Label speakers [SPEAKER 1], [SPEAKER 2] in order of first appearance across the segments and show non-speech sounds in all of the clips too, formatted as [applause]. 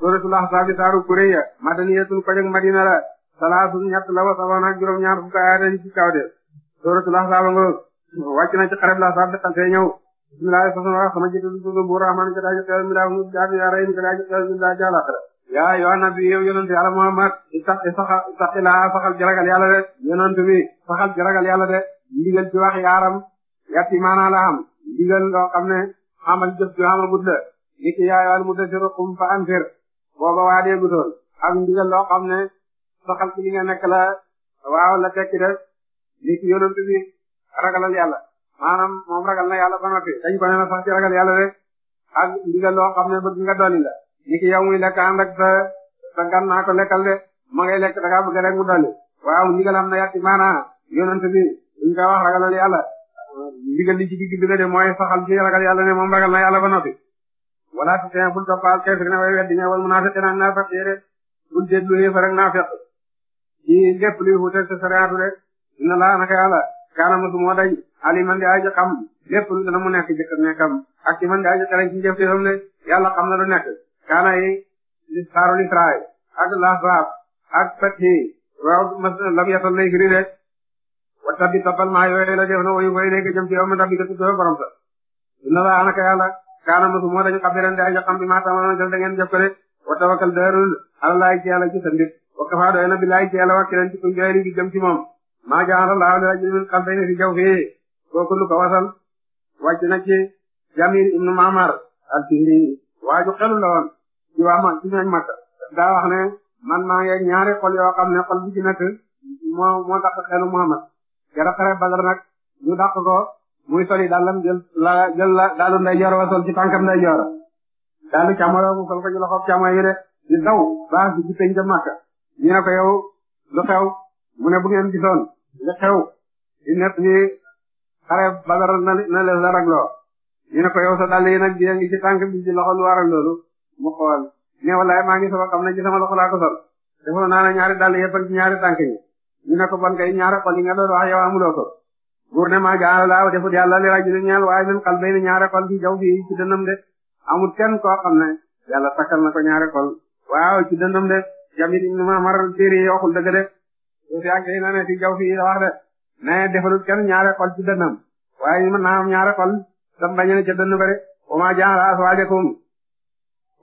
[SPEAKER 1] suratul ahzab saaru kurayya madaniyatun ko madina la salaasun ñett la wa sab'un ak juróom ñaar fukk ayaatan ci kaw de suratul nga wàcc ci xarab la sab de ñëw bismillahir rahmanir rahim sama jitu du bu rahman ka daaji xel mi daa mu jaatu yaa rahim ka daaji xel mi daa jaala xara yaa yoo nabi yow yonent yàlla muhammad sax saxal ci ragal yàlla de yonent bi saxal ci ragal yàlla la am ndigal loo xam ne booba waa dee gutoon ak ndigal loo xam ne saxal ci li nga nekk la waaw la tekki def li ci yonent bi ragalal yàlla maanaam moom ragal na yàlla ba noppi dañ ko ne na sax ci ragal yàlla rek ak ndigal loo xam ne bëgg nga dolli la ni ki yow muy lekk ànd ak sa sa gan naa ko lekkal de ma ngay lekk da ngaa bëgg rek mu dolli waaw ndigal am na yàtti maanaa yonent bi duñ ko wax ragalal yàlla ndigal li ci digg bi la de mooy saxal ci ragal yàlla ne moom ragal na yàlla ba noppi wala si fin bul toppal kay fi na way weddi ña wal munaafiqin ak naafeq yi rek bul déglu yéefar ak naafeq ci lépp luy wutal sa sariatu rek dina laa naka yàlla kaanama su moo daj ali man di aji xam lépp lu dana mu nekk jëkk nekkam ak ci man di aji xarañ ci jëf defam ne yàlla xam na lu nekk kaana yi xaarul israay ak laasab ak fathi waaw mas lam yatal lay firi rek wa tabbi toppal maa yooyu la def na wayu fay nekk jëm ci yow ma tabbi ka tuddoo borom sa dina laa naka yàlla kaana mosuma dañu xabiran di xam maa taamaloon jëf da ngeen jëf ko de wa a darul alalaay ci a ci sa mbir wa kafaa doy na billaay a yàlla wakkilan ci kuñ joyri gi jëm ci moom maa jaxala laa li rajulin min qalbayni fi jawfihi kooku lu ko wasal wàcc na ci Jamil ibnu Mamar al-Fihri waaju xelu la woon ci waa ma ci ñooñ Makka daa wax ne man maa ngi ñaari xol yoo xam ne xol bu ci moo moo dàq xelu Muhammad gara xare Badar nag ñu dàq ko muy soli dàllam jël la jël la daalu ndeyjoor wa sol ci tànkam ndeyjoor daalu càmmoñ wa mu sol ko ci loxoom càmmoñ yi de di daw baax bi ci peñ ca Makka ñu ne ko yow lu mu ne bu ngeen gisoon xew di nekk ni xare Badar na na leen la ragloo ñu ne ko yow sa dàll yi nag bii ngi loxo lu waral loolu mu xool ne wallaay maa ngi sama xam ne ci sama loxo laa ko sol defoon naa ne ñaari dàll yëpp ak ñaari tànk yi ñu ko ban kay ñaari xol yi nga doon wax yow amuloo ko gouvernement ga laaw defut yàlla li rajulin ñeel waaye min qalbayni ñaari xol fi jaw fi ci dëndam de amul kenn koo xam ne yàlla sakkal na ko ñaari xol waaw ci dëndam de jamit ibn mamar téere waxul dëgg de fi ak day ne fi jaw fi wax de ne defalut kenn ñaari xol ci dëndam waaye mën naa am ñaari bañ ne ca dënd ba de wa ma ja'ala azwaajakum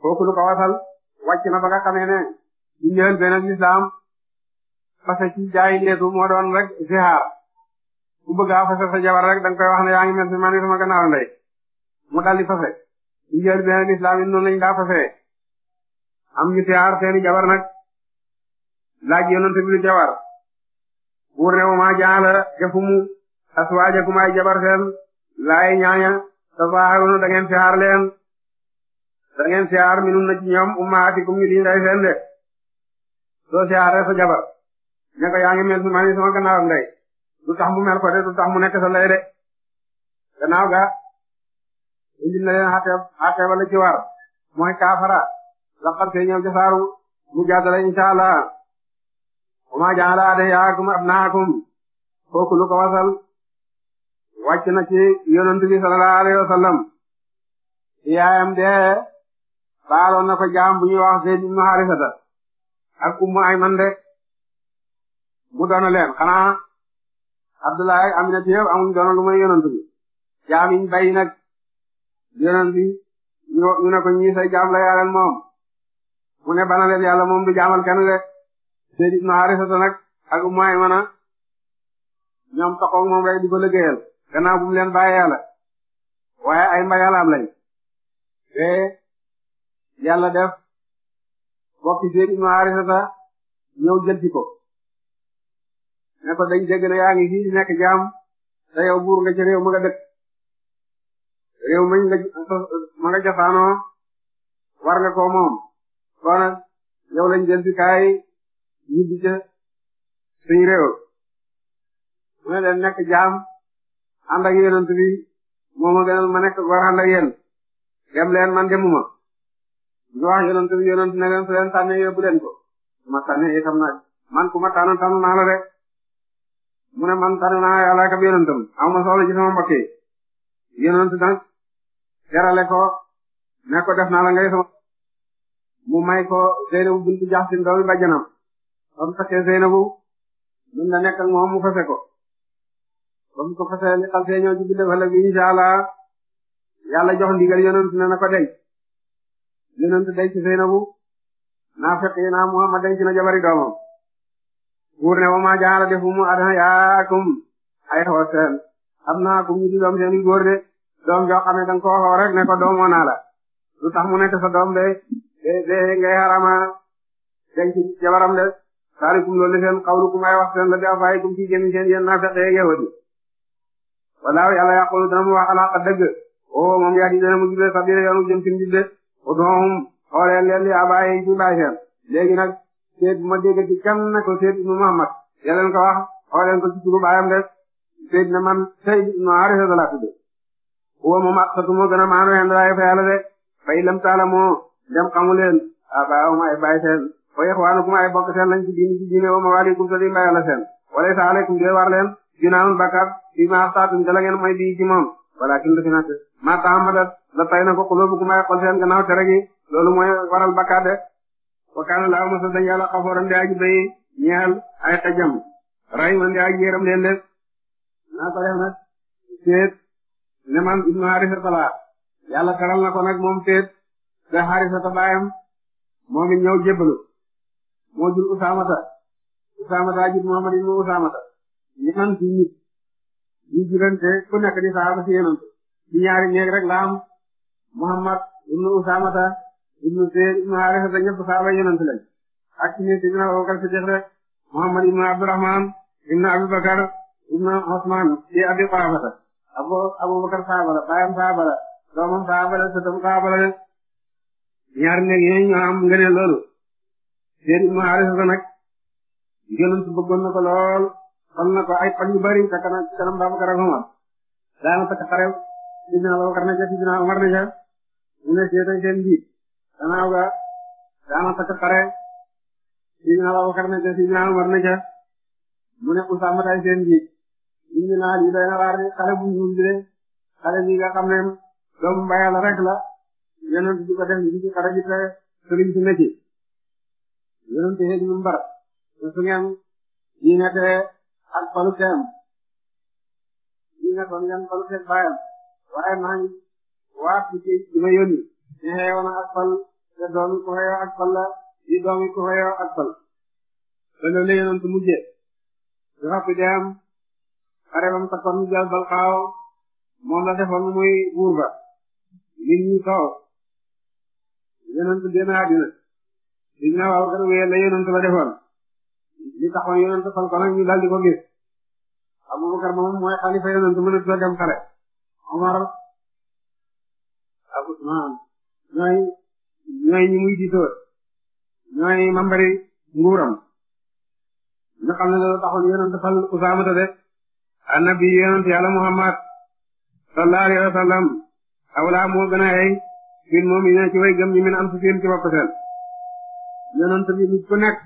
[SPEAKER 1] kooku lu ko wasal wàcc na ba nga xamee ne ñu ñëwal beneen islam parce que ci jaay leetu doon ku bëgg a sa jabar rek da koy wax ne yaa ngi mel ni man sama gannaaw ndey mu daldi fase njël beneen islam it noonu lañ daa fase am ñu tiyaar seeni jabar nag laaj yonent bi lu jabar buur ne ma jaala jafumu aswaajakum ay jabar seen laay ñaaña tasaaruna da ngeen tiyaar leen da ngeen tiyaar minum na ci ñoom ummaatikum ñu di ndey seen de soo tiyaaree sa jabar ne ko yaa ngi mel ni man sama gannaaw ndey du tax mu mer ko de du tax mu nekk sa lay de gannaaw ga indi na leen xateeb xateeba la ci war mooy kaafara laqad ke ñëw jasaaru mu jaadala insha allah wama jaala adiyaakum abnaakum kooku lu ko wasal wàcc na ci yonent bi sallallahu alayhi wa sallam yaayam de baaloon na ko jaam bu ñuy wax Zayd ibn Harisata ak Ummu Ayman de mu doon leen xanaa Abdullah ak Aminata yëpp amuñu doon lu may yonent bi jaam yi ñu bàyyi nag yonent bi ñu ne ko ñii say jaam la yàlla moom mu ne bana leen yàlla moom du jaamal kenn de Sayyid ibn Harisata nag ak Ummu Aymana ñoom taxaw moom rek di ko liggéeyal gannaaw bu mu leen bàyyee yàlla waaye ay mbayalaam lañ te yàlla def bokk Sayyid ibn Harisata ñëw jël ci ko ne ko dañ dégg ne yaa ngi fii nekk jaam te yow buur nga ci réew ma nga dëkk réew ma nga cosaanoo war nga koo moom kon nag lañ jël ci kaay ñibbi ca suñ réew mu ne leen nekk jaam ànd ak yonent bi ma gënal ma nekk war ànd ak yéen man demuma ñu wax yonent bi yonent ne leen su leen tànnee yóbbu ko ma tànnee itam nag man ku ma tànn tànn naa mu man tane naa yàlla ak yonentam aw ma soxla sama mbokk yi yonent nag ko ne def naa la ngay sama mu may ko Zeynabu bintu Jaxsin doomi ba mu fekkee Zeynabu mun na nekk moom mu fese ko ba mu ko fesee li xal see ñëw ci insha Allah yàlla jox ndigal yonent ne na ko denc yonent denc Zeynabu naa fekk naa Muhammad denc na jabari doomam buur ne wa maa jaala defumu adhayaakum ay xool seen am naa kum ñu di doom seen i doom joo xam ne danga koo xoo naa la lu tax mu nekk sa doom de de de ngay xarama denc jabaram de saalikum loolu seen xawlukum ay wax seen la di afaayikum ci génn seen yéen naa fexe yahudi walaaw yàlla yaqulu dana mu wax alaqa dëgg oo oh, moom yaa di dana mu jublee sabila yoonu jëm ci njub de udoohum xooleen leen li baay seen léegi nag seet bu ma dégg ci kan na ko seet ibnu Muhammad yàlla na ko wax xoo leen ko ci turu baayam rek seet na man Sayd ibnu Haarisa laa tudd wa moom ak satu moo gën a maanu hen waaye fa yàlla de fay lam taala moo dem xamu leen a baawum ay baay seen wa ixwaanukum ay bokk seen lañ ci diini ci diine wa mawaalikum sa di mbay yàlla seen wala sa aleykum dee war leen junaanun bakkat fi ma axtaatum jala ngeen mooy bii ci moom walakin dafi nak ma taamadat la tay na ko xuloobukum ay xol seen gannaaw tere gi loolu mooy waral bakkat de wa kaana laaw mos a dañ yàlla aji bay ñeel ay xajam rahiman di aji yéram leen def naa ko def nag ne man ibnu Haarisa la yàlla teral na ko nag moom seet da Haarisa ta baayam moom it ñëw moo jur Usaamata Usaamata jur Muhammad ibnu Usaamata ñaan ci nit ñu jurante ku nekk di saaba si yéenam ci ñaari ñeeg rek la Muhammad ibnu Usaamata ibnu Sayd ibnu Haarisa ba ñëpp saaba yonent lañ ak ci ñi Seydina Abubakar Siddiq rek Muhammad ibnu Abdurrahman ibnu Abubakar ibnu Usman di Abi Quhaafata Abu Abubakar saaba la baayam saaba la doomam saaba la sëtam saaba la ñaar nekk yooyu ñoo ibnu Haarisa nag ko lool xol na ko ay xol yu bari ca kanam ca kanam Abubakar ak Umar daana na ca Seydina Umar na ca ñu ne seetal seen gannaaw ga daana takk xare Seydina Abubakar ne ca Seydina Umar ne ca mu ne Usaama tay seen ji indi naa lii doy na waar ni xale bu ñuul bi de xale bi nga xam ne doomu mbay la rek la yonent di ko def di ci xare ji te sëriñ si ne ci yonent xeej mu mbar te su ngeen diinate ak falu teem diinatoon ngeen falu teem baayam waaye maa ngi waat ci ci ma yónni ñu xewoon ak fal te doomi ku xeyoo ak fal la di doomi ku xeyoo ak fal te loolu yonent mujjee nga xappi de am xarebam takkoon mu jal balxaaw moom la defoon muy buur ba nit ñi kaw yonent génn àddina di na waaw gën wéyal la yonent la defoon li taxoon yonent fal ko nag ñu daal di ko gis Abubakar moom mooy xalifa yonent mënatu dem xare Omar ak Usmaan ñooy ñooy ñi muy diisoo ñooy membari nguuram nga xam ne loolu taxoon yonent fal Usaamata de annabi yonent yàlla Muhammad sallallahu alayhi wa sallam moo gën a ay bin moom yi ne ci way gëm ñi min am si seen ci bopp seen yonent bi nit ku nekk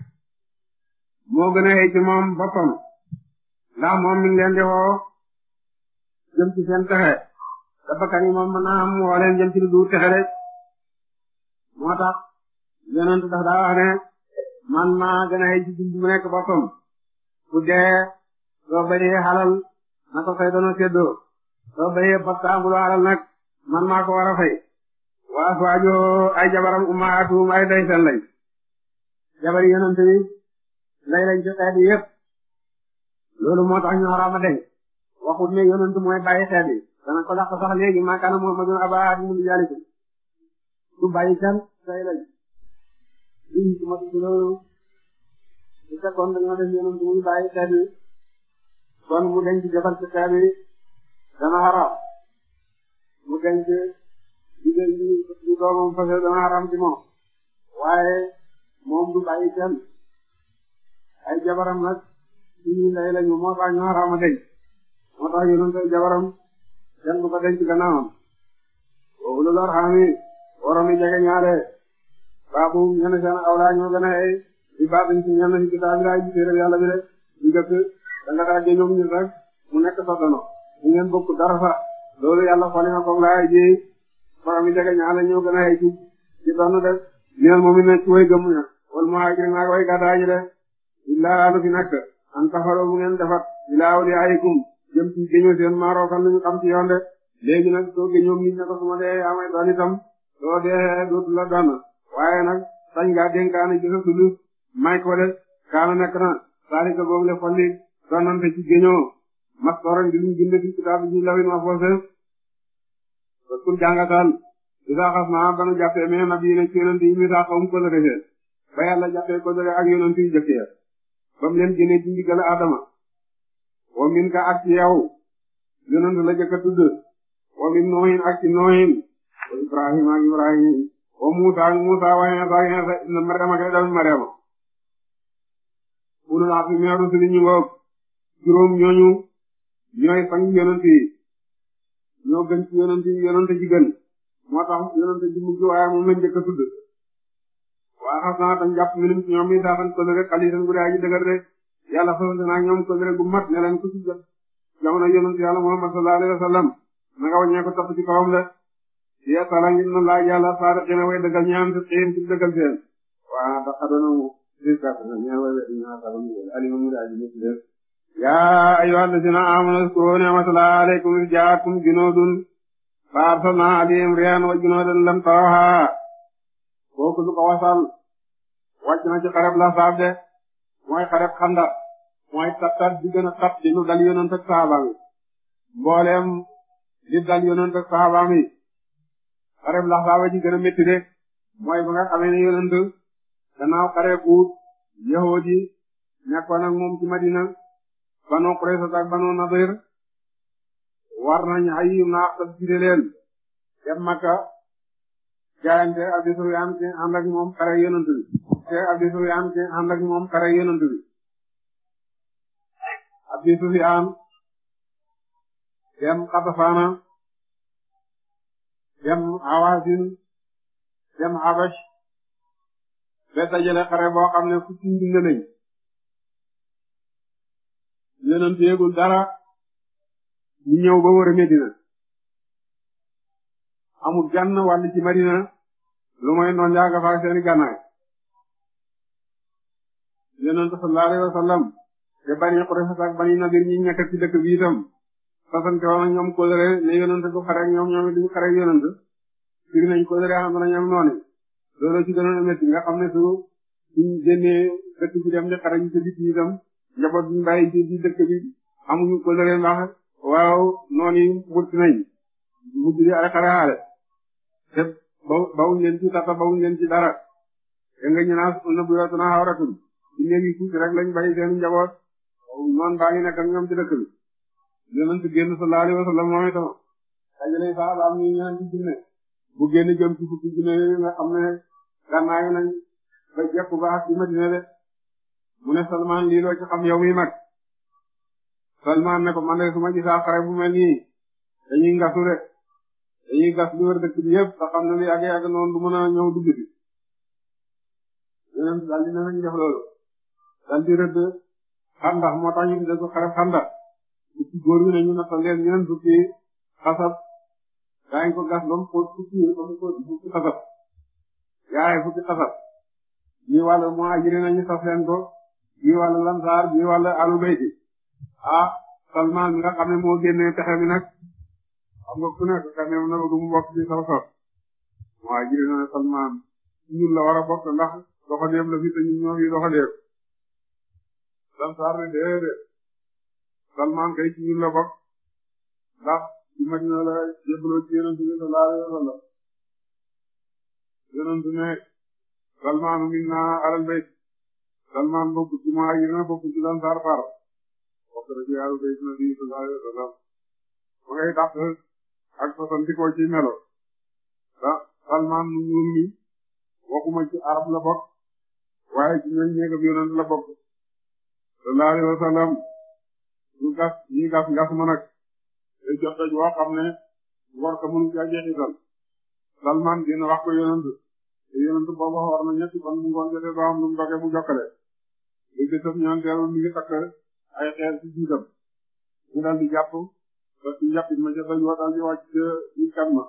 [SPEAKER 1] moo gën a ay ci moom boppam ndax moom mi leen di woo jëm ci seen texe te bakkan yi moom mën naa am woo leen jëm ci lu texe de moo tax yonent dafa daa wax ne man maa gën a ci dund mu nekk boppam bu dee soo bañee xalal na ko fay doona séddoo soo bañee battaangulu man maa ko war a waa suwaajo ay jabaram ummaatuum ay day seen lañ jabar yonent bi lay lañ ci xeet yi moo tax ñu xaraama deñ waxut ne yonent mooy bàyyi xeet yi dana ko lax sax léegi maa kaana Muhammadun abaa ahadin min rijalikum du bàyyi kenn tey lañ lii su ma si gënoon su fekkoon dañoo def yéen a ngi muy bàyyi xel yi kon mu denc defal ci xel yi dana xaraam mu denc jigéen ñi ñu doomam fase dana xaraam ci moom waaye moom du bàyyi kenn ay jabaram nag suñuy ndey lañu moo tax ñu xaraam a denc moo tax yéen a ngi koy jabaram kenn du ko denc gannaawam loolu lor xam waroon di jege ñaare baabu ñenn seen awlaa ñoo gën a xëy di baabu si ñenn si kitaab bi laay gisee yàlla bi rek ñu jëkk da nga daa ñoom ñu rek mu nekk sa dono ñu ngeen bokk dara loolu yàlla xooli na ko yi jege ñaare ñoo gën a xëy ci ci dono de ñeel moom it nag ci way gëm na wal muhaajiriin ak way gàddaa ji de illaa lu fi nekk an tafaroo bu ngeen defat illaa awliyaa'ikum jëm ci géñoo seen maaroo kan lu ci yoon de léegi nag soo géñoom nit ko su soo dee dootu la gànn waaye nag sañ nga dénkaane ci sa sulu may ko def kaana nekk na saalika googu le falli donnante ci géñoo mastoran di luñ bind fi kitaabu ji lawin ma foose ba kul jàngataan isaa xas naa banu jàppee mee na bii ne ci yonent yi misaa xawum ko lëre ba yàlla jàppee ko lëre ak yonent yi ba mu leen génnee ci ndigal Adama wa min ka ak ci yow yonent la jëkk a tudd wa min noohin ak ci noohin Ibrahima ak Ibrahima wa Musa Musa wa Isa ak Isa ibn Maryam ak ibn Maryam ulul azmi mina rusuli ñu ngoog juróom ñooñu ñooy sang yonent yi ñoo gën ci yi yonent ji moo tax yonent ji mujj waaye moom lañ njëkk a tudd waa xas naa tan jàpp minum ci ñoom mi saasan ko rek xaliitan gu daaji dëgër de yàlla fasante naa gu mat ne leen ku ci jot jamono yonent yàlla Muhammad sallallahu alayhi wasallam nanga waññee ko topp ci kawam la yaa sala ngir na laaj yàlla saadiqiina way dëggal ñaan si xiin ci dëggal seen waa ba xadanamu si kafina ñaan way wedd ñaan xalam alimamu daaji ni des yaa ayyuha alladina amanu uskuru ni'matallahi alaykum iz ja'akum junuudun fa arsalna alayhim rihan wa junuudan lam tarawha kooku lu ko wasal wàcc na ci xareb la saab de mooy xareb xanda mooy tat-tat bi gën a tat di lu dal yonent ak sahabaam yi mbooleem li dal yonent ak sahabaam yi xareb laxsaaba ji gën a métti de mooy ba nga xamee ne yonent gannaaw xareb uut yahood yi nekkoon ak moom ci Madina banu Qurayza ak banu Nadir war nañ xayim naa tas ci leen dem Makka jaayante Abu Sufyaan ci ànd ak moom xare yonent bi te Abu Sufyaan ci ànd ak moom xare yonent bi Abu Sufyaan dem Xatafaana dem Hawazin dem Habash ba dajale xare boo xam ne fukki junne lañ yonent yegul dara ñu ñëw ba wër Medina amul gann wàll ci Medina lu mooy noon yaa nga faak seeni gannaay yonent sallallahu alayhi wasallam te bani Quraysh ak bani Nadir ñi ñekk ci dëkk bi fasante woon ak ñoom kóllëre ne yonent du xare ak ñoom ñoom it duñu xare ak yonent firi nañ kóllëre xam na ñoom noonu loolu ci gënoon a métti nga xam ne su suñ génnee dëkk dem di xare ñu ci bit yi itam njaboot buñu bàyyi di dëkk bi amuñu kóllëre ndax waaw noonu yi wut nañ mujj di ay xareaale te ba bawuñ leen ci tata bawuñ leen ci dara te nga ñu naa na buyootu naa xawratul ci néegi tuuti rek lañ bàyyi seen njaboot noonu baa ngi nekk ak yonent génn sallallahu alayhi wa sallam moom itam xajale sahabaam ñu ñaan ci junne bu génn jëm ci fukki junne yooyu nga xam ne gànnaayu nañ ba jekku baax ci Madina de mu ne Salman lii loo ci xam yow mi mag Salman ne ko man de su ma gisaa xare bu mel nii dañuy ngasu de dañuy gas li wër dëkk bi yëpp te xam ne li yàgg yàgg noonu du mën a ñëw dugg bi yonent daal di ne nañ def loolu daal di rëdd xandax moo tax ñu tudde ko xare xandax ci góor ñi ne ñu natal leen ñeent fukki xasab daañu ko gas ba mu xóot fukki ba mu xóot fukki xasab yaay fukki xasab ñii wàll muhaajiri nañu saf leen ko ñii wàll lansaar ñii wàll alu bayti ah Salman mi nga xam ne moo génnee pexe mi nag xam nga ku nekk ka neew na bëgg
[SPEAKER 2] mu bokk ci saw sot muhaajiri na Salman ñun la war a bokk ndax doxaleem la fi te ñun ñoo fi doxaleem lansaar ne déedéet Salman kay ci ñun la bokk ndax ci Madina la jébbaloo ci yonent bi sallallahu alayhi wa sallam yonent ne Salman minna alal bayt Salman bokk ci muhajirina bokk ci Ansaar far bokk na ci alal na bi sallallahu wa sallam ma ngay tax ak fasantikoo ci melo ah Salman mu ñuul mi waxuma ci arab la bokk waaye ci ñoom ñeegam yonent la bokk sallallahu alayhi wa sallam ñu gas ñu gas ngas ma nag eh, te jox doj woo xam ne war ko mënu ca jeexital Salman dina wax ko yonentu te yonentu boobu war na ñetti fan mu ngoon jotee doo am lu mu doge mu jokkale li ci def ñaan teewul mi ngi takk ay xeer ci jiitam mu dal di jàpp ba ci njàppit ma ca doj woo dal di wàcc ci kan ma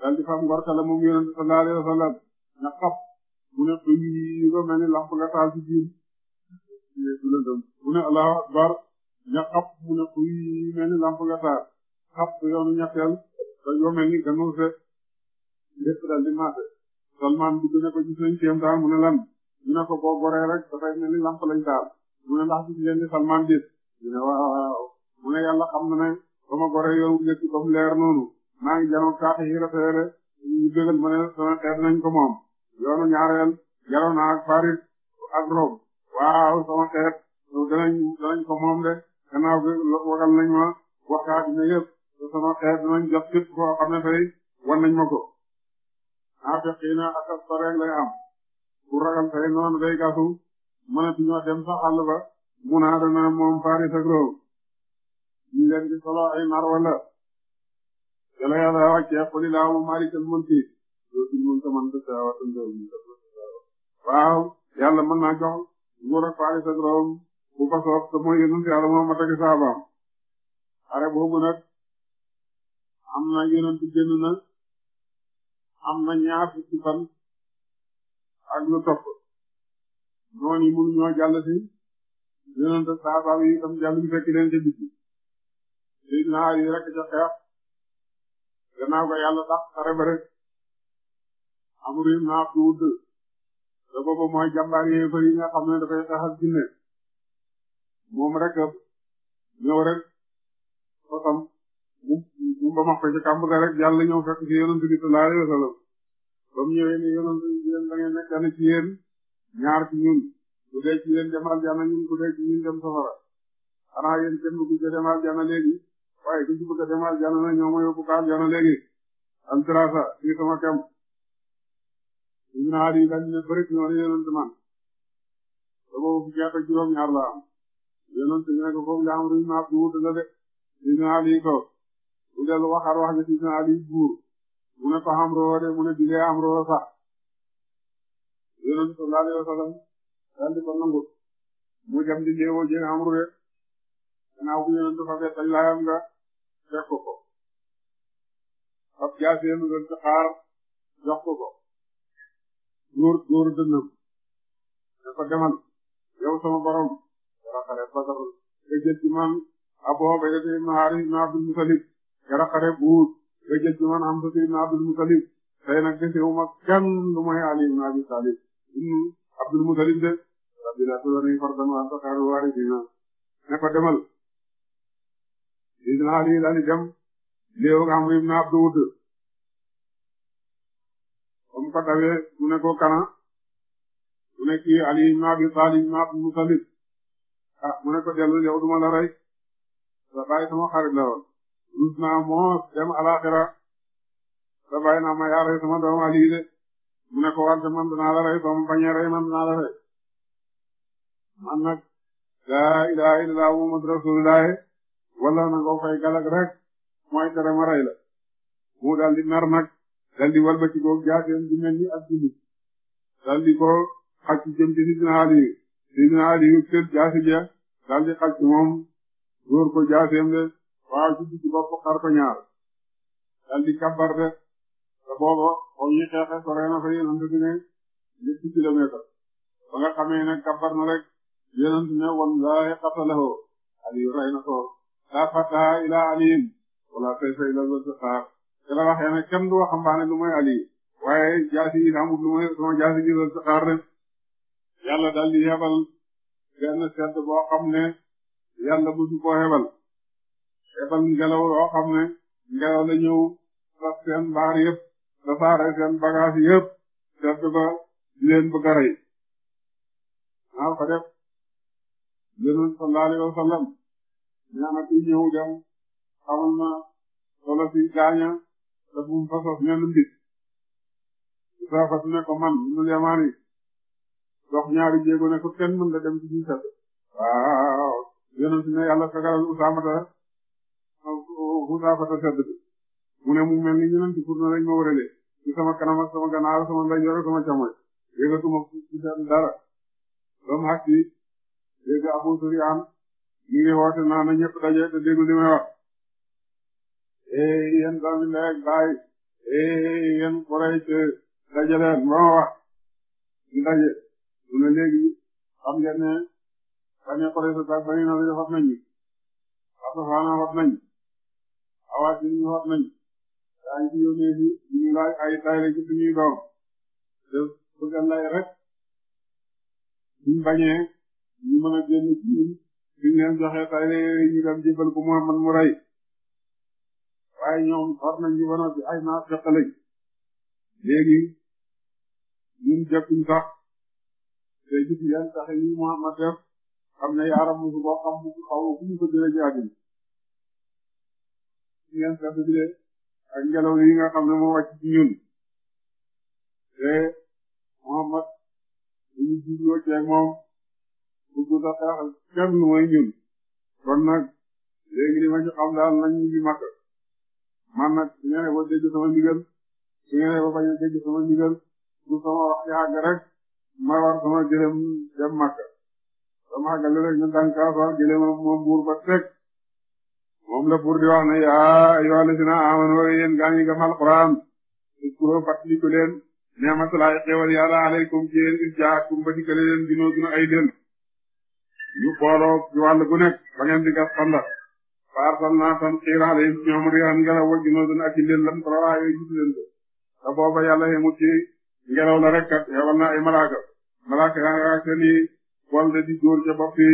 [SPEAKER 2] dal di fam ngor kala moom yonentu sallallahu alayhi wasallam nga xap mu ne xuy yi ba mel ni lamp nga taal ci biir mu ne Allahu akbar ña xap mu ne kuy mel ni lamp nga saar xap yoonu ñetteel te yoo mel ni gannaaw fekk lépp dal di Salman dugg ne ko gis nañ kéem daal mu ne lan ñu ne ko boo goree rek dafay mel ni lamp lañ taal mu ne ndax gis leen ni Salman gis mu ne yàlla xam na ne sama goree yoon wu ma ne sama xeet nañ ko yoonu ñaareel jaroon naa ak Paris ak Rome waaw sama xeet danañ danañ ko moom de gannaaw wagal nañ ma wax dina yëpp te sama xeet dinañ jox képp koo xam ne wan nañ ma ko naafiqiina ak aspareeg lay am ku ragal tey noonu day gasu mënatuñoo dem sa àll ba munaada na moom Faris ak Rome ñu leen solo ay nar wala jëla yàlla wàccee xuli laamu maalikal mulki dootul mën man waaw yàlla mën naa jox nguur ak Faris ak Rome bu ko te mooy yonent Yàlla Muhammad ak saabaam xare boobu nag am na yonent am na ñaar fukki fan ak lu topp noonu yi mënu ñoo jàll si yonent saabaam yi itam jàll ñu fekk leen ca naa yi rek ca xeex gannaaw ko yàlla tax xare ba rek amul naa fi wut te boobu mooy jàmbaar yee fari nga xam ne moom rek ñëw rek fasam mu mu mbamax ko ci kàmb ga rek yàlla ñëw fekk ci yonent bi sallallahu alayhi wasallam ba mu ñëwee ne yonent bi yéen ñaar ci ñun ku dee ci yéen dem ñun ku dee ñun dem safara xanaa yéen kenn bëgg ci dem aljanna léegi waaye ku ci bëgg a dem aljanna ma yóbbu ko aljanna léegi altrasa ci sama kam ñaar dañ ne bëri ñoo ne yonent man da boobu fukki at ak ñaar la yonent bi ne ko foofu nga am ruñ ma bu wut la de Sidina Ali toog mu dellu waxaat wax ne Sidina Ali buur
[SPEAKER 1] mu ne ko am roo de mu ne dilee am roo sax yonent sallallahu alayhi wasallam daal di ko nangu mu jam di leewoo jël am roo de
[SPEAKER 2] gannaaw bu yonent fa fekk laayam nga fekk ko ab jaasee mu doon ci xaar jox ko ko góor góor dënnam ne ko demal yow sama borom Rakare Badru nga man Abu Ubayda ibn Harith ibn Abdul Muttalib nga Rakare Uhud man Hamza ibn Abdul Muttalib tey nag desewuma kenn lu may Ali ibn Abdul Muttalib de rabbi la tudani fardan wa anta khairul warithina ne ko demal Ali daal di dem léew nga Amr ibn Abd Wudd comme ko dawee ko kana mu ne Ali ibn Abdul Muttalib ah mu ne ko dellul yow duma la rey sa baay sama xarit la woon rus naa moo dem alaxira sa baay naa ma yaa rey doom Aliyu mu ne ko wante man danaa la rey soo bañee rey man danaa la rey man nag laa ilaha illallah muhammad rasulullah wala nangoo fay galag rek mooy tere ma rey la mu daal di mer nag daal di walbati ko jaateem di mel ni ak jullit daal di ko xaj ci jëm ci Sidina Seydina Aliyu kër jaasi ja daal di xaj ci moom dóor ko jaaseem de waaw ci digg bopp xar ko ñaar daal di kabar de te booba xaw yi xeexe sore na fa yonent bi ne ñetti kilomètre ba nga xamee ne kabar na rek yonent ne wallahi qatalahu Aliyu rey na ko la fataha ila aliyin wala sayfa ila zalzaqar te la waxee ne kenn du waxambaane lu mooy Aliyu waaye jaasi yi amul lu mooy sama jaasi ji zalzaqar de yàlla daal di hebal benn sedd boo xam ne yàlla busu hebal hebal ngelaw loo xam ngelaw la ñëw sax seen baar yëpp da seen bagage yëpp sedd ba di leen bëgg naa ko def yonent sallallahu alayhi wa sallam ñaana ti ñëw dem xamal ma solo si gaaña te bu fa sos menn mbit saa ko ne ko man mu yamaani dox ñaari jéego ne ko kenn mën da dem ci biir sàtt. waaw yonent ne yàlla fegalal Usaamata Usaamata sedd bi mu ne mu mel ni yonent pour ne lañ ma wëralee ci sama kanam ak sama gannaaw sama ndeyjoor sama càmmoñ yëgatuma ci dara ba mu àgg si léegi Abu Sufyaan mi ngi woote naa na ñëpp daje te déglu li may wax eh yéen doomi ndey ak baay eh wax ñu daje. mu ne léegi xam ngeen ne bani Qurayza ak bani Nadir xot nañu Safwaana xot nañu Awaasin xot nañu daañu tayle ci suñuy doom te bëgg a rek ñu bañee ñu mën a génn ci ñun suñ leen joxee tayle yooyu ñu dem jébal ko Muhammad mu rey waaye ñoom xot nañ ñu ba noppi ay naafeq lañ léegi sax te gis ngeen pexe yi Muhammad def xam ne yaaram mosu boo xam xaw ma fu ñu ko jëlee ci àddina bi de ak ngelaw yi nga xam ne moo wàcc ci ñun te Muhammad dañu jubloo ceeg moom bëggut a xeexal kenn mooy ñun kon nag
[SPEAKER 1] léegi li ma ci xam daal nañ ñu ngi man nag su ngeen ba dégg sama ndigal su ngeen ba bañ a dégg sama ndigal pour sama wax ci àgg rek. ma war sama
[SPEAKER 2] gëlëm dem Makka sama àggale rek ñu daan kaa moom buur ba teg moom la buur di wax ne yaa ayyuhal lazina amanu yéen gaa ñi gëm alquran iskuro fàttaliku leen neematulaay xewal yàlla aleykum ci yéen is jaakum ba dikkale leen ginoo gino ay dén ñu booloo ci wàll ba ngeen di gas xanda fa arsalna tan xiir alayhim ñoom rihan ngelaw wa ginoo dun ak i leen lam tarawaayoo gis leen ko te booba yàlla yemut ci ngelaw la rek kat yabal na ay malaaka malaaka yaa ak seen i wol da di dóor ca bopp yi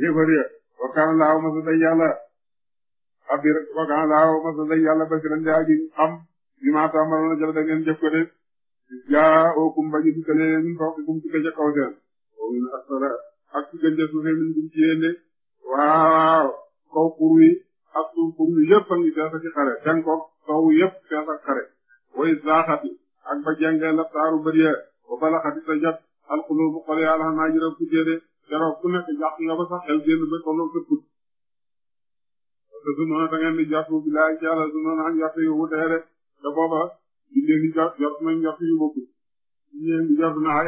[SPEAKER 2] xéefar eh, ya laaw masa dañ yàlla basiran di aji xam bi maa taamaroona jël ngeen jëf ko de jaa ookum bañu dikkale min fawqikum tukke ca kaw seen oo min asfala ak tukke ca suufe min gum ci yéen waaw kaw xur wi ak yëpp a ngi fees ak ten ko kaw yëpp fees ak xare way zaaxati ak ba jenge laftaaru bëriya ba balaxati ta jot alxulubu xol ya alxanaajira futéede ku nekk jàq nga sax xel génn ba tolloog sa put te su noona da ngeen di jot bu bilaay ci yàlla su noona am jot yu wutee de te booba di leen di jot jot nañ jot yu bokku ñi leen di jot na ay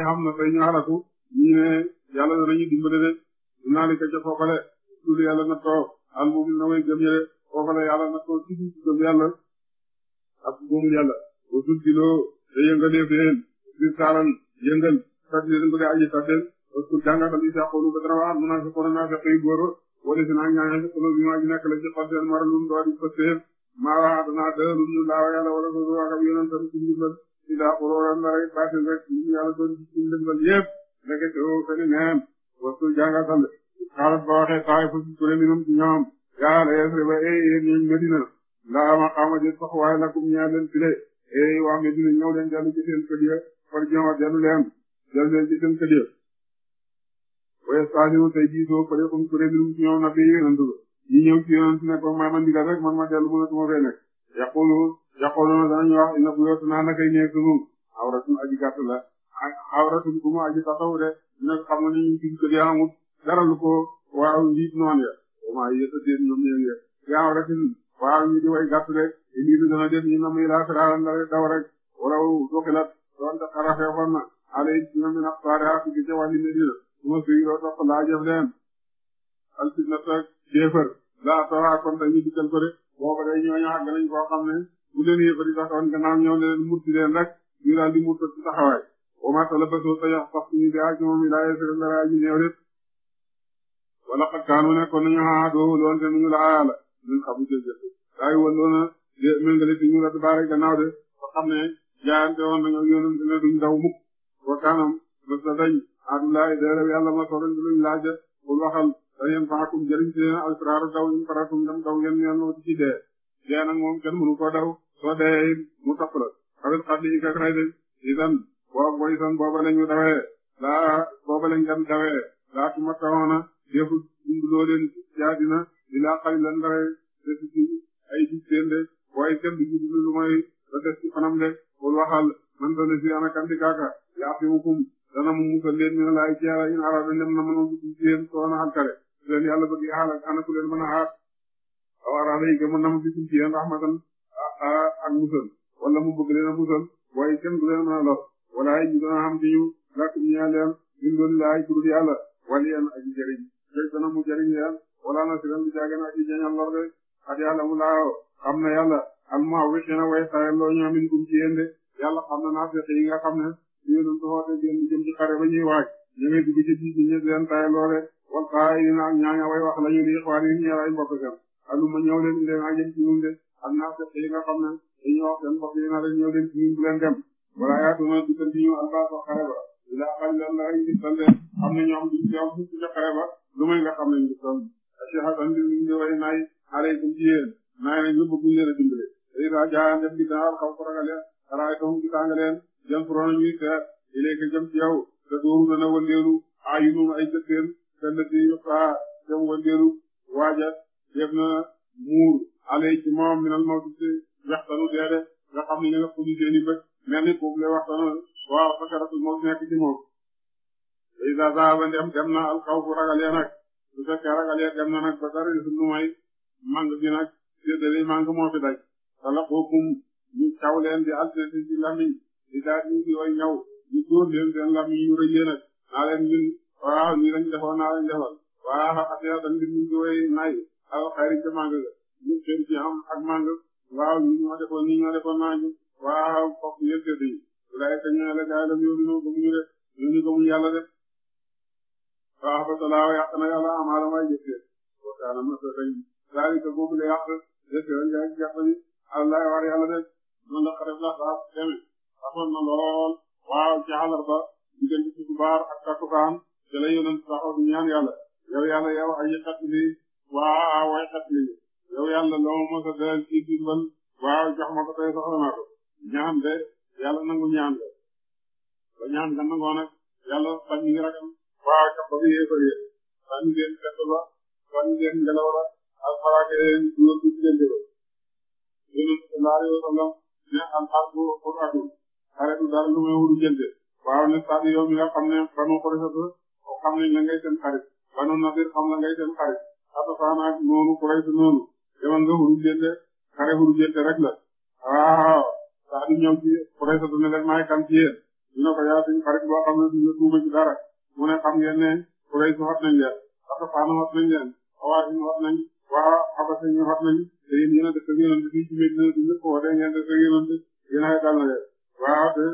[SPEAKER 2] te yëngalee fi yéen saaran yëngal sax di leen bëgg a aji sax leen parce que jàngatal yi sax xoolu ba dara waxal munaafiqoon naafiqi góor wala si naa si xolo bi maa ji nekk la ci xol seen maralum doo di pëstéef maa waxaatanaa dalum ñu laawa yàlla wala ko waakab yonen tan ci ndimbal i daa xurooran la rek baatin rek ñu yàlla ko ci ndimbal yépp ndeke tewo kene neen wastu jàngatal xaalat ba waxee taay fu ci kuréel minum ci ñoom yaa la yees reba e eh, yéen ñooñ medina laa ma xaama jët sax waaye lakum ñaa leen e waa Medina ñëw leen dellu ci seen kër ya far jëma dellu leen dellu leen ci seen kër ya waaye saa yu tey jii soo paree comme kuréel yi ci ñoom na fi yonent ñi ñëw ci yonent ne ko may ma ndigal rek man ma dellu mën a tuma fee nekk yaqulu yaquluna danañu wax ina buyootunaa nakay nekk nun awratun aji gàtt la awratun bu mu aji taxaw de ni ñu ci kër ya amut dara lu ko waaw njiit noon ya waaw a waaw ñi di way gàtt rek Iblis dana def ñu na muy laa firaaran la daw rek walaw duxilat doonte xarafeefoon na ale dina min aqtaariha fi ca wàlli Medina suma suyiloo topp laa jëf leen al fitna ta jéefër laa tawaa ah, kon dañu dikkal ko de booba day ñooñu àgg nañ koo xam ne bu leen yëfari taxoon gannaaw ñëw ne leen murti leen rek ñu daal di murta ci taxawaay wamata la basoo ta yax sax ñu bi aaj moom i laaye sere dara ji néew de wala ñun xamu jëf waaye woon noona méngale fi ñu radd baare gannaaw de ba xam ne jaayante woon na nga yonent ne duñ daw mukk wakaanam mës na dañ adulaay dara yàlla ma soxlañ di luñ laaja bul waxal dañeen faakum a si alsiraaru daw ñu faratum dem daw ngeen ñeen moo ci dee dee nag moom kenn mënu koo daw soo dee mu topp la xawit xat li ikak ray de isan boobu booy isan a lañu dawee laa booba lañ gan dawee laa tuma tawoona defu dunduloo leen jaadina dinaa xali lan dara def ci ay gis teen de waaye kenn du ci lu may la def ci fanam de pour waxal man sa ne si ana kandi kaaka yaa fi hukum dana mu musal leen mi na laay ci yàlla in araada nem na mëna dugg ci yéen soo na alkare su leen yàlla bëgg xaalak ana ku leen mën a xaar aw araada yi na mu bisim ci yéen rahmatan ak musal wala mu bëgg a musal waaye kenn du leen mën a lor wala yi dana xam ci ñu lakk ñaa leen min doon laay turul yàlla wala yéen ak jëriñ fekk dana mu wala na si ren bi jaage naa de ak yàlla mu xam na yàlla al muwaffiqiina way xare loo ñoo min kum ci yéen de yàlla xam na naa fexe yi nga xam ne ñu doon xoote génn jëm ci ñoom duñ teew fukk xare ba lu may nga xam ne ngis tan ashhadu di ñu way naay alaykum ci yéen naay nañ lu bëgg leen a dimbale day daa jaa def di daal xaw ko ragale raay tom di tàng leen jëm furona ñuy seet iléegi jëm ci yow te dooru dana wëndeelu ayunum ay jëkkeen te lëddi yoptaa jëm wëndeelu waaja def na muur alay ci moom minal mawti ci waxtanu dee de nga xam ne ñu nga fudi seeni bët mel ni kooku lay waxtanu waaw fakaratul mawti nekk ci moom day daa saa dem na alxawfu ragale nag su fekkee ragal ya dem na nag ba dara gisul lu mooy mang gi nag séddale mang moo fi daj talaqukum ñu taw leen di alsinati ci lamiñ di daal di di way ñaw ñu dóor leen seen lamiñ yu rëy nag naa leen ñun waaw nii lañ defoon naa leen defal waaw affaire dañ di ñu di way nay al xayri ca mang ga ñu seen ci am ak mang waaw ñu ñoo defoon nii ñoo defoon naa ñu waaw fokk ñëpp sédd yi laay ka ñëwee la gaay la ñu yóbbu ñu gëmuñu de ñu ñu gëmuñu yàlla de fa ahbatalaahu yàq na yàlla amaalam ay jëf yéen wa kaana masratan zaalika boobu la yàq jëf yéen jaay jàpp ni allah war yàlla de man la xaref la saa demee xamoon na lool waaw ci xalar ba diggante ci subaar ak takkusaan te la yonent taxaw ñaan yàlla yow yàlla yow aji xat li waaw way xat li yow yàlla loo mos a dalal ci dimbal waaw jox ma ko tey soxla naa ko ñaan de yàlla nangu ñaan de ba ñaan nga nangoo nag yàlla bañ ñu ragal malaaka bëgg yéefar yi sànni leen fett la sànni leen ngelaw la ak malaaka yéen dugal ko ci leen jëloon. yéen sallallahu alayhi wa sallam ne al harbu qur'atu xare du dara lu may wuru jënde waaw ne saa yow mi nga xam ne banu Qurayza ko xam ne la ngay seen xarit banu Nadir xam la ngay seen xarit Gatafaan ak noonu Qurayza noonu demal nga wuru jënde xare wuru jënde rek la waaw saa du ñëw ci Qurayza du ne leen maay kan ci yéen ñu ne ko yaa suñu xarit boo xam ne duñ la tuuma ci dara mu ne xam ngeen ne Quraysh xot nañ leen Qatafaan xot nañ leen Hawaazin xot nañ waa Habasa ñu xot nañ te yéen yéen a dëkk yonent bi ci Medina du ñëpp woo de ngeen dëkk yonent yéen a dal na leen waaw te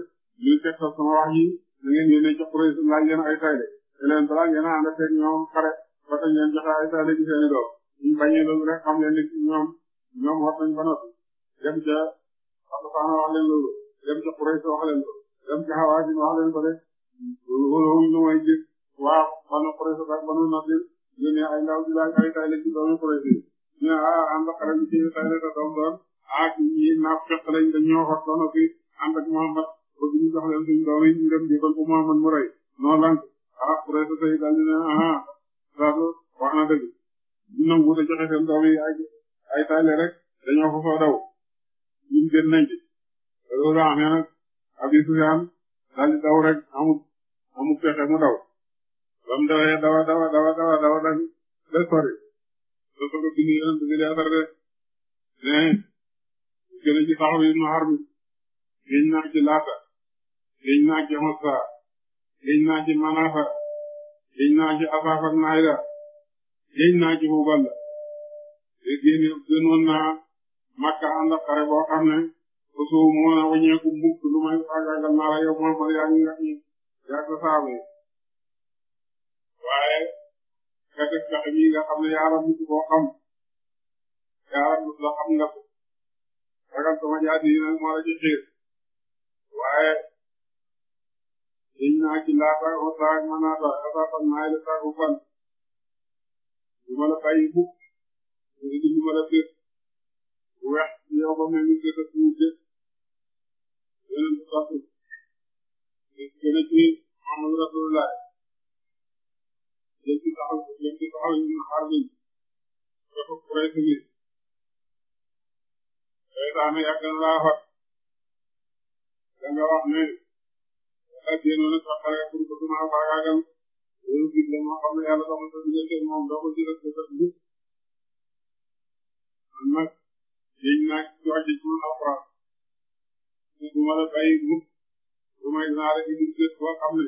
[SPEAKER 2] ñu tegtal sama wax yi na ngeen yónnee jox Quraysh laaj leen ay tayle te leen balaa ngeen a ànd ak ñoom xare ba tax ngeen joxe ay tayle ci seeni doom ñu bañee loolu rek xam leen ne ñoom ñoom xot nañ ba noppi dem ca Qatafaan wax leen loolu dem ca Quraysh wax leen ko dem ca Hawaazin wax leen ko de loolu waroon lu may jëf waa Banu Qurayza ay ndaw di ay tayle ci doomu Qurayza ne ah ànd ak tayle te doom doon ah ñi naaf fekk lañ dañ ñoo xot ba noppi Muhammad bëgg ñu jox leen suñu doom yi ñu Muhammad mu rey noo lank ah, daal ne ah Sadou wax na dëgg nangu te joxe seen doom yi ay tayle rek dañoo ko soo daw ñun gën nañ ci loolu amee nag Abi Sufyaan daldi daw rek amut amut pexe mu daw ba mu dawee dawa dawa dawa dawa dawa dañ ba sori ba soog a bind yonent bi leetar de ne gën a ci saxar yi nu xar mi géñ naa ci laata géñ naa ci mossa géñ naa ci manafa géñ naa ci asaaf ak naayda géñ naa ci hubal de génn woon naa makka ànd ak xare boo xam ne su mu mën a wëññeeku mukk lu may faagaagal naa la yow Muhammad yaa ngi ñaq ñi yaa sa saabee waaye nga teg pexe mi nga xam ne yaaram mutu koo xam yaaram mutu la xam nga ko ragal sama jaati yi nag moo la ci xiir waaye liñ naa ci laata o saak manaata asaatal naa la saaku fan du ma la bàyyi mukk du ma la féet bu weex yow ba mel ni féet a tuuti loolu bokkul jëlee ci Muhammadu Rasulullah jëm ci taxaw jëm ci taxaw ñu xaar nañ dafa kuréel ci biir seytaane yàgg na laa xot da nga wax ne da génnoon a soxla pour bëgg maa faagaagal loolu gis la moo xam ne yàlla doxal sa diggante moom doo ko jëlee sa dugub man nag dañ naa ci wàcc ci alxuraan te du ma la bàyyi mukk du may naa la indil bés boo xam ne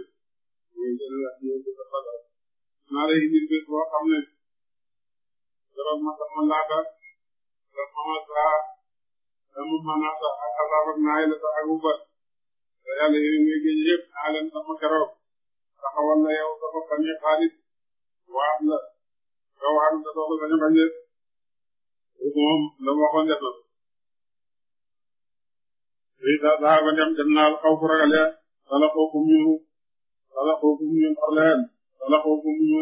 [SPEAKER 2] mooy jënd la yow di ko fagal naa la indil bés boo xam ne keroog ma sama laata sama masaa sama manaata ak asaaba naay la sa ak ubat te yàlla yooyu ngay géej yëpp naa leen sama keroog taxawal la yow dafa bañ a xaalis waat la nga waat nga doog a bañ a bañ a moom la waxoon def na léegi daal daa ba dem dem naa la xaw fu ragal yaa dala xookum ñu dala xookum ñu xor leen dala xookum ñu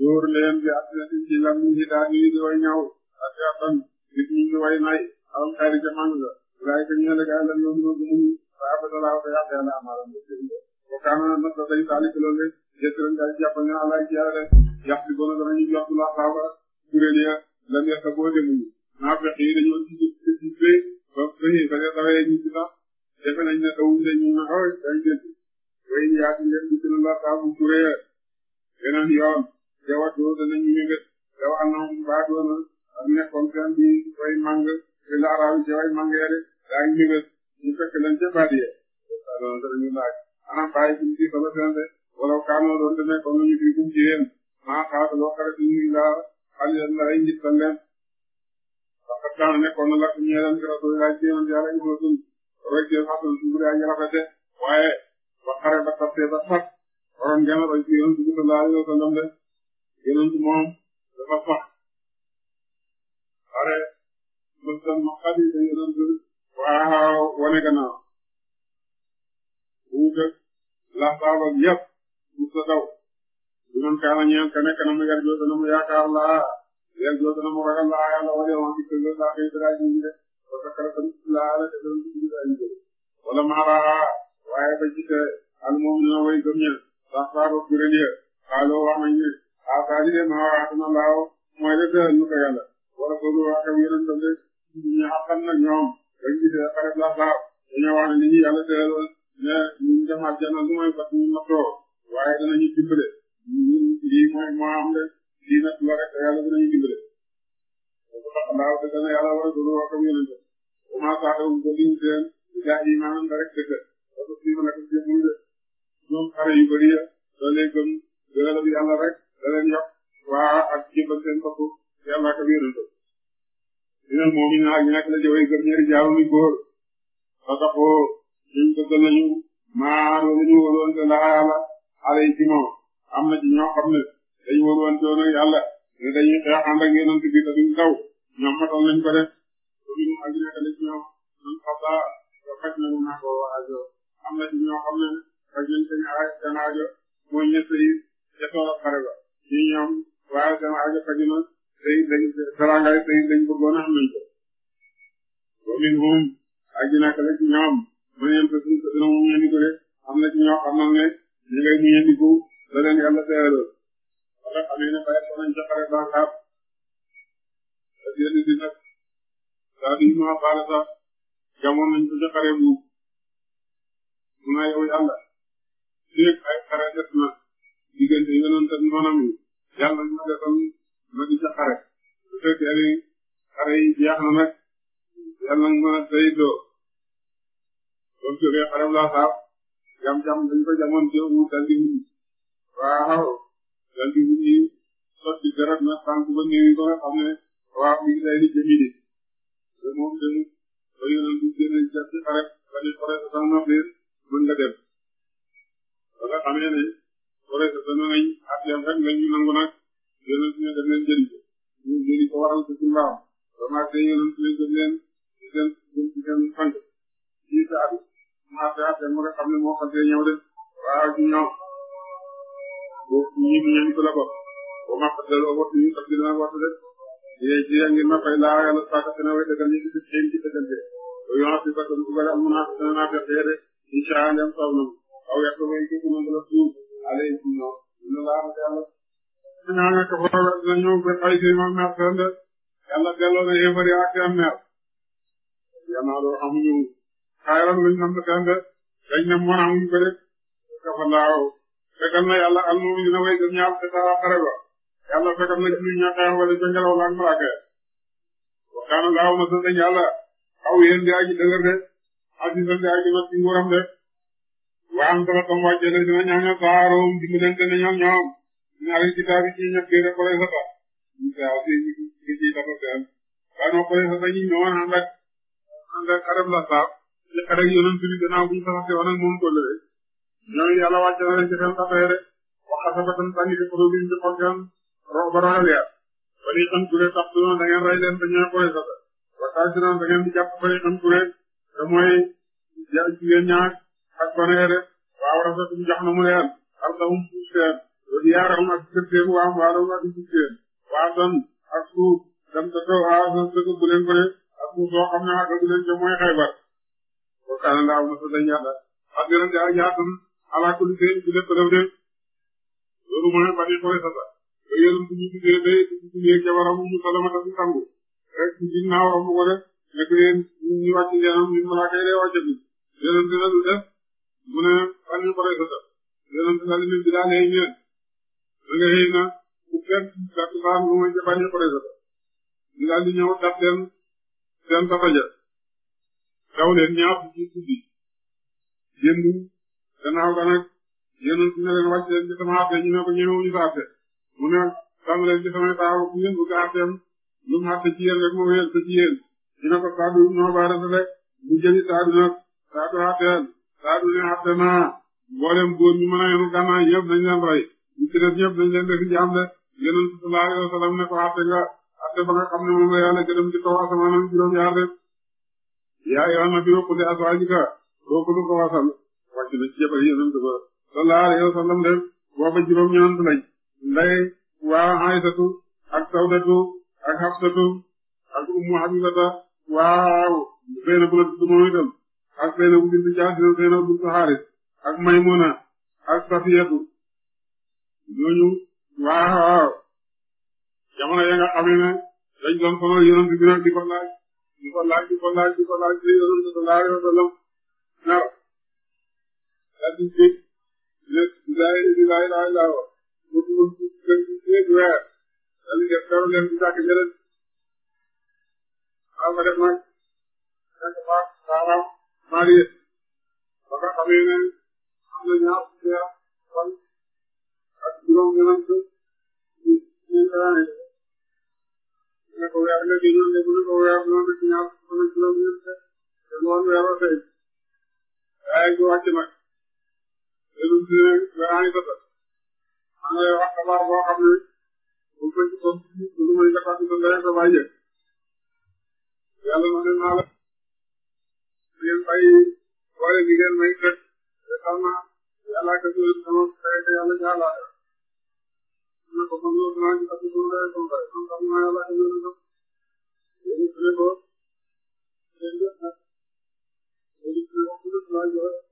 [SPEAKER 2] dóor leen bi ak ci lam yi daal ñu way ñaw ak yaa fan nit way nay am xayri mang ga gaay ka ñële gaay la ñoo ñoo gëmu daa ba dala ko yaa yàlla amaaram ba sëriñ ba ko na sa day taali kilo le jëkk leen gaay jàpp ñu ala ci yàlla de yàq bi bona dana ñu jox la xaw ba kuréel ya lam ya sa boo demuñu naa fexe yi dañoo ci ci ba ba ñuy ba nga tawee ñu ci sax defe nañ ne tawuñ de ñu ne xëy dañ jënd waaye ñu yaatu ngeen ñu gën a la taamu kuree beneen yoon jawwatu danañu ñëwee daw anam baatoo na am nekkoon seen bi way mang te laaraaw ci way mangee rek daa ñu ñëwee ñu badiye alors danañu laaj anam seen de wala kaanoo doon demee comme ni ñu fi gum maa xaatu loo xare suñu laar xale leen la ay njëkkal leen parce que daanaka nekkoon na la ñeelan ci Rasulullah ci yoon yàlla Ibrahima rek ci xasan su bëri ay rafete waaye ba xare ba tattee ba sax waroon gën a roy ci yoon bi sallallahu alayhi wa sallam de yeneen ci moom dafa sax xare mëstan maxadi da yeneen bi waaw wane gannaaw bu dëkk lax baabal yëpp mu sa daw ñoom kaana ñeen ka nekk na mu yar joote na mu yaakaar laa léegi a gën a mu ragal laa yàlla wala yow ci kër laa koy dara ji de parce que kala tamit laa la te doon dugg laa ji de wala maaraa waaye ba ci te al moom dina way gëm ña sax saa bopp bi rëdd ya xaaloo wax nañ de maa waatuma laaw mooy de dëhal ñu ko yàlla wala boobu waa kam tam de ñu xaqan nag ñoom bañ gisee xarab laa laaw dañoo wax ne li ñu yàlla dëhal woon ne ñu demaat jana lu ñu nattoo waaye danañu dimbale am de lii nag rek yàlla dinañu dimbale ndax dana yàlla war a doon wax ak yeneen yi comment ça va ba liñ seen gars yi maanaam da rek dëgg la parce que lii ma nekk ci yëngu de ñoom rek da leen yokk waa ak jébal seen bopp yàlla ak yeneen moom it naa ñu nekk la jëwee gëm ñaari jaaru ni góor ba taxoo ñun maa loolu ñu wóoroon te ndax yàlla xale yi am na ci xam ne. dañ wóor woon ci woon ak yàlla ne dañuy xeex ànd ak yonent bi te duñ daw ñoom matal nañ ko def duñ ak nekk na ci ñoom duñ xataa ba faj nañu naa ko aajo am na ci ñoo xam ne faj nañ seen aaj seen aajo mooy ñett yi ca tool ak xare ba ñi ñoom waaye seen aajo faj na tey dañ teraangaay tey dañ bëggoon am nañ ko wa minhum ak nekk na ci ñoom mu neen te suñ ko dina mu ñeendiku de am na ci ñoo xam ne ñu ngay mu ñeendiku la leen yàlla teeloo nga xamee ne bayat ko nañ ba Kaab te génn di nag daa di maa faale sax jamoon nañ ko bu mun yow yàlla fekk ay xare des na diggante yonent ak noonam yi yàlla ñu defal ma di ca xare su fekkee xare yi jeex na nag yàlla ñu mën a sayidoo loolu jógee xare bu laa saab jam-jam dañ ko jamoon ci wu dal di daal di wut ci sotti garab na sànq ba néew ba nga xam ne waaw mi ngi lay di jëmi di te moom tamit ba yonent bi gën a jàpp ci xare ba ni xare sa sax noppi mën nga dem ba nga xamee ne xare sa dana nañ ak yam rek lañ ñu nangu nag yonent ne daf leen jëli ñu jëli ko waral ko ci mbaaw ba maag de yonent ne daf leen di seen jëm ci seen sànq ci sa at maag de at ma nga xam ne moo xasee ñëw de waaw ci ñoom suuf ñi bi ñoom ci la bokk boo ma fàttaloo ba waxtu ñun sax dina waxtu rek yéen ci ngeen ma fay laa yàlla saaka seen way dëggal ñu ci ci seen ci dëggal de loolu yoo xam ne parce que bu bëri amul naa dana naa fexe de incha allah dem soob na aw yàq mooy ci moom la suuf alayhi salaam ñu la am yàlla ñaa nga ko fa na ñëw ba fay ci moom mer seen de yàlla delloo na yéefar yi ak seen mer yàlla loo xamuñu xayran luñ nam seen de dañ ne mën amuñ ko rek kafa laaw fekkal na yàlla al moom dina way gëm ñaar te saraa xare yàlla fekkal na ci lu ña xeex wala ca ngelaw la laaw ma sësañ yàlla aw di aji dëgër de asisan di aji mat ci nguuram de waam tala tam wàcce na dina saaroom dimbalante na ñoom ñoom ñaari kitaabi ci ñëpp de koray ci tata seen waano koray sata ñi ñëwoon ànd ak ànd la saaf ci xarek yonent bi gannaaw buñu saxase woon ak moom ko lëre ñooñu yàlla wàcce na leen ci seen affaire rek wax dëgg fa tamit ci xolu bi ñu ci xool seen rox ba tax du da ngeen rey leen te ñooy koy sax waxtaan si naan da ngeen di jàpp ba li xam kuréel te mooy ja jigéen ñaar ak bonheur jox na mu leen alxamum suuf seen loolu yaaram ak kër seen waa seen waa son ak suuf dem te taw waaw son dëgg xam ne àggagu leen ca xaybar. kooku ànd ak na sa dañ yàlla ak yeneen ala kulli shay'in ci lépp réew de loolu mooy bani Qurayza ba yéen bu ñu tuddee day bu ñu tuddee mu salama si sangu rek ci naaw romb ko def nekk leen ñu wàcc yéenam ñu malaaka yi day wàcc bi yéenam def mu ne bani Qurayza ba yéenam na ku fekk gàtt baax bani Qurayza ba daal di ñëw daf leen seen tafaja daw leen ñaar ci guddi gannaaw ga nag yéen ñu ne leen wàcc leen ci sama àtte ñu ne ko ñemewuñu sa àtte mu ne mu àtte ci yéen rek moo wéyal ci yéen noo baara rek mu jëli Sadou nag Sadou àtteel Sadou ne àtte naa mboolem góor ñu mën a yenu gànnaay yëpp nañ leen rey ñu ci def ñëpp nañ leen def jaam de yéen sallallahu alayhi wasallam ne ko àtte nga àtte ba nga xam ne moom la yàlla gërëm ci kaw asamaan juróom-ñaar de yaa yoon na wàcc na ci jëbal yonent ba sallallahu alayhi wa sallam de booba juróom ñeent lañ nday waa Aysatu ak Sawdatu ak Xafsatu ak Ummu Habiibata waaw Zaynab la tudd moom itam ak Zaynab bintu Jahsh Haaris ak Maymuna ak Safiyatu ñooñu waaw jamono ya nga xam ne dañ doon sonal yonent bi nag di ko laaj di ko laaj di ko laaj di ko laaj di yonent sallallahu alayhi wa sallam nar daal di dégg lépp daay daay daay laaw pour mu gën di dégg weer daal di def dara leen di tàkk jëlee maa ko def nag fekk baax baaraam maa di ba nga xamee ne am na ñaar ñaar fan
[SPEAKER 1] ak juróom-ñeneen ñu ñu ñu ne ko weer nga génnoon ne bu ne ko weer noonu rek ñaar fan ak juróom-ñeent te loolu weer ba tey
[SPEAKER 2] waaye ñu wàcc nag. léegi su dee gannaaw yi bëgg naa lay wax xabaar boo xam ne bu ko ci toog lu may defar lu doon ko bàyyi yàlla na ne naa la ngeen bàyyi
[SPEAKER 1] boole bi ngeen may fekk te xam naa yàlla ka jël sama xarit yàlla jaala na ko moom loolu naa ci fàttali ko lay ko mbay moom xam naa yàlla ka jël ko yéen su ne ko yéen jot na yéen su ne
[SPEAKER 2] ko ku nekk laa joxe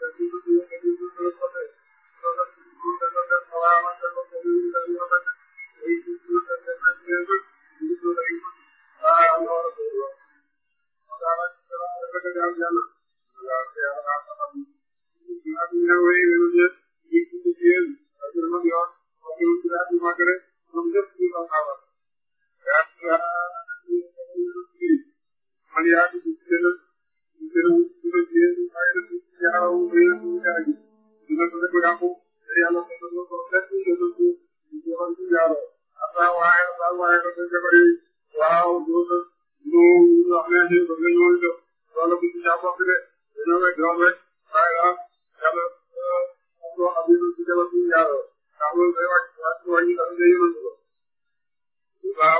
[SPEAKER 2] man yaa ngi waaw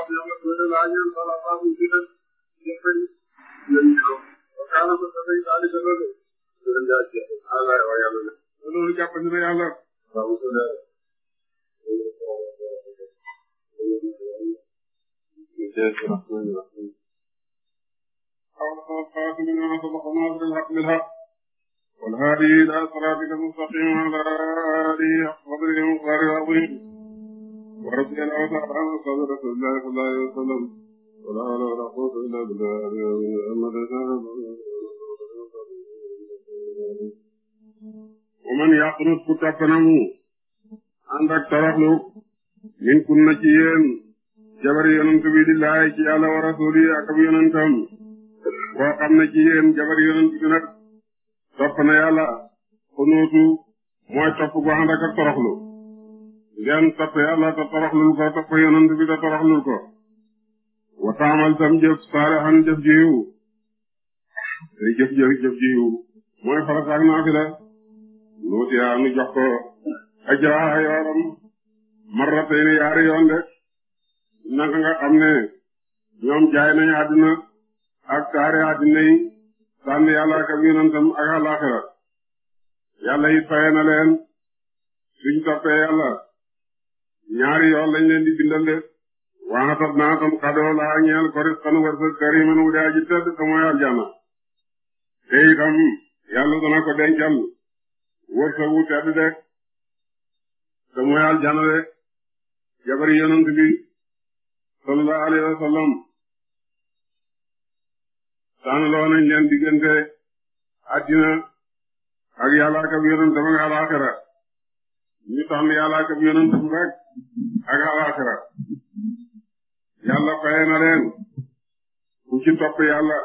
[SPEAKER 2] ñoo ngi koy laajal balaa baaxul ci dëkk kaala ko sa day daal di gën a def. gërëm daal di gërëm allah wa yàlla na. loolu jàpp na yàlla. waaw su dee. والهادي إلى صراطك المستقيم وعلى آله حق قدره ومقداره العظيم ورضي الله تعالى عن صدر رسول الله صلى الله عليه وسلم ولا حول ولا قوة إلا بالله أما تشاء ومن يقنط ku toppanamu ànd ak toroxlu min kun na ci yéen jabar yonent bi di laay ci yàlla wa rasuli ak ab yonentam koo xam ne ci yéen jabar yonent bi nag topp na yàlla xunóotu mooy topp gu ànd ak toroxlu ngeen topp yàlla te toroxlul ko topp yonent bi te toroxlul ko wa taamal tam jëf saalihan jëf ji yiw jëf jëf jëf mooy farata ak naafila nuutiyaa nu jox ko ajraa yooram marratayni yaari yoon de naka nga xam ne ñoom jaay nañu àdduna ak taari àdduna yi sànn yàlla ak ak yonentam ak àllaaxira yàlla it faye na leen suñ toppee yàlla ñaari yoon lañ leen di bindal de waxa tax naa tam xadoo laa ñeel ko ris xanu wërsëg kariman wu daa ji tedd te mooy aljana dencal wërsëg tedd de te mooy aljana de jabari yonent bi sallallahu alayhi wa sallam tànnaloo nañ diggante addina ak yàlla ak ab yonent ba nga alaaxira ñu tànn yàlla ak ab yonent rek ak alaaxira yàlla faye na leen ku ci topp yàlla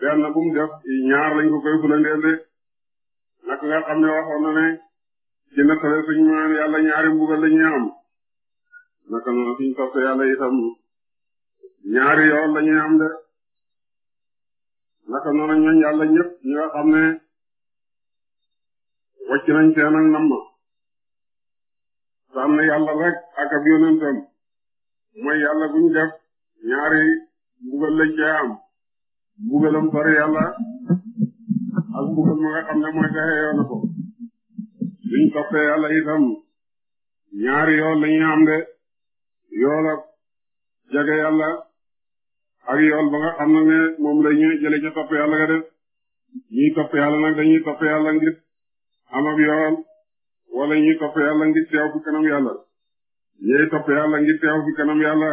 [SPEAKER 2] benn bu mu def ñaar lañ ko koy fulandeel de naka nga xam ne waxoon na ne ci nettale suñu maam yàlla ñaari mbugal lañuy am naka noonu suñu topp yàlla itam ñaari yoon lañuy am de naka noonu ñooñ yàlla ñëpp ñi nga xam ne wacc nañ seen nam ma xam ne yàlla rek ak ab yonentam mooy yàlla bu ñu def ñaari mbugal lañ cee am mbugalam far yàlla ak mbugal ma nga xam ne mooy taxe yoo na ko buñ toppee yàlla itam ñaari yool lañuy am de yool ak jage yàlla ak yool ba nga xam ne moom la ñu jële ca topp ga def ñuy topp yàlla nag dañuy topp yàlla ngir am yool wala ñuy topp yàlla ngir teew fi kanam yàlla ñooy topp yàlla ngir teew fi kanam yàlla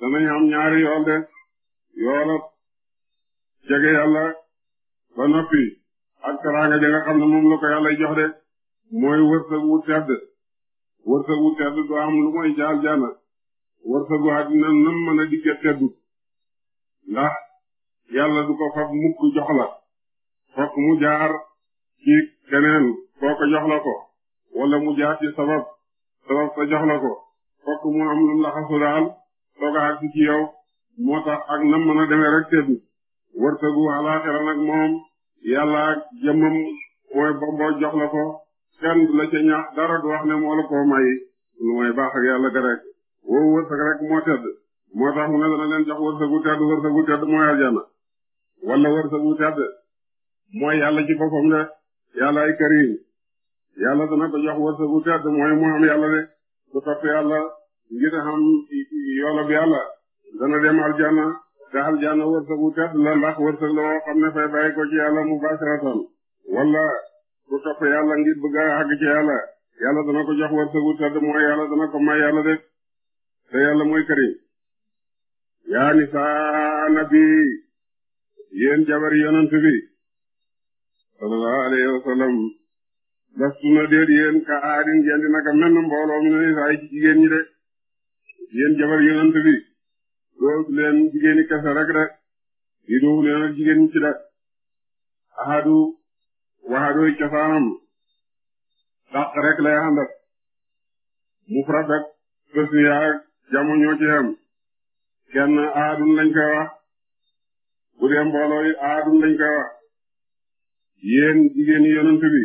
[SPEAKER 2] danañ am ñaari yool de yoolab jege yàlla ba noppi ak teraanga ja nga xam ne moom la ko yàlla jox de mooy wërsëg wu tedd wërsëg wu tedd du am lu mooy jaal jaana wërsëg wu àddina nam mën a digge ndax yàlla du ko fab mukk jox la fokk mu jaar ci keneen koo ko jox ko wala mu jaar ci sabab sabab ko jox la ko fokk mu am laxasu daal sooga ak ci yow moo tax ak nam mën a demee rek tëddu wërtëgu alaaxira nag moom yàlla ak jëmmam mooy bomboo jox la ko kenn du la ca ñaax dara du wax ne moo la may lu mooy baax ak yàlla ga rek woo wërsëg rek moo tëdd moo tax mu ne dana leen jox wërsëgu tëdd wërsëgu tëdd mooy aljana wala wërsëgu tëdd mooy yàlla ci boppam de yàlla ay karim yàlla dana ko jox wërsëgu tedd mooy mu am yàlla de su topp yàlla ngir xam yoolab yàlla dana dem aljanna te aljanna wërsëgu tedd la ndax wërsëg xam ne fay bàyyi ko yàlla mu basaratan wala topp yàlla ngir bëgg a àgg yàlla yàlla dana ko jox wërsëgu tedd mooy yàlla dana ko may yàlla de te yàlla mooy karim yaa nisaa nabi yéen jabar yonent bi sallallahu alayhi wa lastuma déet yéen ka aadin ngeen di naka menn mbooloo mi ne ay jigéen ñi de yéen jabar yonent bi doo leen jigéen ñi kese rek de di doofu leen ak jigéen ci de ahadu waxadooy cosaanam dàq rek lay àndat mufrad ak tasniya ak jamu ñoo ci xam kenn ahadun lañ koy wax bu dee mbooloo yi ahadun lañ koy wax yéen jigéen bi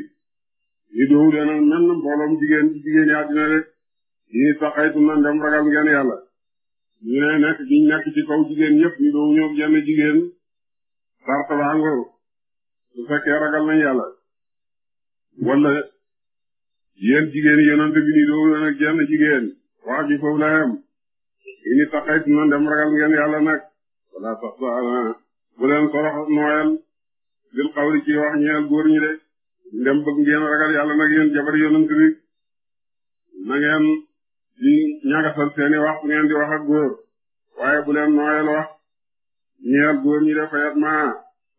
[SPEAKER 2] yu duhu dee na mel na mbooloom jigéen jigéen yi àddina rek yi taqaytu na ndem ragal ngeen yàlla ñu ne nekk giñ nekk ci kaw jigéen ñëpp ñu doowu ñëw jenn jigéen sart baa ngooru su ragal nañ yàlla wala yéen jigéen yonent bi ni doowu leen ak jenn jigéen waa ji foofu la yem ini taqaytu na ragal ngeen yàlla nag wala sax bu leen sorox nooyal bil xawli ci wax ñeel góor ñi de ndem bëgg ngeen ragal yàlla nag yéen jabar yonent bi na ngeen di ñagasal seeni wax bu ngeen di wax góor waaye bu leen nooyal wax ñeel góor ñi de fayat ma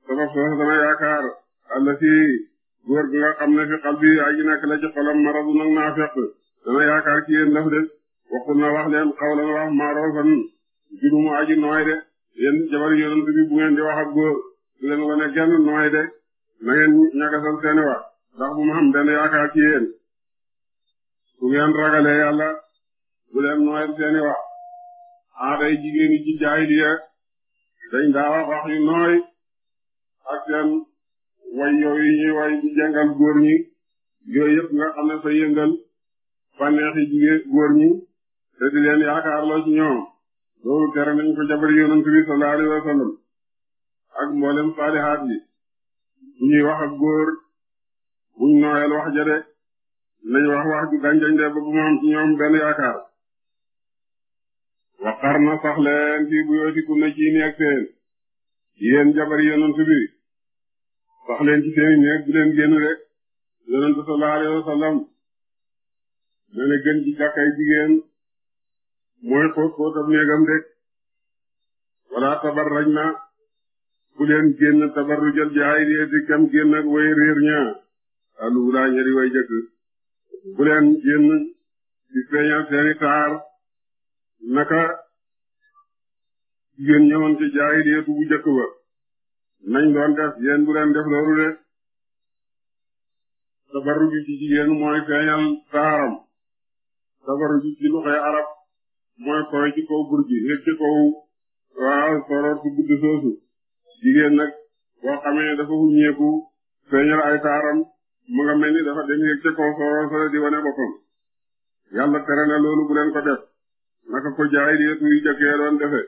[SPEAKER 2] sabab soo dana yaakaar àll fi góor gi nga xam ne fi xal bi aji nekk la ci xolam maradu nag naa fekk dana yaakaar ci yéen daf de waxul na wax leen xawlan wax maarofan judumu aji nooy de yéen jabar yonent bi bu ngeen di wax góor bu leen wane genn nooy de na ngeen ñagasal seen wax ndax bu mu xam benn yaakaar ci yéen bu ngeen ragalee yàlla bu leen nooyal seen wax aaday jigéen yi ci jaahiliya dañ daa wax wax yu nooy ak seen way yooyu ñuy way di jàngal góor ñi yooyu yëpp nga xam ne fa yëngal bànneexi jigéen góor ñi te di leen yaakaar loo ci ñoom loolu tere nañ ko jabar yonent bi sallallahu alayhi wa sallam ak mboolem saalihaat yi ñuy wax góor buñ nooyal wax ja de nañ wax wax ju gàncañ de ba bu ñoom benn yaakaar waqar na sax leen fii buyootikum na ci néeg seen yéen jabar yonent bi sax leen ci seeni néeg bu leen génn rek yonent sallallahu alayhi wasallam nee na gën ci jàkkay jigéen mooy xóot xóotam néegam rek wala tabarraj na bu leen génn tabarrujal jaahiliyati kam génn ak way réer ña alula ñari way jëkk bu leen génn di feeñal seeni taar naka jigéen ñëwoon ci jaahiliyatu bu jëkk ba nañ doon def yéen bu leen def loolu de tabarruju ci jigéen mooy feeñal taaram tabarruju ci loxoy arab mooy koy ci kaw burji nekk ci kaw waaw soroor su gudd soosu jigéen nag boo xamee ne dafa wuññeeku feeñal ay taaram mu nga mel ni dafa dem yëg ca kaw sooroo sore di wane boppam yàlla tere na loolu bu leen ko def naka ko jaahiliyatu yu jëkk ya doon defe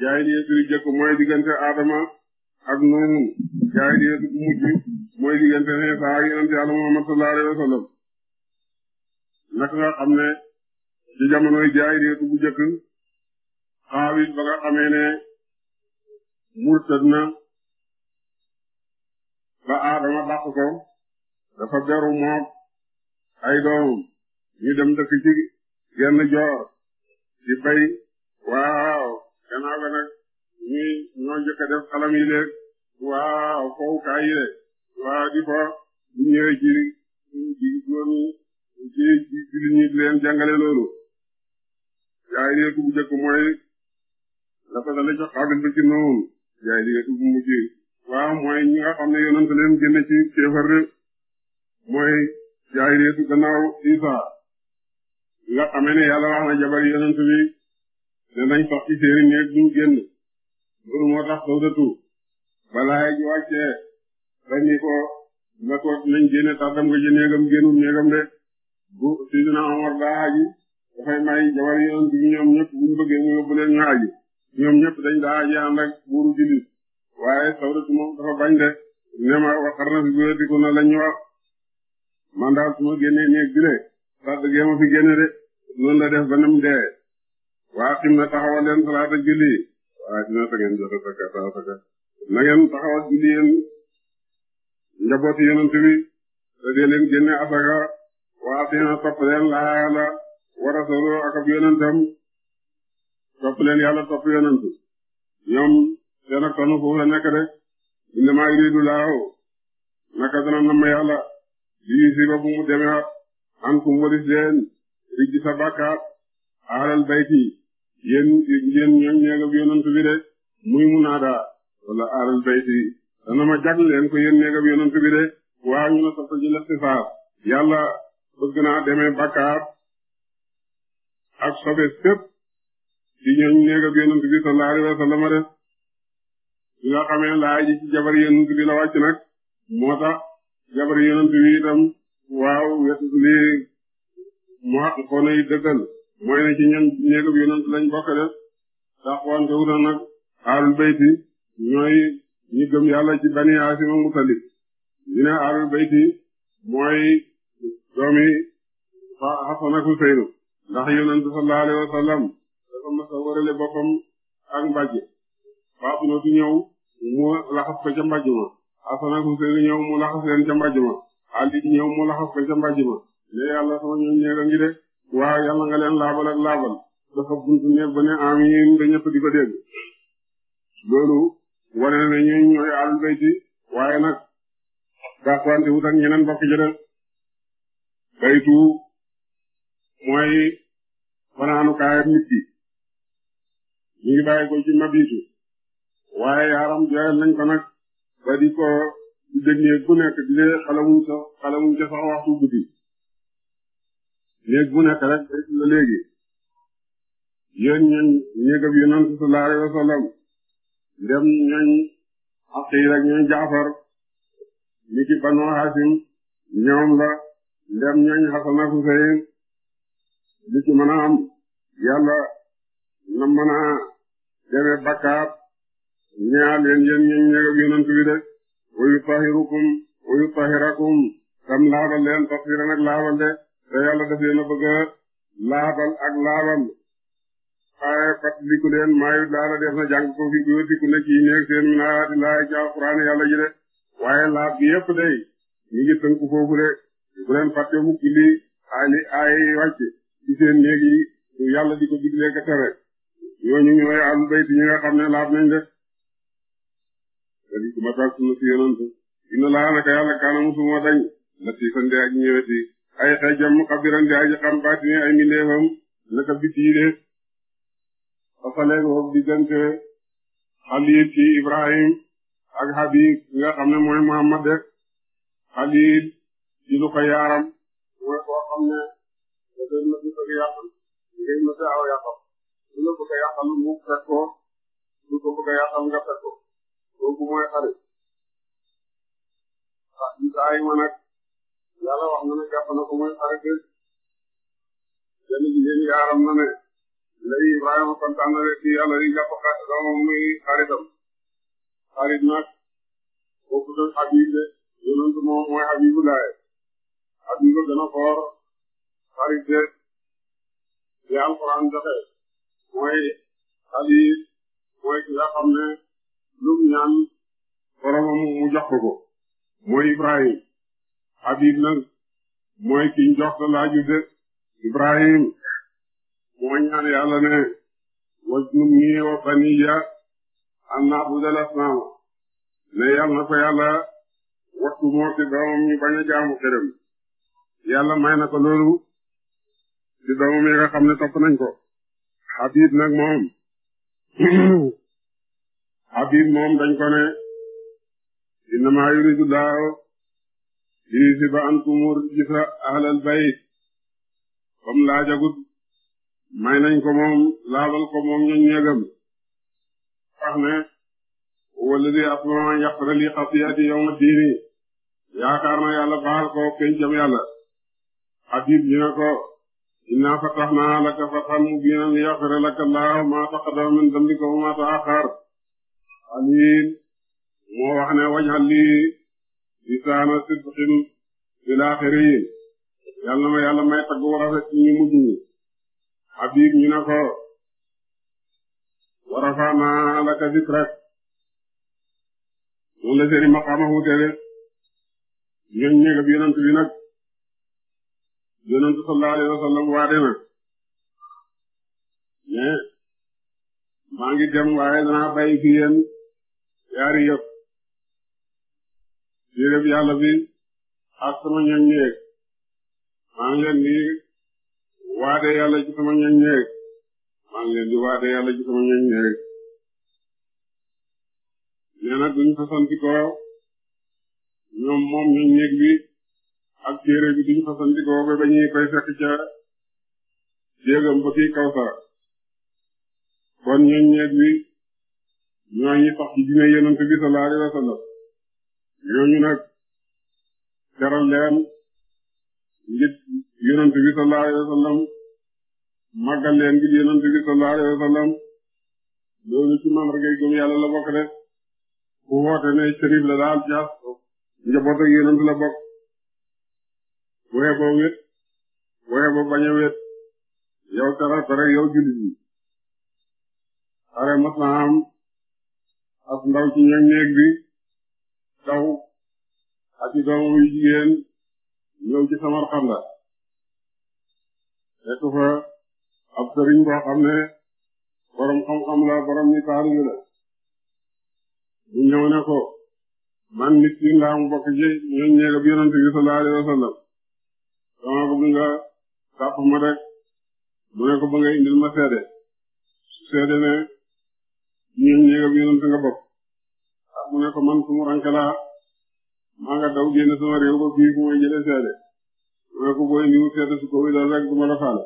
[SPEAKER 2] jaahiliyatu yu jëkk mooy diggante Adama ak Nuuhu jaahiliyatu bu mujj mooy diggante Iisaa ak yonent Yàlla Muhammad sallallahu alayhi wa sallam naka nga xam ne ci jamonoy jaahiliyatu bu jëkk xaawit ba nga xamee ne murtad na ba aadama dàq dafa beru mook ay doomam ñu dem dëkk ci genn joor di bay waaw gannaaw ñi ñoo njëkk a def xalam waaw fowukaay yi waaw di fa ñu ñëwee ci ci góomi ci ci loolu yaay léegi bu njëkk mooy dafa dale ci xaabil ba ci noonu jaahiliyatu bu mujj waaw mooy nga xam ne yonent leen génne ci kéefar mooy jaahiliyatu gannaaw Isa nga xamee ne yàlla wax na jabar yonent bi ne nañ sax ci seeni néeg duñ génn loolu moo tax sawdatu balaa ji wàccee dañu ko na ko nañ génne tàddam nga ji néegam génnul néegam de bu Sidina Omar daa aji dafay may jabar yonent bi ñoom ñëpp buñ bëggee mu yóbbu leen ñu aji ñoom ñëpp dañ daa yaan rek buuru jullit waaye sawdatu moom dafa bañ de ne ma waxar na fi buyatiku na lañu wax man daal su génnee néeg bi de sax ma fi génne de noonu la def ba nam dee waa xim na taxawal leen salaata julli waa dina na taxawal julli yéen njabooti yonent bi te leen génne asaka waa xim na topp leen laa la war a solo ak topp leen yàlla topp yonent ñoom seen ak tanu foofu la nekk de innamaa yuriidu laahu naka dana nam yàlla li yusiba bu mu deme ankum walis leen rijji sa bàkkaar aalal bayti yéen yéen ñoom néegab yonent bi de muy mu naada wala aalal bayti dana ma jag ko yéen néegab yonent bi de waa ñu na soppa ji lextisaar yàlla bëgg naa demee bàkkaar ak sobe sëpp ci ñooñu néeg ak yonent bi sallallahu alayhi wa sallam nga xamee laa ji jabar yonent bi la wàcc nag moo tax jabar yonent bi itam waaw li moo ko nay dëggal mooy ne ci ñoom néeg ak yonent lañ bokk def tax wante wuta nag aarul bayti ñooy ñi gëm yàlla ci bani Haashima Mutalib ñu ne aarul bayti mooy doomi Hasan ak Husayn ndax yonent sallallahu alayhi dafa mas a boppam ak mbàjj Faatima tu ñëw mu laxas ko ca mbàjj ma Asan ak Useynu ñëw mu laxas leen ca ca mbàjj ma ne yàlla sama ñoom ñee ngi de waaw yàlla nga leen laabal ak laabal dafa buntu ne ba ne amiin ba ñëpp di ko dégg loolu wane na ñooy ñooy alul bayti waaye nag gàttante wut ak ñeneen bokk ci def mooy fanaanu kaayam nit ñu ngi bàyyi ko ci mabitu waaye yaram joyal nañ ko nag ba di ko bu nekk di leen xalamuñ sa sax waxtu guddi néeg bu nekk rek la léegi yéen ñooñ néegab yonent sallallahu alayhi wasallam ndem ñooñ aqiil ak ñooñ jaafar ni ki banu ñoom la ndem ñooñ hasan ak husayn li ci mën a am dewe bakkaar ñaal leen yéen ñeñ ñëw yonent bi de wayu tahirukum wayu tahirakum tam laabal leen tasfiran ak laabal de te yàlla daf leen a laabal ak laabal waaye fàttaliku leen maayu laala def na jàng ko fi góordiku na ci néeg seen mi naati laay ci alxuraan yàlla ji de waaye laab bi yëpp day ñu ngi tënku foofu de bu leen fàtte mukk li ay li ay wàcc ci seen néeg yi yàlla di ko diglee ka tere ñooñu ñooy ahlul bayt ñi nga xam ne laab nañ de dali ku matal sunna si yonent inna laa naka yàlla kaana musuma dañ latiifan de aji ñëweti ay xeejam xabiran de aji xam baatini ay mindeefam naka biti de fasaleeg woog diggante xalil ci ibrahim ak habib nga xam ne mooy muhammad de xalil ci lu ko yaaram
[SPEAKER 1] mooy koo xam ne da doon na fi ak yàqam ngay mësa aw yàqam su la bëgg a yàqal mu fekk ko su ko bëgg a yàqal nga fekk ko kooku mooy xarit
[SPEAKER 2] ah Ibrahima nag yàlla wax na ne jàpp na ko mooy xarit benn jigéen yaaram na ne léegi Ibrahima kontaan na rek ci yàlla di jàpp ka doomam muy xaritam xarit nag kooku doon Habib de yonent moom mooy Habibulaay Habib gën a foor xarit de di Alxuraan joxe mooy xabiir mooy ki nga xam ne lum ñaan boromam mu jox ko mooy Ibrahim xabiir nag mooy ki ñu jox laaju de Ibrahim moo ñaan yàlla ne wajnubni wa baniya an na'budal asnaam ne yal na ko yàlla wattu moo ci doomam ñu bañ a jaamu xërëm may na ko loolu ci doomam yi nga xam ne topp nañ ko Habib nag moom [clears throat] Habib moom dañ ko ne innama yuridu laahu li yuzhiba ankumur rijsa ahlal bayt comme laajagut may nañ ko moom laabal ko moom ñoñ ñegam wax ne huwa alladhi asmaa an yaghfira li xati'ati yawma diini yaakaar na yàlla baal ko pencam yàlla Habib ñu ne ko inna fatahna laka fathan mubinan liyaghfira laka Allahu ma taqaddama min dhanbika wa ma ta'akhkhar alim moo wax ne waj'al li lisaana sidqin fil akhirin yal na ma yàlla may tagg wu rafet ci ñu mujj ñi habib ñu ne ko wa rafa'na laka dhikrak noonu la seeni maqaama wuute de ñoñ ñeega bi yonent bi nag yonent sallallahu alayhi wasallam waade na ne maa ngi dem waaye danaa bàyyi fi yéen yaari yëpp téereb yàlla bi ak sama ñoñ ñeeg maa ngi di waade yàlla ci sama ñoñ ñeeg maa ngi di waade yàlla ci sama ñoñ ñeeg nee na duñ fa sant ko ñoom moom ñoñ ñeeg bi ak téere bi duñu fasantikoo ba bañuy koy fekk ca jéegam ba fii kawsara kon ñoñ ñeeg wi ñooñu sax ci dina yonent bi sallallahu alayhi wasallam ñooñu nag teral leen ngir yonent bi sallallahu alayhi wasallam màggal leen ngir yonent bi sallallahu alayhi wasallam loolu ci mandargay gëm yàlla la bokk de ku woote ne sërif la daal jaas njaboot ak yonent la bokk bu wéet bu xeeboo wéet yow teral ko rek yow jullit ñi am ak ndaw ci ñeg néeg bi daw ak jigéen ñëw ci samar xanda fekk fa ab sëriñ boo xam ne borom xam-xam la borom ni taalibi la ñu ñëw ne ko man nit ki laa mu bokk ci ñoñ ñeega bi yonent bi sallallahu alayhi wasallam dama bëgg nga sàpp ma rek mu ne ko ba nga indil ma seede seede ne ñëw ñëw yonent nga bokk ah mu ne ko man sumu ranke laa maa nga daw génn sama réew ba fii fu may jëlee seede mu ne ko boo indiwu seede su ko wéyal rek du ma la faale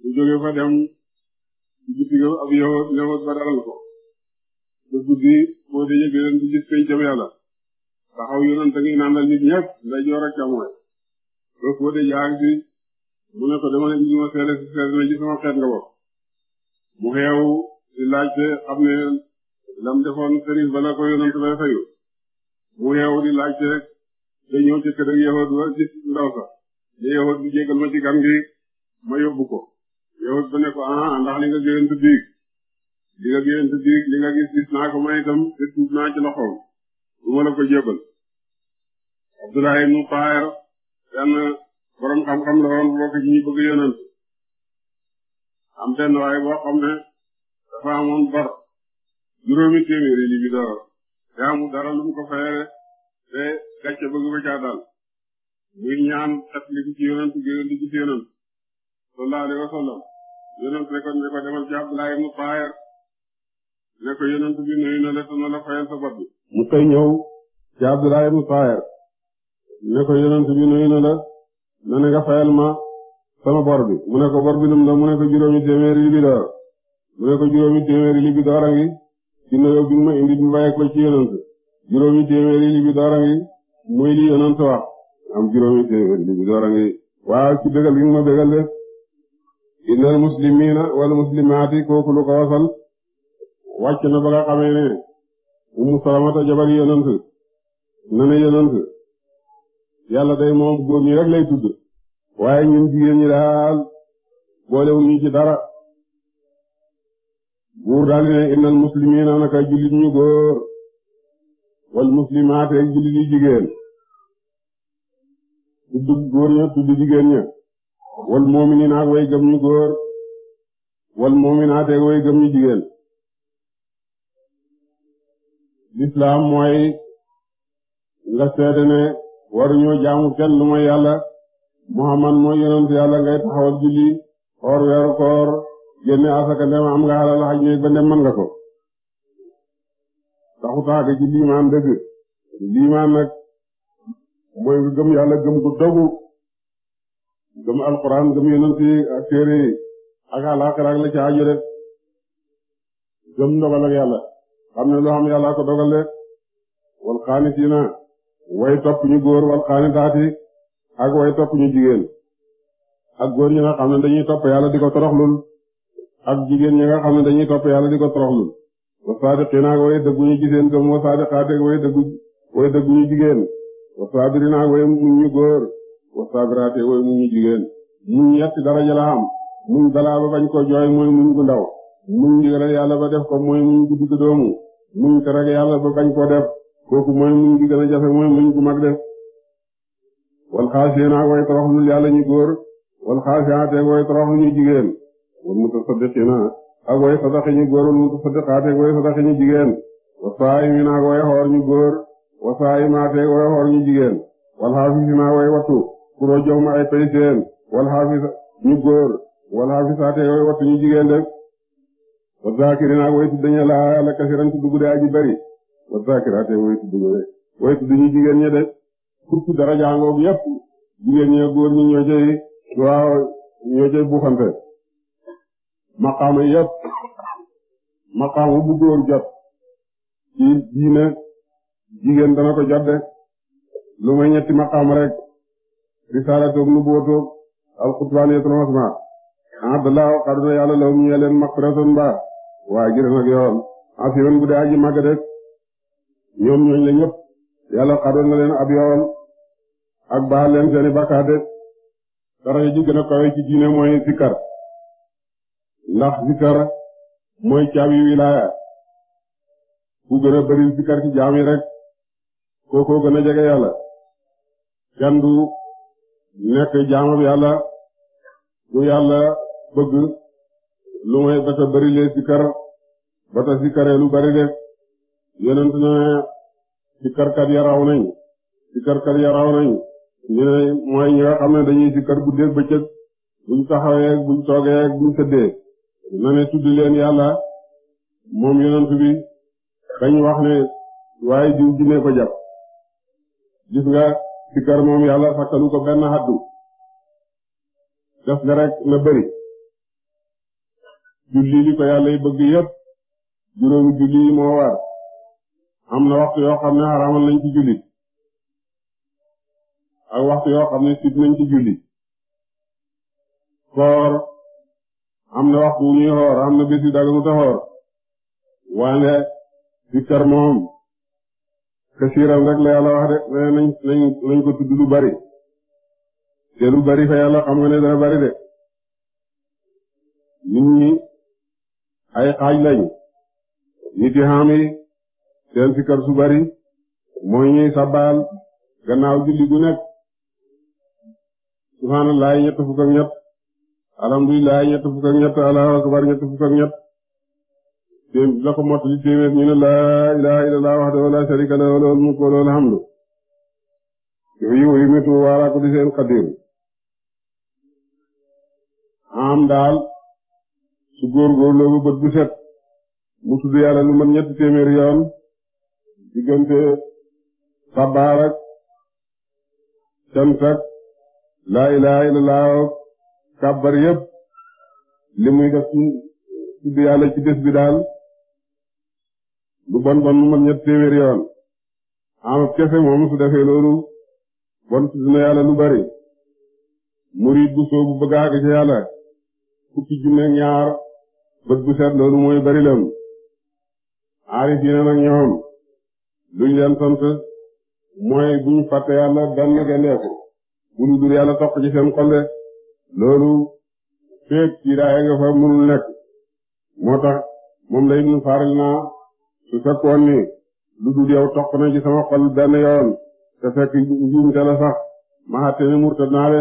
[SPEAKER 2] mu jóge fa dem jitiga ab yowot newot ba dalal ko te guddi boo dajee gëneen bi gis koy jëm yàlla taxaw yonent ngi naandal nit ñëpp nday joor ak càmmooy ba Fodé Diagne bi mu ne dama leen di ma si seede na ci sama xeet nga bokk mu xeew di laajte xam ne lam defoon sëriñ bala ko yonent bay fayu mu xeew di laajte rek te ñëw ak yahud ba ci ndaw sax ne yahud bi jégal ma ci gan ma yóbbu ko yahud ba ne ko ah ndax li nga géwént biig li nga gis gis naa ko may itam te tuub naa ci loxoom du la ko jébal Abdoulaye nu Taher benn borom xam-xam la woon bokk ci bëgg yonent am benn waaye boo xam ne dafa amoon bor juróomi téeméeri li bi doro te amul dara lu mu ko fayere te gàcce bëgg ko dal muy ñaan xet li ci yonent géwél di gis yonent sallallahu alayhi wa sallam yonent ne demal ci Abdulaay mu Taahir ne ko yonent bi nuyu na la na la fayal bi mu koy ñëw ci Abdulaay mu Taahir ne ko yonent bi nuyu na la na ne nga ma sama bor bi mu ne ko bor bi lum la mu ne ko juróomi téeméeri libidoor mu ne ngi ci nuyoo bi ma indi bi bàyyi ko ci yonent juróomi téeméeri libidoor a ngi muy li yonent wax am juróomi téeméeri libidoor a ngi waaw ci bégal gi ma bégal de innal muslimiina wal muslimaati kooku lu ko wasal wàcc na ba nga xamee ne Ummu Salamata jabar yonent na ne yàlla day moom góor ñi rek lay tudd waaye ñun jigéen ñi daal boolewuñu ci dara buur daal di ne innal muslimiina naka jullit ñu góor wal muslimaat jullit ñu jigéen tudd góor ña tudd jigéen ña wal mu'miniina ak way gëm ñu góor wal mu'minaat ak way gëm ñu jigéen lislaam mooy nga seede ne waruñoo jaamu kenn lu mooy yàlla muhammad mooy yonent yàlla ngay taxawal julli or weeru koor génne asaka ndem am nga xalal xaj ne ba ndem mën nga ko taxutaaka ci liimaan dëgg liimaan nag mooy nga gëm yàlla gëm gu dogu gëm alxuraan gëm yonent yi téere yi ak alaaxira ak la ci aju rek gëm ndogal ak yàlla xam ne loo xam yàlla dogal rek wal xaanisiina way topp ñu góor wal xaanitaati ak way topp ñu jigéen ak góor ñi nga xam ne dañuy topp yàlla di ko toroxlul jigéen ñi xam ne dañuy topp di ko toroxlul wa saadiqiina ak way dëggu ñu way muñ ñu góor wa saabiraati way muñ ñu jigéen muñ yetti daraja la am muñ balaa ba bañ ko jooy mooy muñ gu ndaw muñ ndigalal yàlla ba def ko mooy muñ gu digg doomu muñ tere yàlla ba bañ koo def kooku mooy muñ gi gën a jafe mooy muñ gu mag def wal xaasiyina way toroxlul yàlla ñu jigéen wal mutasaddiqina ak way sadaxi ñu góor wal mutasaddiqaati way sadaxi ñu jigéen wa saayimina ak way xoor ñu góor wa saayimaati ak way xoor ñu jigéen wal xaafisina ak way wattu kuroo joom ay pay wal xaafis ñu way wattu ñu jigéen def wa zaakirina ak way tuddaña laa yàlla kasiran tuddu gudde aji bari wa zakiraat way tudd ña de way tudd ñu jigéen ña de fukki daraja ngoog yépp jigéen ñi góor ñi ñoo cay waaw ñoo cay buufante maqaama yépp maqaama bu góor jot ci diina jigéen dana ko jot de lu may ñetti maqaama rek risalatoog nubuwatoog alxutbaaniyatul wasma abdallah wa qaduna yàlla law ñu leen maqfiratoon ba waa gi nag yoon afiyoon bu dee aji màgg de ñoom ñooñ la ñëpp yàlla xadoon na leen ab yoon ak baal leen seeni bakkaate daraja ji gën a kawe ci diine mooy zikkar ndax zikkar mooy caabi wilaaya ku gën a bari zikkar ci jaam rek kookoo gën a jege yàlla kenn du nekk jaamam yàlla du yàlla bëgg lu may bata bari lee zikkar bata lu bari lee yonent na sikkarkat ya raw nañ sikkarkat ya raw nañ ne mooy nga xam ne dañuy sikkar guddeeg bëccëg buñ taxawee buñ toogee buñ tëddee na ne tudd leen yàlla moom yonent bi dañ wax ne waaye diw jinne ko jàpp gis nga sikkar moom yàlla sakkalu ko benn haddu def nga rek na bëri julli li ko yàlla yi bëgg yépp juróomi julli moo war am na waxtu yoo xam ne xaraamal nañ ci julli ak waxtu yoo xam ne sib nañ ci julli koor am na waxtu wu xoor am na bés yu daganuta xoor waane sikkar moom kasiiram rek la yàlla wax de nañ nañ ko tudd lu bari te lu bari fa yàlla xam nga ne dana bari de nit ñi ay xaaj lañ nit yi seen sikar su bari mooy ñuy sabbaal gannaaw julli gu nekk subhaanallahi ñett fukk ak ñett alhamdulillahi ñett fukk ak ñett allahu akbar ñett fukk ak ñett tém la ko mottali téeméer ñu ne laa ilaha illallah wahdahu la sharika lahu lahul mulku wa lahul yooyu métu waalaa ko di seen xadir am daal su góorgóorloo ba bët bu set mu tudd yàlla lu man ñetti téeméer yoon diggante sabaar ak cant ak laa ilaha kàbbar yëpp li muy def ci yàlla ci bés bi daal lu bon bon mu mën ñett téeméeri yoon amab kese moom su defee loolu bon tudd na yàlla lu bari murid bu soobu bëgg ci yàlla fukki junne ñaar bët bu set loolu mooy bari lam aarif yi na nag ñoom luñ leen sant mooy buñ fàtte yàlla benn gendeeku bu ñu dul yàlla toq ci seen xol de loolu fépp ci daaya nga fa mënul nekk moo tax moom lay ñu naa su fekkoon ni lu dul yow toq na ci sama xol benn yoon te fekk njuumte la sax ma ni murtad naa de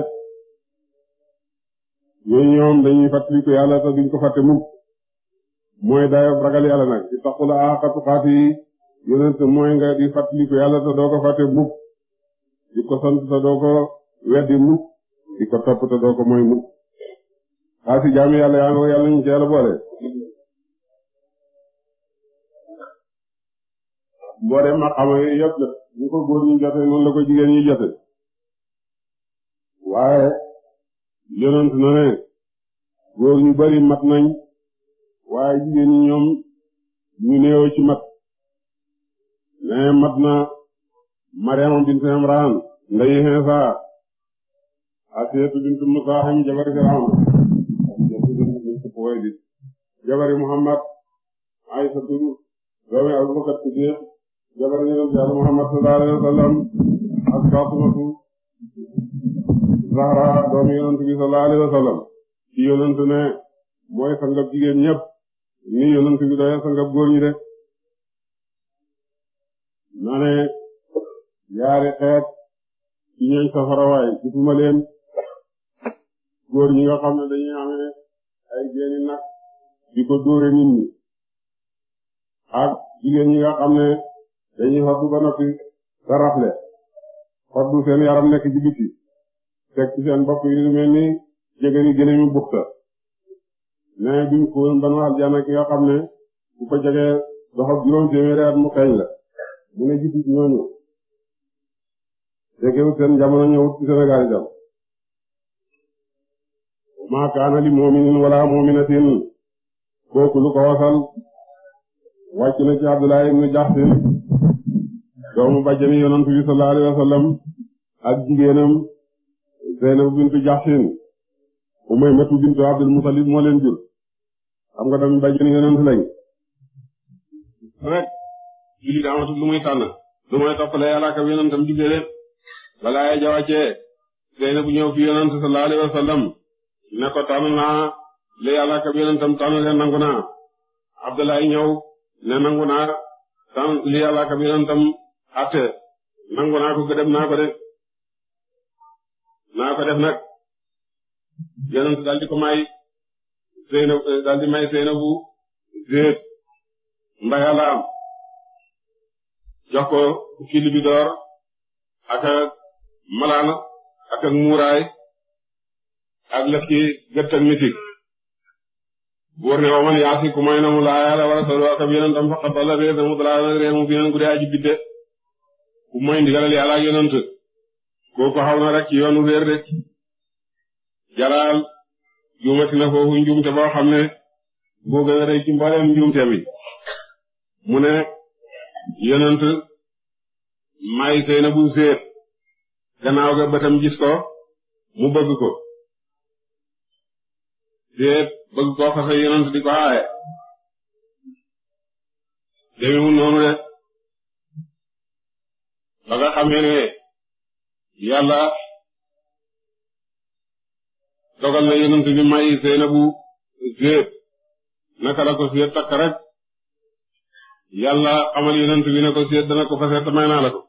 [SPEAKER 2] yooyu ñoom dañuy fàttaliku yàlla te duñ ko fàtte mukk mooy daaya ragal yàlla nag ci taxula a xatu xaati yonent mooy nga di fàttaliku yàlla te doo ko fàtte mukk di ko sant te doo ko weddi mukk di ko topp te doo ko mooy mukk xaa si jaami yàlla yaa nga yàlla ñu ci yàlla boole boo dee maqama yooyu yëpp la ñu ko góor ñu jote noonu la ko jigéen ñu jote waaye yonent na ne góor ñu bari mat nañ waaye jigéen ñi ñoom ñu néew ci mat ne mat na Maryama bintu Imran ndeyi Insa Asiyatu bintu Musa xam jabari Firawna Asiyatu bintu Xuwaylid jabari Muhammad Aysatu doomi Abubakar Siddiq jabari yonent Yàlla Muhammad sallallahu alayhi wa sallam ak Fatimatu Zahra doomi yonent bi sallallahu alayhi wa sallam ci yonent ne mooy sangab jigéen ñépp ni yonent bi doy góor ñi de xeet ñooy safara waay gisuma leen góor ñi nga xam ne dañuy amee ay génni nag di ko dóore nit ñi ak jigéen ñi nga xam ne dañuy xoddu ba noppi sarafle xoddu seen yaram nekk ci biti teg ci seen bopp yi mel ni jegéni gëne mi buxta mais duñ koon banu aljana ki nga xam ne bu ko jegee doxab juróom téeméeri at mu kañ la mu ne gisi ñooñu fekkewut seen jamono ñëwut ci Sénégal itam ma kaana li mu'minin wala mu'minatin kooku lu ko wasal wàcc na ci Abdullah ibn Jahsh doomu bàjjani yonent bi sallallahu alayhi wasallam ak jigéenam Zaynab bintu Jahsh Umaymatu bintu Abdul Muttalib moo leen jur xam nga tamit bàjjani yonent lañ rek julli daamatul lu muy tànn lu muy toppale Yàlla ak yonentam digle leen balaa ya jawacee Zeynab ñëw fi yonent sallallahu alayhi wasallam ne ko tànn naa li yàlla ak yonentam tànn ñëw ne nangu naa tànn li yàlla ak yonentam atte ko gëdëm naa def nag yonent daal di may Zeynab daal may Zeynabu Zeyd ndaya la am jox ko kili malaana ak ak muuraay ak lëf ci gët ak misik buur ne waman yaasi ku na mu laa yàlla wara solo ak ab yonentam faqat dalla réer na mu dalaa réer mu bineen gu dee aji bidde ku moy ndigalal yàlla ak yonent kooku xaw na rek yoonu réer rek jalaal juumati na foofu njuumte boo xam ne boo gën a rëy ci mbooleem njuumte mi mu ne yonent may sey bu séet gannaaw ga bëtam gis ko mu bëgg ko déet bëgg koo fase yonent di ko aaye demewul noonu de ba nga xamee dogal na yonent bi may Zeynabu déet naka la ko séet takk rek yàlla xamal yonent bi ne ko séet dana ko fase te naa la ko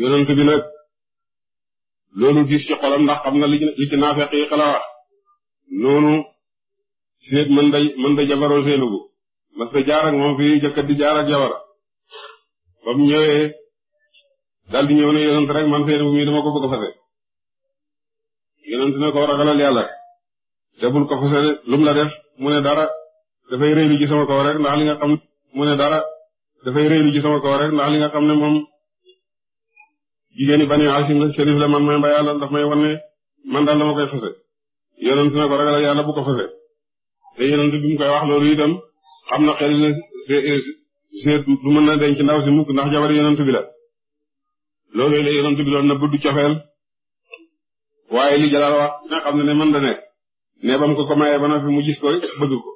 [SPEAKER 2] yonent bi nag loolu gis ci xolam ndax xam na li ci naafeq yi xalaat noonu seet mën day mën da jabaroo seenugu mas da jaar moom fii jëkkat di jabar ba ñëwee daal di ñëw ne yonent rek man seenugu mi dama ko bëgg a fase yonent ne ko ragalal yàlla te bul ko fase lum la def mu ne dara dafay réylu ci sama kaw rek ndax li nga xam ne moom jigéeni bani Haasim la Serif la man may mbay àllal may wan man daal dama koy fase yonent na ko ragal yàlla bu ko fase te yonent bi mu koy wax loolu itam xam na xel ne seet du mën na denc ndaw si mukk ndax jabar yonent bi la loolu la yonent bi doon na buddu cofeel waaye li jalaal wax nga xam ne ne mën da nekk ne bam ko ko ba na fi mu gis ko bëgg ko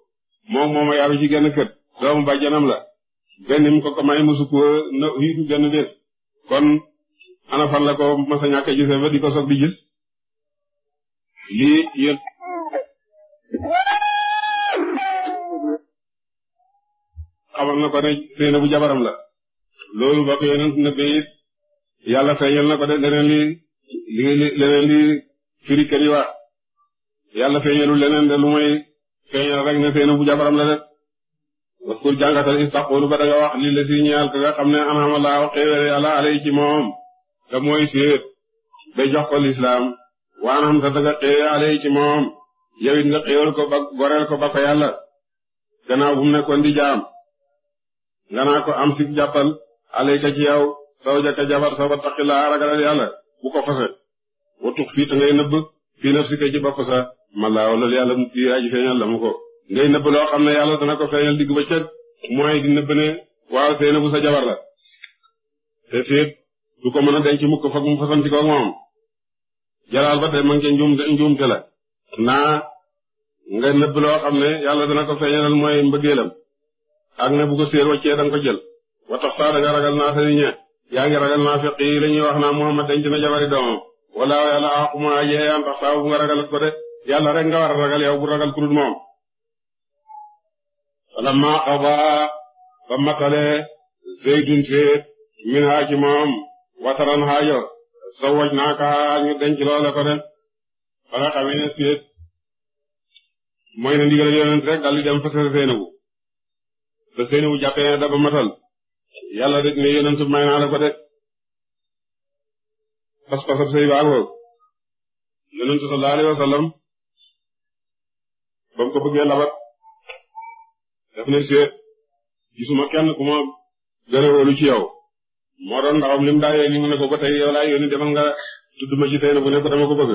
[SPEAKER 2] moom mooma yaru ci genn kër doomu bàjjanam la benn mu ko mu sukk na hiitu genn ana fan la ko mos a ñàkk a gisee ba di ko soog di gis lii yéen. xamal na ko ne seena bu jabaram la loolu ba ko yonent na yàlla feeñal na ko de leneen li leneen li firi kër yi yàlla feeñalul leneen de lu may feeñal rek ne seena bu jabaram la de waskur jàngatal istaqulu ba da wax li la si ñaal ka nga xam ne anamala xéewale ala alay ci moom te mooy séet ba jox ko lislaam waanam ta daga xéye ale ci moom yowit nga xéewal ko ba goreel ko ba ko yàlla gannaaw bu mu nekkoon di jaam nga naa ko am sik jàppal alayka ci yow sawjaka jabar sa ba taqilaa ragalal yàlla bu ko fase watux fii ta ngay nëbb fii nafsika ci bopp sa malaaw loolu yàlla mu fii aji feeñal la mu ko ngay nëbb loo xam ne yàlla dana ko feeñal digg ba cëg mooy di nëbb ne waaw sey na sa jabar la te féet du ko mën a denc mukk foog mu fasanti moom jalaal ba tey man njuumte la naa nga nëbb loo xam ne yàlla dana ko feeñalal mooy mbëggeelam ak ne bu ko séer waccee danga ko jël wa tax saa danga ragal naa seni ñe yaa ngi ragal naa fiq yi wax naa Muhammad denc na jabari doomam wala yàlla aquma yexeyaan tax saa bu nga ragalat ko de yàlla rek nga war a ragal yow bu ragal ku moom wala maa xaba ba matale zeydun féet min haa ci moom wataran xaajo sowoj naa kaa ñu denc loola ko de ba nga xamee ne siet na ndigal yonent rek daldi dem fa Seynabu te Seynabu jàppee ne matal yàlla de ne yonent may naa la ko de pas-pasab sëy baagoo yonent sallallahu alayhi wa ba mu ko labat daf ne siet gisuma kenn ku ma gën a ci yow moo doon ndaxam lim daa mu ne ko ba tey yow laa demal nga tudd ma ci tey na bu ne dama ko bëgg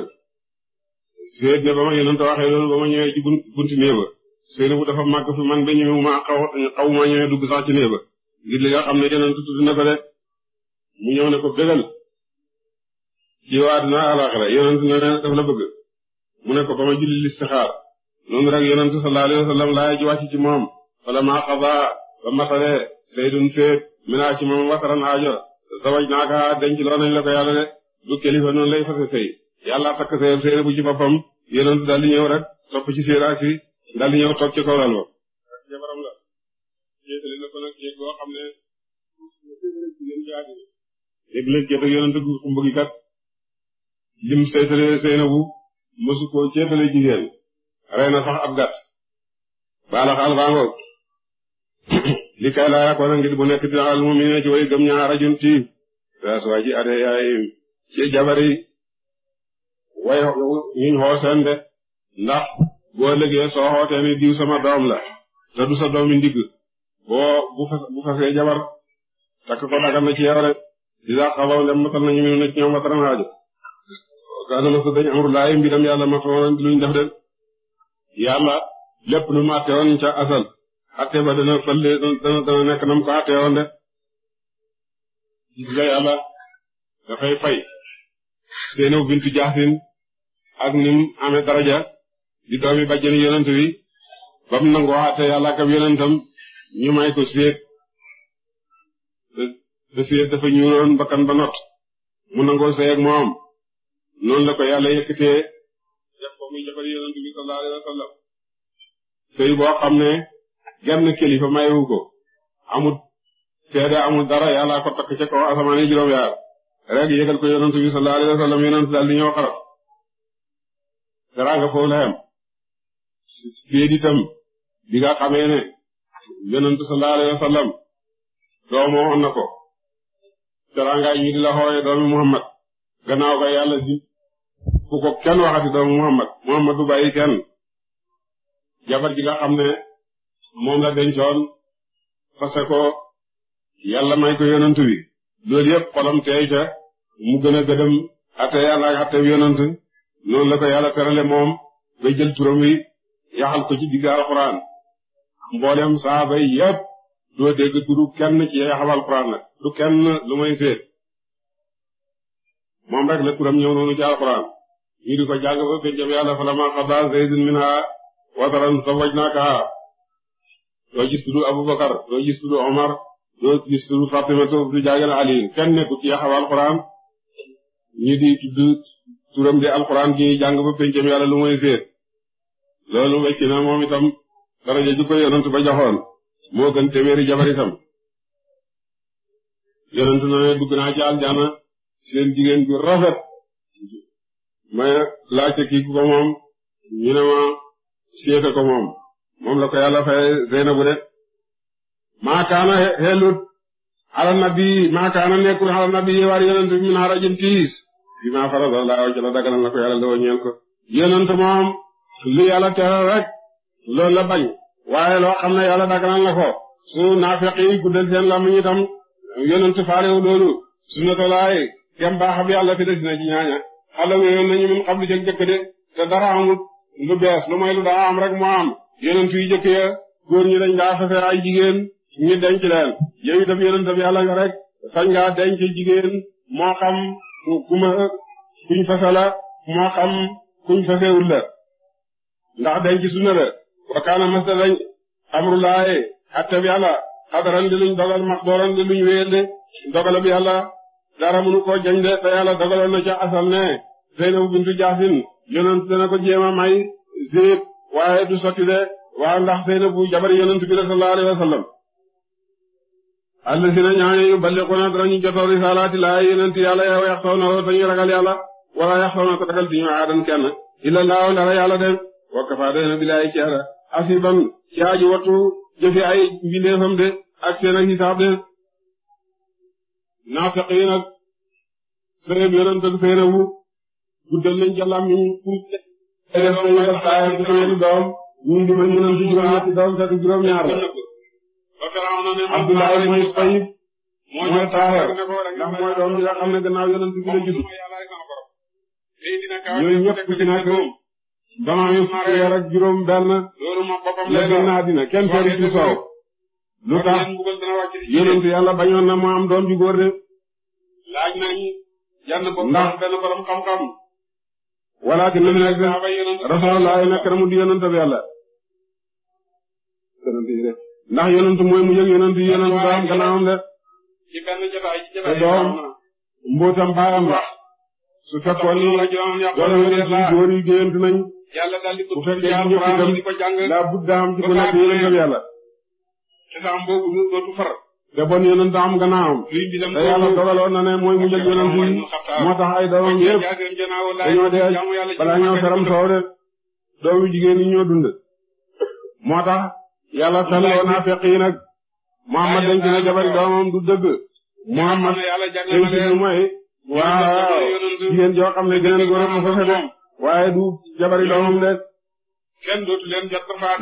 [SPEAKER 2] seet ne ba ma yónni loolu ba ma ñëwee ci bunti néeg ba seet bu dafa màgg fi man ba ñëwee dugg sax ci néeg ba ngir li nga xam ne yeneen tudd na ko de mu ñëw ne ko bégal ci waa dina alaxira yonent ne daf la bëgg mu ne ko ba ma julli listixaar noonu rek yonent sallallahu laay ji wàcc ci moom wala maa xasaa ba matale saydun féet minaa ci moom wataran aajo zawaj naaka denc loo nañ la ko yàlla de du kilifa noonu lay fase sëy yàlla takk sëyam séera bu ci boppam yonentu daal di ñëw rek topp ci séera si daal di ñëw toog ci kaw lal ba ak jabaram gu kumba gi kat lim saytale sëy na bu mësu koo jéetale jigéen rey sax ab gàtt baalax albaangoog li kay laa yakkoon a ngir bu nekk dina al mu'miniina ci way gëm ña rajun tiif te aswaay ci ade yaayim ci jabari way ñuñ xooseen de ndax boo lëgee soo xootee ni diw sama doom la te du sa doomi ndigg boo bu fas bu jabar takk ko dagal na ci yow rek di daa xabaw ndem matal nañu minu na ci ñoom mataram kaana masa dañ amru laay mbiram yàlla ma fa luñ def de yàlla lépp lu màtte woon ca asal atte ba dana fële dana nekk na mu ko attee woon de gis nga yàlla dafay fay Seynabu bintu Jaasin ak ni mu amee daraja di doomi bàjjeni yonent bi ba mu nangoo attee yàlla ak yonentam ñu may ko séet te séet dafa ñuuloon bakkan ba not mu nangoo sey ak moom noonu la ko yàlla yëkkatee def ko muy jabar boo xam ne genn kilifa mayewu ko amut seede amul dara yàlla ko takk ca kaw asamaan yi juróom yaar rek yëgal ko yonent bi sallallahu alayhi wasallam yonent daal di ñëw xarab teraanga foofu la yem féet itam bi nga xamee ne yonent sallallahu alayhi wasallam doomi muhammad gannaaw ga yàlla di ko kenn waxati doomi muhammad muhammad du bàyyi kenn jabar ji nga xam ne moom la dencoon fase ko yàlla may ko yonent bi loolu yëpp xolam teey ca mu gën a gëdëm atte yàlla ak atte yonent noonu la ko yàlla terale moom ba jël turam wi yaxal ko ci digg alxuraan mboolem saaba yi doo dégg turu kenn ci yaxal alxuraan la du kenn lu may seet moom rek la turam ñëw noonu ci alxuraan ñu di ko jàng ba pencam yàlla fa lama xada zaydun minha wataran zawajnakaha doo gis tudd Abubakar doo gis tudd Omar doo gis tudd Fatimatu du jaagale Ali kenn nekku ci yaxaw alxuraan ñi di tudd turam di alxuraan gi jàng ba pencam yàlla lu muy féet loolu wecc na moom itam daraja ju ko yonent ba joxoon moo gën téeméeri jabar itam yonent na dugg naa ci aljana seen jigéen ju rafet ma laajte kii ko moom ñu ne ma seete ko moom moom la ko yàlla fay Zeynabu de maakaana xelut ala nabi maakaana nekkul ala nabi war yonent bi min tiis bi ma farada laa ci la daganal la ko yàlla loo ñeel ko yonent moom lu yàlla teral rek loolu bañ waaye loo xam ne yàlla daganal na ko su naafeq guddal seen làmmiñ itam yonent faarewu loolu sunnatulaay kem baaxab yàlla fi des na ci ñaaña xala wéyoon nañu min qablu jëkk jëkk de te dara amul lu bees lu may lu daa am rek moo yonent yi jëkk ya góor ñi dañ ngaa fefe ay jigéen ñi denc leen yow itam yonentam yàlla nga rek sañ ngaa denc jigéen moo xam kuma kuñ fase moo xam kuñ fasewul la ndax denc sunna la wa kaana masta dañ amrulaaye atteb yàlla xadaran di luñ dogal max dooran di luñ wéel de dogalab yàlla dara mënu ko jañ de te yàlla dogaloon na ca asal ne Zeynabu bintu Jaasin yonent dana ko jéema may Zeyd waaye du sotti de waaw ndax Seynabu jabar yonent bi sallallahu alayhi wa sallam allasina ñaañu yuballiquna danañu jotoo risaalaati laa yonent yàlla yow yaxtawna dañuy ragal yàlla wala yaxtawna te ragal di ñu aadan kenn illa laaw ndara yàlla de wa kafa doy bilaay ci yàlla asiban wattu jëfi ay mbindeefam de ak seen hisaab de naafiq yi nag sëyeb yonent ak Seynabu guddal nañ jàllam ñu pour téléphone yi ñu def xaar ci sama doom ñun di ba ñu juróom-ñaari
[SPEAKER 1] doom fekk juróom-ñaar la. mooy Tayib mooy Tahir ndax mooy doom bi nga xam ne gannaaw yonent bi la judd.
[SPEAKER 2] ñooñu ñëpp ku ci nekk
[SPEAKER 1] ba ma amee fukki weer ak juróom-benn
[SPEAKER 2] la génn àddina kenn feeri ci soow. lu tax yonent yàlla bañoon na mu am doom ju de. walaakin na nekk na mu di yonent bi yàlla ndax yonent mooy mu yëg yonent yi yonent ba am gannaawam doom mbootam baayam la su fekkoon ni wala yonent yi góor yi géyant nañ bu fekkee ci ñëpp itam laa bi yàlla te bon yonent am gannaawam te yàlla dogaloon na ne mooy mu njëkk moo tax ay doomam yëpp dañoo dee balaa ñoo feram soow de doomu jigéen ñi ñoo dund moo tax yàlla tànnoo naa feq yi Muhammad denc na jabari doomam du dëgg Muhammad denc ñu mooy waaw jigéen joo xam ne geneen góor mu sofe de waaye du jabari doomam de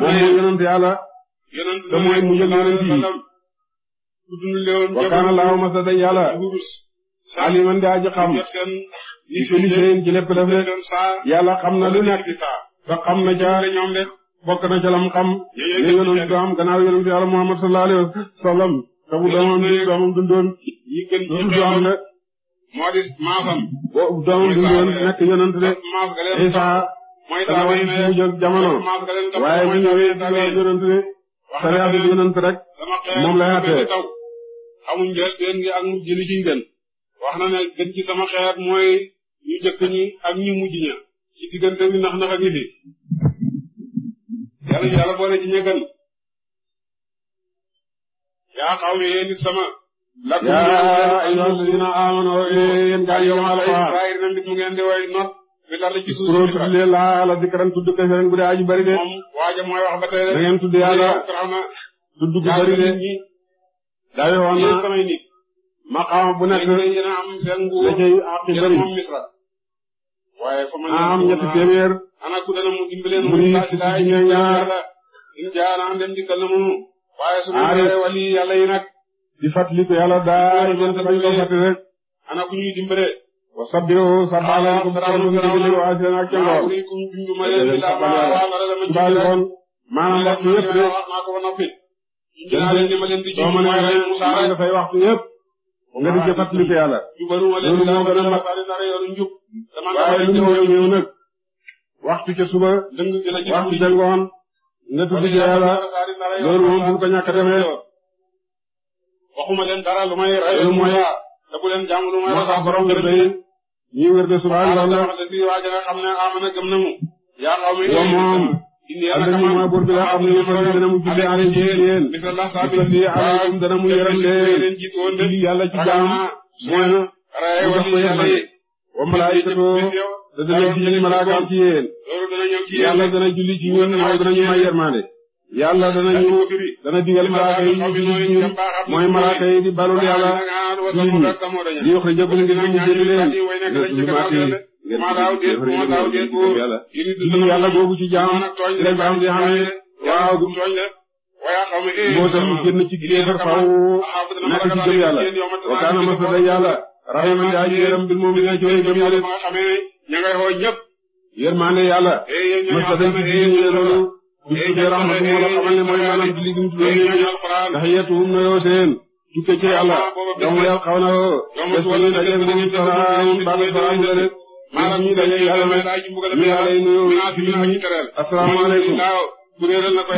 [SPEAKER 2] moom mooy yonent yàlla te mooy mu yonent yi wakkaana laaw ma sa day yàlla aliman daa ji xam ci kulli shay'in lépp def rek xam na lu nekk te xam na ca bokk na ca xam ne yonent bi am gannaaw yonent Muhammad sallallahu alayhi te bu doomam di doomam dundoon lu du de boo doomam dundoon nekk yonent de mu jóg jamono waaye bu ñëwee rek moom lay àttee amuñ njëlbéen gi ak mujj li ciy gën wax na ne gën ci sama xeet mooy ñu jëkk ñi ak ñu mujj ña ci diggante bi nax nax a ngi fi yàlla yàlla boole ci ña gën yaa xaw ma yéen sama. lakum ayyuhalladhina amanu yéen gaa yi yomal faar gaa yi mbit mu ngeen di way not bi tar ci suuf si tuddee laa la dikran tudd kese ren bu dee aju bari de. waaja mooy wax ba tey de. tudd yàlla tudd gu bari de. dawe woon na samay bu nekk dina am seen am ñetti téeméer ana ku dana mu dimbaleen mu ni si daay ñu ñaar in jaanaan ko yàlla daal gën sa bañ ko fàtte ana ku ñuy dimbale wa sabbiru sabbalan kum tarum dimbale wa asiran ak jangoor maanaam waxtu yëpp de dinaa loolu a moom bu ko ñàkk a defee waxuma leen dara lu may rey mooy te leen jàng may rasax borom nga day ñi wër de subhanallah xam ne amana gëm na moom alhamdulilah maa buur bi nga xam ne yow dana mu julli alayhi ci yéen. bisalli alaykum dana mu yërëm leen. julli yàlla ci jaam. mooy na mu jox ko yàlla. wa malaayikatoo dana julli malaakaam ci yéen. dana julli ci mooy dana yi ñu julli ci ñun mooy malaaka yi di balul yàlla. di yuxrijakum ngir ma daaw déet ma daaw déet buur lii yàlla boobu ci jaam la jaam di xamee waaw mbootam eh, génn ci kéefar faw ah, nekk ci gëm yàlla wa kaana masada yàlla rahiman daa ji yërëm bil mu'miniina ci way gëm yàlla eh, ña ngay xoo ñëpp yërmande yàlla masada ci diine eh, loolu dutuddee rahmatu wala xamal ne mooy maanaam julli gi mu tuddee ñooñu tahiyyatuhum nuyoo seen tukke ci yàlla doomu yàlla xaw na woo
[SPEAKER 1] maanaam ñi dañuy yàlla may daa ñu mbugal yàlla nuyu ak bu na ko yàlla
[SPEAKER 2] ko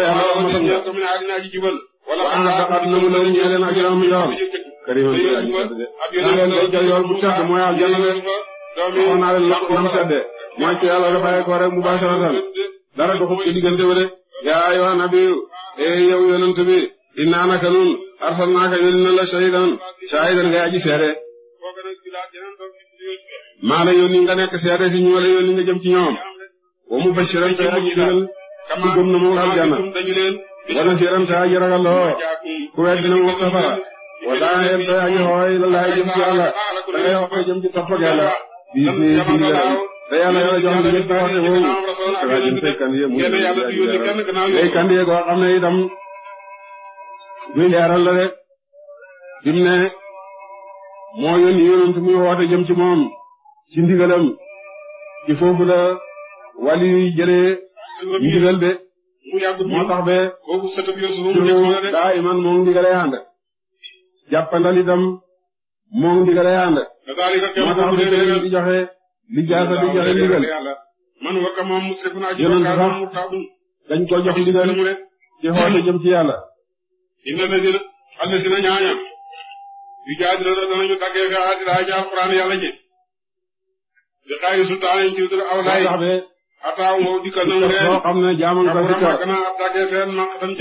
[SPEAKER 2] a wax ma tam ñe ko min ak ñaaji jubal wala xaat na mu la ñu leen ak yoon karima ci ak yoon day jël yoon bu tedd mooy aljanna leen ko ci yàlla nga bàyyi ko rek mu baasharatan dara ko xub ci diggante ba yaa ayyuha nabiyyu ee yow yonent bi innaa naka nun arsalnaaka yónni na la shahidan shahidan ngay aji seede maa la yónni nga nekk seede si ñoo la yónni nga jëm ci ñoom wa mu bashiran ci mu digal ku gëm na mu waxal janna wa nasiran te aji ragal loo ku weddi na mu wax safara wa daayen te aji xooy la laay jëm ci yàlla da ngay xooy jëm ci topp yàlla bii si bii leeral te yàlla yoo jox li ñëpp waxte woowu dafa jëm say kandiye mu ay kandiye goo xam ne itam muy leeral la rek bi mu ne moo yónni yonent muy woote jëm ci moom ci ndigalam il faut mun a wàll ndigal de. moo tax be. kooku sëtëb Yuusuf mu nekk la de. daa iman moom ndigalay ànd. jàppandal moo tax be joxe li jaasa joxe ndigal. yéen ngi sax dañ ko jox ndigal ci xoote jëm ci yàlla. dina dina xam ne dina bi xaari sultaan ci wutal aw lay ataaw xam ne jaamu nga fi ka na attaqué seen maqatan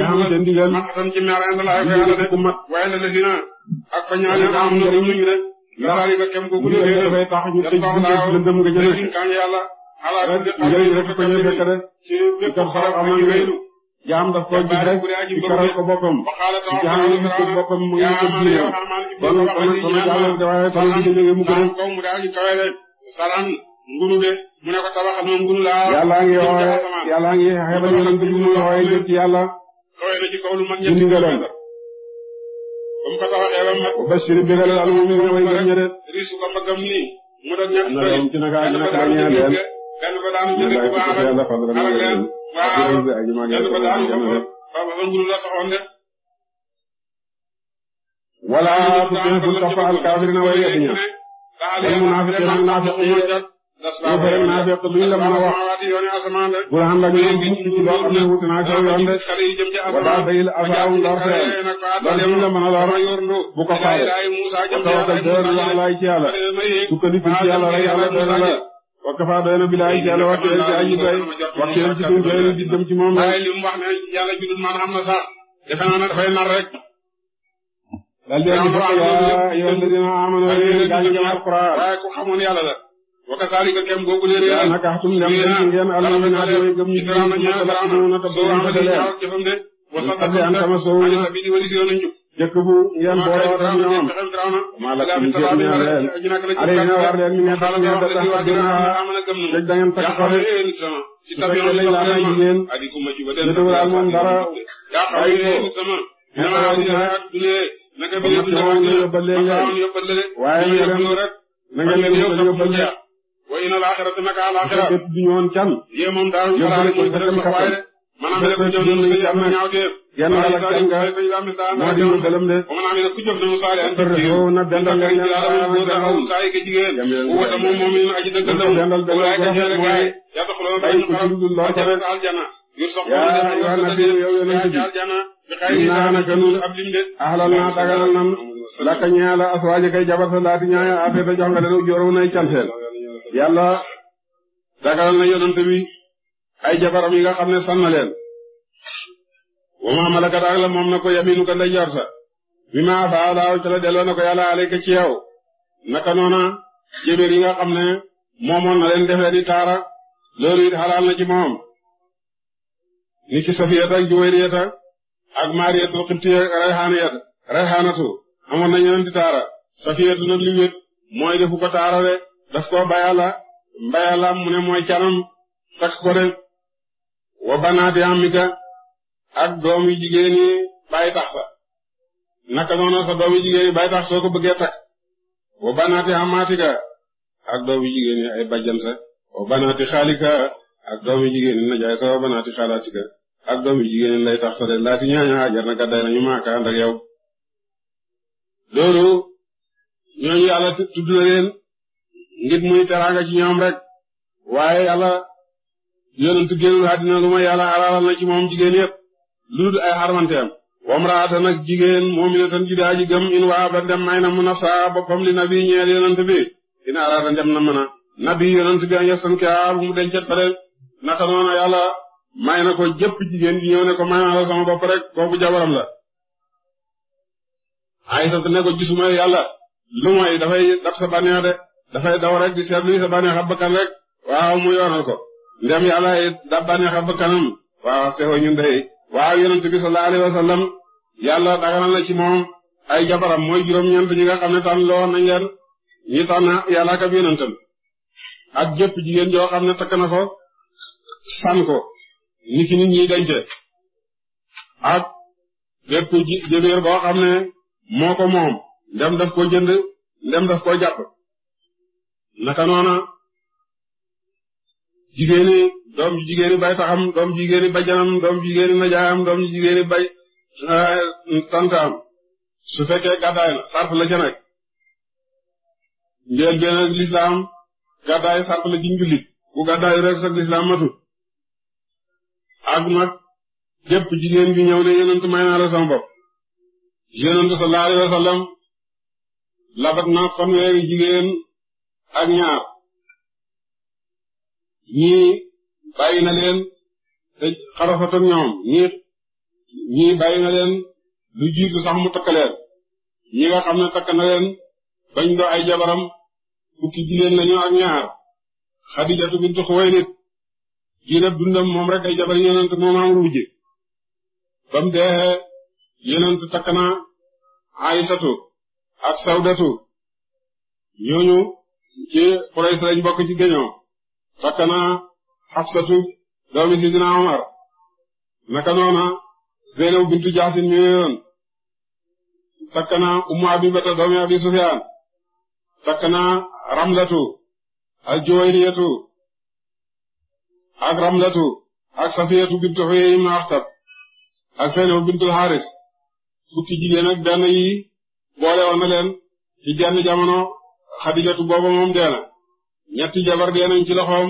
[SPEAKER 2] ko ku ñu def dafay tax ñu tëj lëndëm nga ko ñu fekk
[SPEAKER 1] jaam daf koo gis rek ci karal ko boppam ci jaam gis ko boppam
[SPEAKER 2] mu salaan nguru de mu ne ko tabaxal moom nguru laa. ngi xoolee yàllaa ngi xeebal yonent bi muy xoolee jëm ci yàlla. xoolee way gëm
[SPEAKER 1] wal munaafiqiin ak naafiq yi yéefar
[SPEAKER 2] ak naafiq duñ la mën a wax bul ànd ak ñoom mukk ci loo xam ne wuti naa ci yoon de wala bayil asaaw ndorteel lor duñ la mën a lor bu ko faale tawakkal doon la laay ci yàlla sukkandiku ci yàlla rek yàlla doon la wa kafaa doy na bilaay ci yàlla wakkeel ci aji doy wakkeel ci suñ doy na di dem ci moom rek waaye li mu wax ne yàlla judul man am na sax defe naa ne dafay nar rek daal di leen di yaa yoon dina amoon na leen gaañ ngeen alquran waaye ku xamoon yàlla la wa kazalika kem googu le réer nag axtum ndam dañ ngeen almuminaat way gëm ñu gëm ñu tabaxuna ta bu ñu ta leen wa sabbi an tamasawuna jëkk bu ngeen booloo ta ñoom ma la kum jëm ñu leen alayna war leen mi ne tax ñu da tax dina dëj da ngeen takk ko rek su fekkee dañ laa may jigéen ñu dugalaal moom dara
[SPEAKER 1] bàyyi ko na nga leen di yóbbaale waaye yéen
[SPEAKER 2] na nga leen di yóbbaale. waaye inal axirata naka al axira. di ñëwoon can. yéen moom daal ñu xalaat ñu def sax waaye. maanaam lépp ñëw nañu ne yàlla ñaaw teef. genn wàll ak can nga moo di ñu gëlëm de. maanaam yéen ku jëf na mu saale an tëdd yow na dendal nga ñaan saa yi taxaw saa yi ka jigéen. bu wata moom moom yi aji dëgg daw. walaay ka xeere gaay yàtta xuloo ba ñu xaram. ajjana.
[SPEAKER 1] yur soxla na def yow yéen a ngi
[SPEAKER 2] naa naka nun axalal naa daganal nam laka ñaala aswaaje kay jabar sa laati ñaaya afeeta jox nga leen joorow nay canseel yàlla daganal na yonante bi ay jabaram yi nga xam ne san na leen wama malakat ak la moom na ko yaminu ka ndeyjoor sa bi ma afaa laaw ca la delloo na ko yàlla alayka ci yow naka noona jébéer yi nga xam ne moomoon na leen defee ni taara loolu it xalaal na ci moom ni ki safiyata ak ak mariyatul xibtiya rayxaaniyat rayxaanatu amoon na ñeneen di taara safiyatu nag li wét mooy defu ko taara de daf ko bayala mbayalaam mu ne mooy canam takk ko de wa banaati amika ak doom yu jigéen tax sa naka noonu sa doom yu jigéen tax soo ko bëggee takk wa banaati amaatika ak doom yu ay bajjan sa wa banaati xaalika ak doom yu najaay sa wa banaati xaalaatika ak doomu jigéen lay tax sa de laati ñooñu Hajar na gàddaay nañu Maaka ànd ak yow loolu ñooñu yàlla tudd na leen ngir muy teraanga ci ñoom rek waaye yàlla yonentu génnul àddina lu ma yàlla alaalal na ci moom jigéen yépp lu dul ay xarmanteem wamraata nag jigéen mu'minatan ju daaji gëm in waa ba dem may na mu nafsa boppam li nabi ñeel yonent bi in araata dem na mën a nabi yonent bi a ngees ke a bu mu dencat ba de naka noona may na ko jëpp jigéen ji ñëw ne ko may naa la sama bopp rek kooku jabaram la Aysatu ne ko gisuma yàlla lu mooy dafay dab sa bànneex de dafay daw rek di seet luy sa bànneex a bakkan rek waaw mu yoonal ko ndem yàlla dab bànneex a bakkanam waaw seho ñun day waaw yonent bi sallallahu alayhi wasallam yàlla daganal na ci moom ay jabaram mooy juróom-ñeent ñi nga xam ne tànn loo nañ leen ñi tànn yàlla ak ab yonentam ak jëpp jigéen joo xam ne takk na ko ni ki nit ñi denc ak lépp jëbeer boo xam ne moo ko ndem daf ko jënd ndem daf ko jàpp naka noona jigéeni doom jigéeni bay taxam doom jigéeni bajanam doom jigéeni najaayam doom jigéeni bay euh, tantaam su fekkee gàddaay na sart la ca nekk njël benn lislaam gàddaay la ci njullit ku gàddaayu rek sax lislaam matut ak mag jëpp jigéen bi ñëw ne yonent may la sama bopp yonent sallallahu alayhi wa sallam labat jigéen ak ñaar ñii bàyyi leen te xarafat ñoom ñii ñii leen lu jiitu sax mu takk ñi nga xam ne takk leen bañ do ay jabaram fukki jigéen lañu ak ñaar Xadijatu bintu Xuwaylid kii nag dundam moom rek ay jabar yonent moom amul wujje ba mu dee yonent takk na Aysatu ak Sawdatu ñooñu ci Quraysh lañ bokk ci géñoo takk na Xafsatu doomi Sidina Umar naka noona Zeynab bintu Jaasin ñu yoon takk na Ummu Abibata doomi Abi Sufyaan takk na Ramlatu al Juwayriyatu ak Ramlatu ak Safiyatu bintu Huyay ibn Akhtab ak Zaynab bintul Haris fukki jigéen ak benn yi boole woon leen ci jenn jamono Xadijatu booba moom dee ñetti jabar dee nañ ci loxoom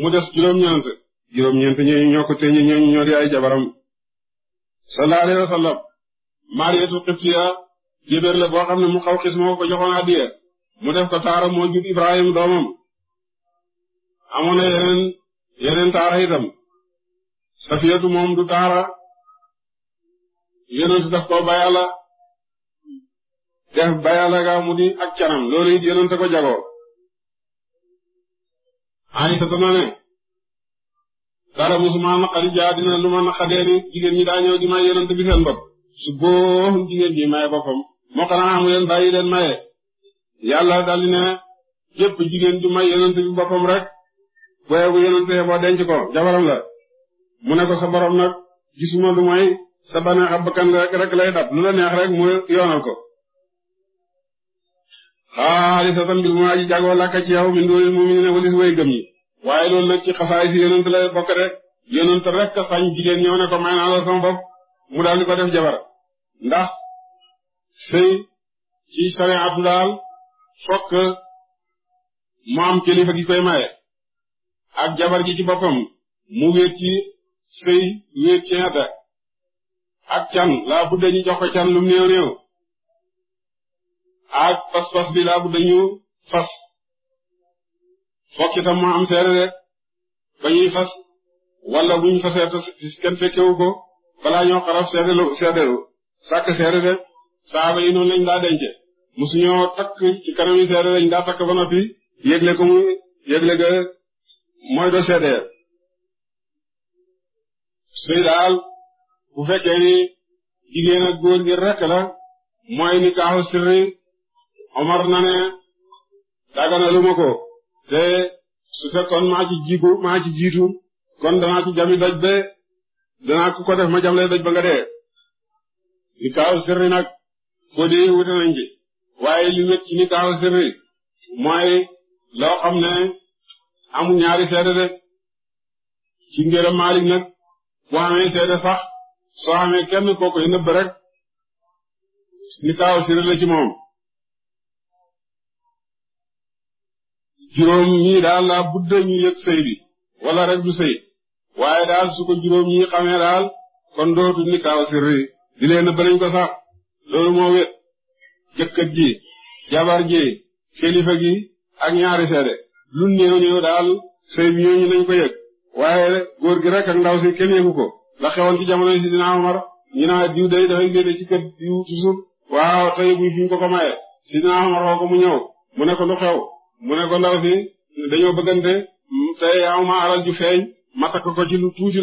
[SPEAKER 2] mu des juróom-ñeent juróom-ñeent ñooñu ñoo ko téye ñoo di ay jabaram sallallahu alayhi wa sallam Mariyatu Qibtiya jébér la boo xam ne mu xaw xis moo ko joxoon mu def ko taara moo jub Ibrahim doomam amoon na yeneen yeneen taara itam safiyatu moom du taara yonent daf ko bayala def bayala ga mu di ak canam loolu it yonent ko jagoo Aysa dana ne dara musuma naqari jaa dina lu ma naqadee ni jigéen ñi daa ñëw di may yonent bi seen bopp su jigéen ñi maye boppam moo xanaa amu leen bàyyi leen maye yàlla daldi ne yépp jigéen ju may yonent bi boppam rek waaye bu yonent boo denc ko jabaram la mu ne ko sa borom nag gisuma lu mooy sa bana ab rek lay dab lu la neex rek mu yoonal ko xaalisatan mbir mu aji jagoo làkk ci yow min doonil mu'minina walis way gëm yi waaye loolu nag ci xasaay si yonent lay bokk de yonent rek sañ jigéen ñëw ne ko may naa la sama bopp mu daal di ko def jabar ndax sëy ci sariya ab daal fokk mu am kilifa gi koy maye ak jabar ji ci boppam mu wéet ci sëy wéet ci xeta ak can laa bu dañu jox ko can lum néew néew ak pas-pas bi laa bu dañu fas fokk itam moo am seere rek ba ñuy fas wala buñ fasee te kenn fekkewu ko balaa ñoo xaraf seedeelu seedeelu sàkk seere rek saaba yi noonu lañ daa dence musuñoo takk ci kanami seere lañ daa takk ba noppi yégle ko mu yégle ga mooy do seddee sëy daal bu fekkee ni jigéen ak góor gi rek la mooy ni kaaxu sirri omar na ne daganalu ma ko te su fekkoon maa ci jiitu kon danaa ci jami doj be danaa ku ko def ma jam lay doj ba nga dee ni kaaxu nag ko di wute nañ waaye li wét ci ni kaaxu mooy loo xam ne amul ñaari seede de ci ngërëm Maalik nag boo amee seede sax soo amee kenn koo koy nëbb rek ni kaaw ci moom juróom ñii daal laa budde ñu yëg sëy bi wala rek du sëy waaye daal su ko juróom ñii xamee daal kon dootu ni kaaw siri di leen ko sax loolu moo wét jëkkët ji jabar ji kilifa gi ak ñaari seede lu néew néew daal sëy bi ñooñu nañ ko yëg waaye góor gi rek ak ndaw si kenn yëgu ko la xewoon ci jamono yi si dina Omar ñu naa mu ñëw mu ne ko lu xew mu ndaw si dañoo bëggante tey aw ma alal ju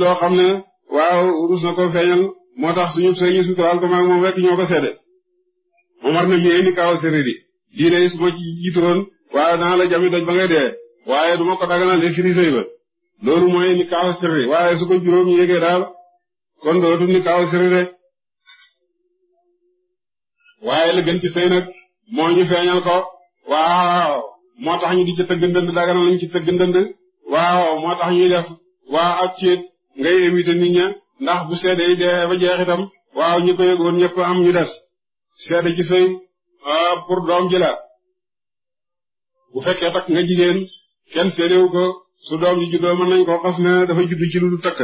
[SPEAKER 2] loo xam ne waaw rus na ko feeñal moo tax suñu ñu suturaal ko maag moom rek ñoo ko sedde Omar ne mi ni kaaw séréer lii day su ma ci jiituroon waaw naa la jami doj ba ngay dee waaye du ma ko daganal di sëy ba loolu mooy ni kaaw sirri waaye su ko juróom yéegee daal kon dootu ni kaaw sirri de waaye la ci sëy nag moo ñu feeñal ko waaw moo tax ñu di ci tëgg ndënd daganal lañ ci tëgg ndënd waaw moo tax ñuy def waaw ak ciit ngay éviter nit ña ndax bu seede yi dee ba jeex itam waaw ñi ko yëgoon ñëpp am ñu des seede ci sëy ah, pour doom ji la bu fekkee takk nga jigéen kenn séedewu ko su doom ji juddoo mën nañ koo xas ne dafa juddu ci lu takk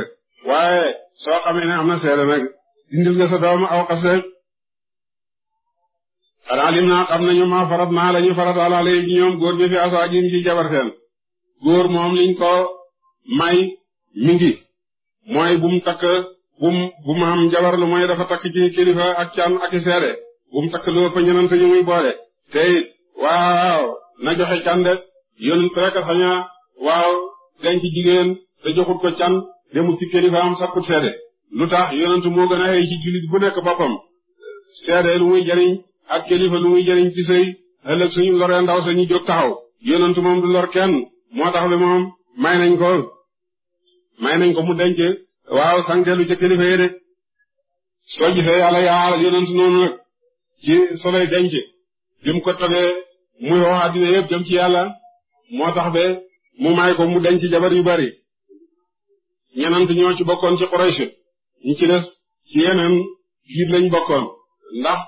[SPEAKER 2] waaye soo xamee ne am na seede nag dindil nga sa doom aw xas rek alim naa xam nañu ma farat naa la ñu farat alaale yi ñoom góor ñi fi asaajim ci jabar seen góor moom liñ ko may mi mooy bum takk bum bum am jabar lu mooy dafa takk ci kilifa ak can ak i bum takk lu ëpp ñenante ñu muy boole te waaw na joxe can de yonent rek a saña waaw denc jigéen te joxut ko can demut ci kilifaam sakkut seede lu tax yonent moo gën a xëy ci jullit bu nekk boppam seede lu muy jariñ ak kilifa lu muy jariñ ci sëy ëllëg suñu loree ndaw sa ñu jóg taxaw yonent moom du lor kenn moo tax le moom may nañ ko may nañ ko mu denc waaw santeelu ca kilifa yi de soo gisee yàlla yaa yonent noonu nag ci soley denc bi ko tabee muy wax àddina yëpp jëm ci yàlla moo tax ba mu may ko mu denc jabar yu bari ñenant ñoo ci bokkoon ci Quraysh ñu ci des ci yeneen giid lañ bokkoon ndax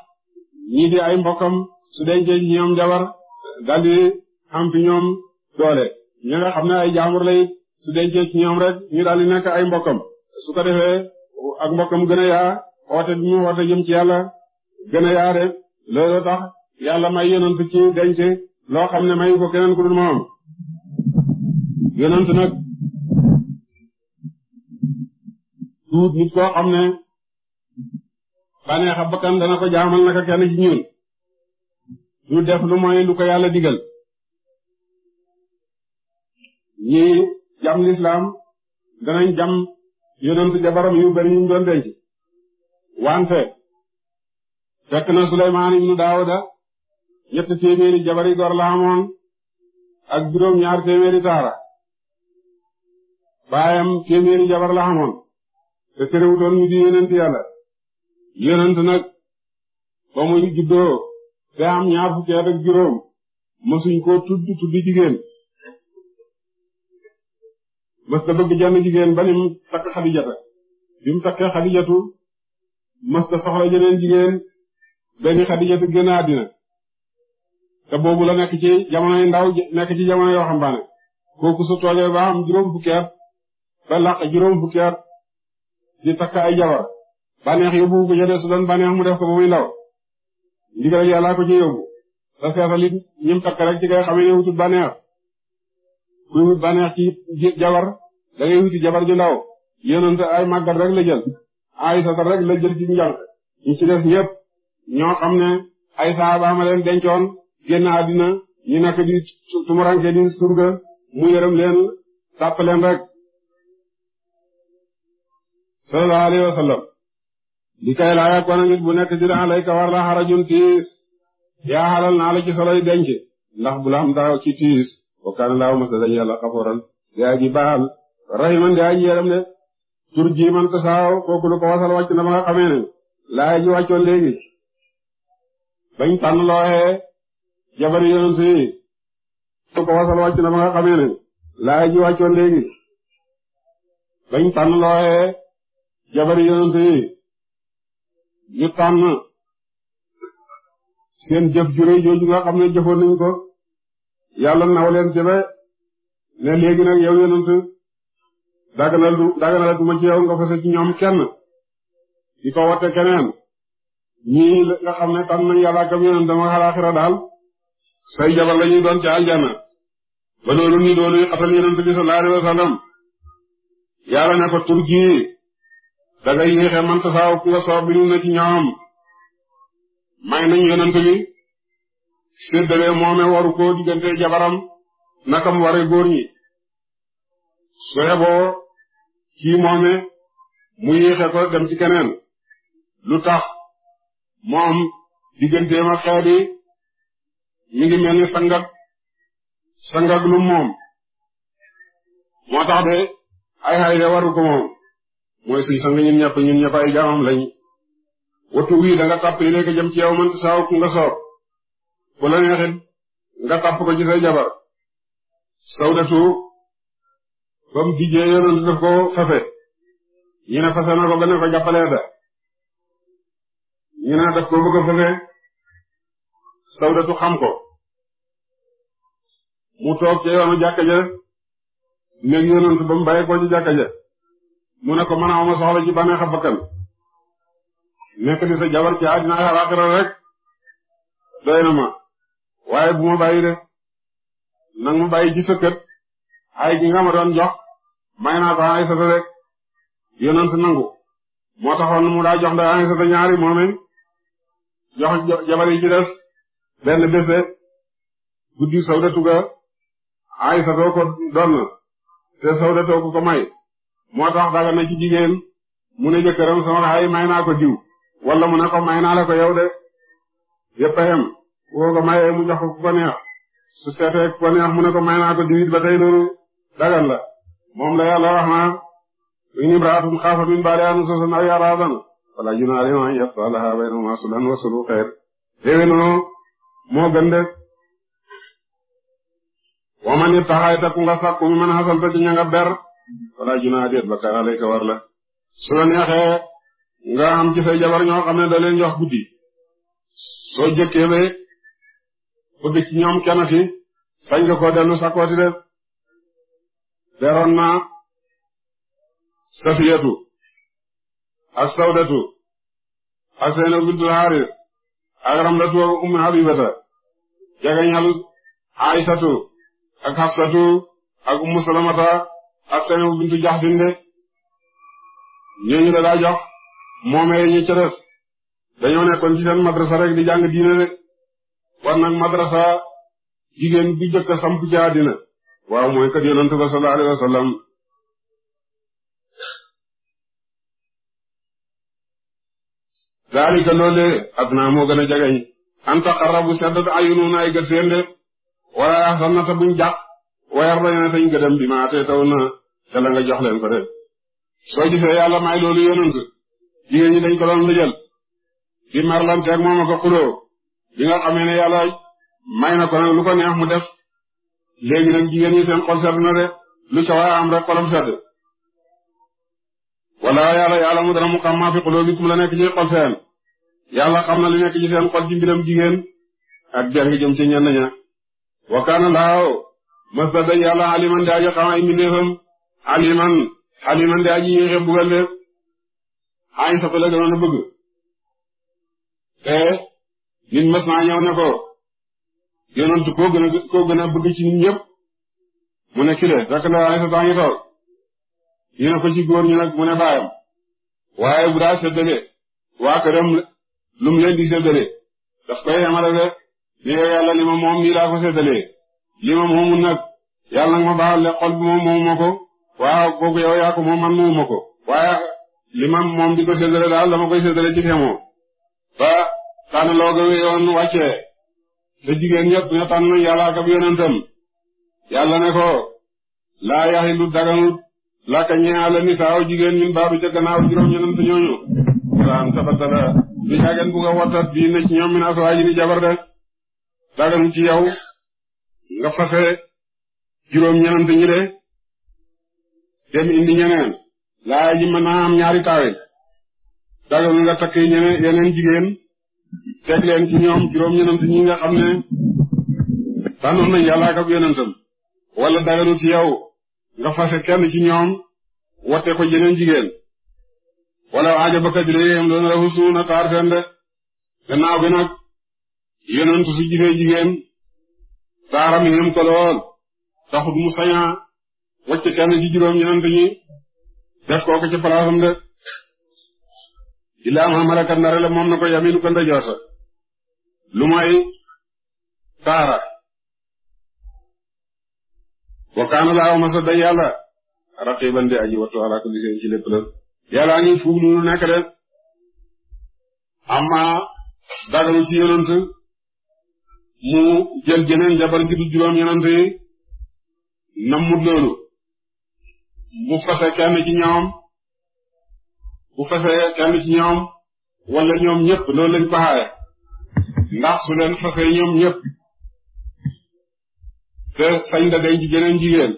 [SPEAKER 2] ñii di ay mbokkam su dencee ñoom jabar daldi am fi ñoom doole ñi xam ne ay jaamur la it su dencee ci ñoom rek ñu daldi nekk ay mbokkam su ko defee ak mbokkam gën a yaa oote bi mu oote jëm ci yàlla gën a yaa rek loolu tax yàlla may yonent ci denc loo xam ne mayu ko keneen ku dul moom yonent nag duut nit koo xam ne baneexa bakkan dana ko jaamal naka kenn ci ñun def lu mooy lu ko yàlla digal ñi jam lislaam danañ jam yonent jabaram yu bari ñu doon denc wante fekk na Suleymaan ibnu Daawuda ñett téeméeri jabari gor la amoon ak juróom ñaar téeméeri taara baayam téeméeri jabar la amoon te terewutoon mu di yonent yàlla yonent nag ba muy juddoo te am ñaar fukki at ak juróom mësuñ koo tudd tudd jigéen mës ta bëgg jenn jigéen ba ni takk xadijata bi takkee xadijatu mës ta soxla jeneen jigéen benn xadijatu génn àddina te boobu la nekk ci jamonoy ndaw nekk ci jamono yoo xam kooku su toogee juróom fukki at ba laq juróom fukki at di takk ay jabar bànneex yóbbu ko jëlee su doon mu def ko ba muy ndaw ndigal ak yàlla ko ci yóbbu te seetal ñim takk rek ci ngay xamee ne wutut bànneex kuy wut bànneex ci jabar da wuti jabar ju ndaw yonent ay màggat rek la ay satar rek la ci njàng ñu ci des ñëpp ñoo xam ne ay saaba ma dencoon génn àddina ñu nekk di tumuranke di surga mu yërëm leen tàpp leen rek sallallahu alayhi wa li kay laa yakkoona nit bu nekk dina alayka war la xarajun tiis yaa xalal naa la ci soloy denc ndax bu la xam daaw ci tiis wa kaana laahu masalan yàlla xafooran yaa ji baal rahiman yaa ji yërëm de tur ji man tasaaw kooku lu ko wasal wàcc na ma nga xamee ne laa ji wàccoon léegi bañ tànn looyee jabar yonent yi su ko wasal wàcc na nga xamee ne laay ji wàccoon léegi bañ tànn looyee jabar yonent yi ñu tànn seen jëf jure jooju nga xam ne jëfoon nañ ko yàlla naw ci ba ne léegi nag yow yonent daganal du daganal duma ci yow nga fase ci ñoom kenn di ko wate keneen ñii nga xam ne tànn nañ yàlla ak yonent dama xalaaxira daal say jabar la doon ca aljanna ba loolu ni loolu xatal yonent bi sallallahu alayhi wasallam yàlla ne ko tur gi da ngay man tasaaw ku nga soob bi ñu ne ñoom may nañ yonent bi séddale moome waru ko diggante jabaram nakam ware góor ñi su xeboo kii moome mu yéexe ko dem ci keneen lu tax moom digganteem ak xeet ñu ngi mel ni sangag sangag lu moom moo tax de ay xay de waru ko moom mooy suñ sang ñun ñëpp ñun ñëpp ay jaamam lañ wattu wii da nga tàpp yi léegi jëm ci yow man saaw nga soob bu la neexit nga tàpp ko ci say jabar sawdatu ba mu dijjee yonent daf ko fafe ñu ne fase na ko ba ne ko jàppalee ñu ne daf ko bëgg a fafe sawdatu xam ko mu toog ca yoonu jàkka ja nekk yonent ba mu bàyyi ko ci jàkka ja mu ne ko man soxla ci bànneex a bakkan nekk di sa jabar ci àddina ak alaaxira rek doy na ma waaye bu ma bàyyi de nang ma bàyyi ci sëkkët ay gi nga ma jox may naa ko ay sata rek yonent nangu moo taxoon mu daa jox nday ay sata ñaari moomeen jox jabar yi ci des benn bés de guddi sawdatu ga Aysa doo ko doon te sawdatoo ko ko may moo tax daga na ci jigéen mu ne jëkkëram sama xay may naa ko diw wala mu ne ko may naa la ko yow de yëpp a yem woo ko mu jox ko ko neex su seetee ko neex mu ne ko may naa ko diw it ba tey loolu dagan la moom la yàlla wax na in imra'atun xaafat min baalihaa nushoosan aw i'raadan falaa junaaha alayhimaa an yafsalahu baynahuma sulhan wa suluhu xayr moo gën de waman it taxayta ku nga sàkku mi man xasalta ci ña nga ber wala junaa déet bakkaar alayka war la su neexee nga am ci say jabar ñoo xam ne da leen guddi soo jëkkee ba bëgg ci ñoom kenn sañ nga ko dellu sakkooti de beroon na safiyatu ak sawdatu ak seen abdul haris ak Ramlatu wa Ummu Habibata jagañal Aysatu ak Hafsatu ak Ummu Salamata ak Saynabu bintu ñooñu la daa jox moomee ñi ca des dañoo ci seen madrasa rek di jàng diine de war nag madrasa jigéen bu jëkk samp ci àddina waaw mooy kat yonent ba sallallahu alayhi wasallam daalika loole adnaa moo gën a jegeñ an taqarrabu seddat ayununa ay gët de wala yaxsan na ta buñ jàq wayar dayna tañ gëdëm bi ma te taw na te nga jox leen de soo gisee yàlla may loolu yonent jigéen ñi dañ ko doon lëjal bi marlanteeg moom a ko xuloo bi nga xamee ne yàlla may na ko lu ko neex mu def léegi nag jigéen seen xol sedd na de lu ca waay am rek xolam sedd wala yàlla yàlla mu dana mu xam maa fi xuloo kum la nekk ci xol seen yàlla xam na li nekk ci seen xol ci mbiram jigéen ak jàng jëm ci ñenn ña wa kaana laaw masta day yàlla aliman di aji xam ay mbindeefam aliman aliman aji yéexe bugal de ay sata la gënoon a bëgg te nit mas naa ñëw ne ko yonantu koo gën a koo gën a bëgg góor ñu nag mu baayam waaye bu daa seddale waa këram lu mu leen di séddale daf koy xamale rek ne yow yàlla li moom mii laa ko séddalee li ma moomul nag yàlla ma baal le xol bi moom moomuma ko waaw kooku yow yaa ko moom man moomuma ko waaye li moom di ko séddale daal dama koy séddale ci xemoo ba tànn loo ga weyoon wàccee te jigéen ñëpp ñoo tànn yàlla ak ab yonentam yàlla ne ko laa yaxi lu daganut laka ñeala nisaaw jigéen ñun baabu ca gannaaw juróom ñenent an tabatala du caagen bu nga wattat bii na ci ñoom min aswaaji ni jabar de daganu ci yow nga fase juróom-ñeent ñi de dem indi ñeneen laa ji mën naa ñaari taawe daganu nga takk ñeneen yeneen jigéen teg leen ci ñoom juróom-ñeent ñi nga xam ne tànnoon nañ yàlla ak yonentam wala daganu ci yow nga fase kenn ci ñoom watte ko jeneen jigéen wala waaja ba kajule yéem doon rafu suuna taar fen de gannaaw gi nag yonentu su gisee jigéen taaram yéem ko lool taxut mu sañaa wacc kenn ci juróom yonent ñi def kooku ci palaasam de illaa ma malakat nare la moom na ko yaminu ko ndejoor sa lu may taara wa kaana laa uma sa day yàlla raqiban di aji wattu ala kulli ci lépp yàllaa ngi fuug lu nekk de amma dagalu ci yonent mu jël jeneen jabar ji du juróom yonent yi nammut loolu bu fase kenn ci ñoom bu fase kenn ci ñoom wala ñoom ñëpp loolu lañ baxaaye ndax su leen fase ñoom ñëpp te sañ da day jigéen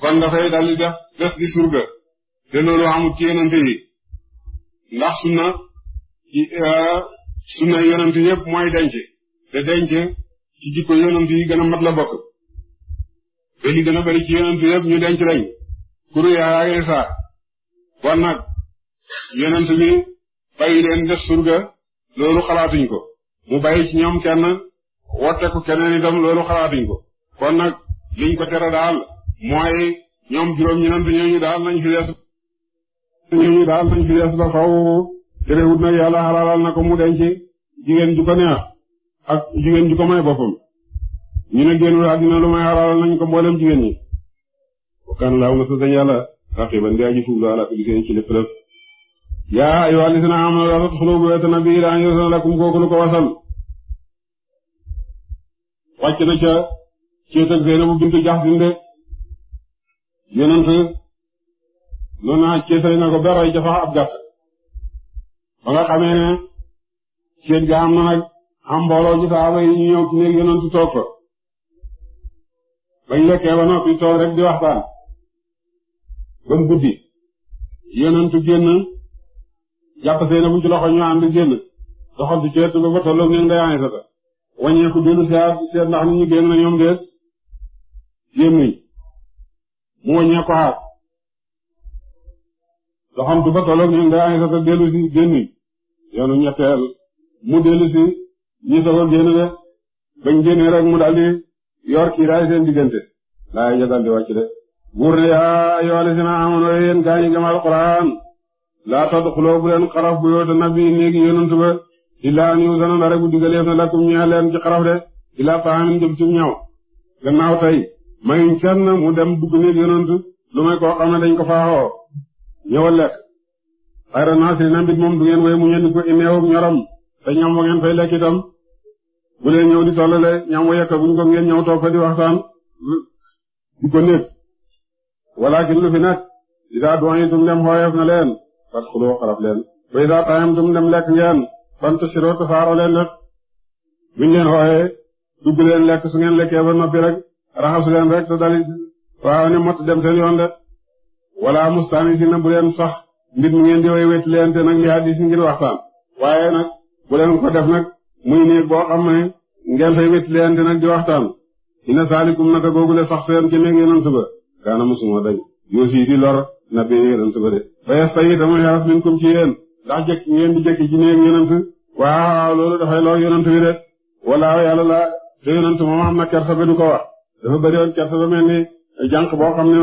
[SPEAKER 2] kon dafay daldi def des di surga te loolu amul ci yonent yi ndax sunna euh, sunna yonent yëpp mooy denc te denc ci jikko yonent yi gën a mat la bokk te li gën a bari ci yonent yëpp ñu denc lañ kuru yaa ak Isaa kon nag yonent bi bàyyi leen def surga loolu xalaatuñ ko mu bàyyi ci ñoom kenn wotteku keneen itam loolu xalaatuñ ko kon nag liñ ko tere daal mooy ñoom juróom ñenent ñooñu daal nañ fi des lii daal nañ fi des ba faw terewut nag yàlla xalaalal na ko mu denc jigéen ju ko neex ak jigéen ju ko may boppam ñu ne génnul àddina lu may xalaalal nañ ko mboolem jigéen ñi kan laaw na sa dañ yàlla raqiban di aji fuub ala kulli shay'in ci lépp yaa ayyuhal lazina aamanu laa tadxulu buyuutan nabiyyi illaa an yu'zana lakum na ca céet ak Zeynabu bintu Jaxsin de yonent noonu naa ceesay na ko beroy ca ab gàtt ba nga xamee ne ceet am na nag am mbooloo ci saaba yi ñu ñëw néeg yonentu toog fa bañ lekkee ba noppi toog rek di waxtaan ba guddi yonentu génn jàpp seen bu ci loxo ñu ànd génn doxantu ceet ba ba tolloog néeg day ay sata waññeeku dellu seet seet ndax nit ñi génn na ñoom déet génnuñ mu waññeeku xaat doxam du fa tolloog ñun day ay sa dellu si génni yoonu ñetteel mu dellu si ñi sa ko génn de bañ génnee rek mu daldi yor kiiraay seen diggante laa ja daldi wàcc de buur na amoon waaye yéen gaa ñi gëm alxuraan laa tadxuloo bu leen xaraf bu yoota nabi néegi yonantu ba illaa an yuzana la rek bu digaleef na lakum ñee leen ci xaraf de illaa taamin jëm ci ñaw gannaaw tey mayuñ kenn mu dem dugg néeg yonantu lu may koo xam ñëwal lekk xayra naas yi na mbit moom du ngeen way mu ngeen ko ineewog ñoram te ñam wa ngeen fay lekk itam bu leen ñëw di tollale ñam wa yekka buñ ko ngeen ñëw toog fa di waxtaan di ko néeg walakin lu fi nag idaa du'itum dem xooyeef na leen fat xuloo xarab leen ba idaa ta'amtum dem lekk ngeen fan tasiroo tasaaroo leen nag buñ leen xooyee dugg leen lekk su ngeen lekkee ba noppi rek raxasu leen rek te dali waaw ne mot dem seen yoon de wala na bu leen sax mbir mi ngeen di way wet leen te nag li hadis ngir waxtaan waaye nag bu leen ko def nag muy néeg boo xam ne ngeen fay wet leen te nag di waxtaan ina saalikum naka googule sax seen ci néeg yonent ba kaana musuma dañ yoosi di lor na bee yonent ba de bayes ta itama yaras minkum ci yéen ndax jëkk ngeen di jëkk ci néeg yonent waaw loolu dafay lor yonent bi de wala yàlla la te yonent na kersa ba du ko wax dafa bëri woon kersa ba mel ni jànq boo xam ne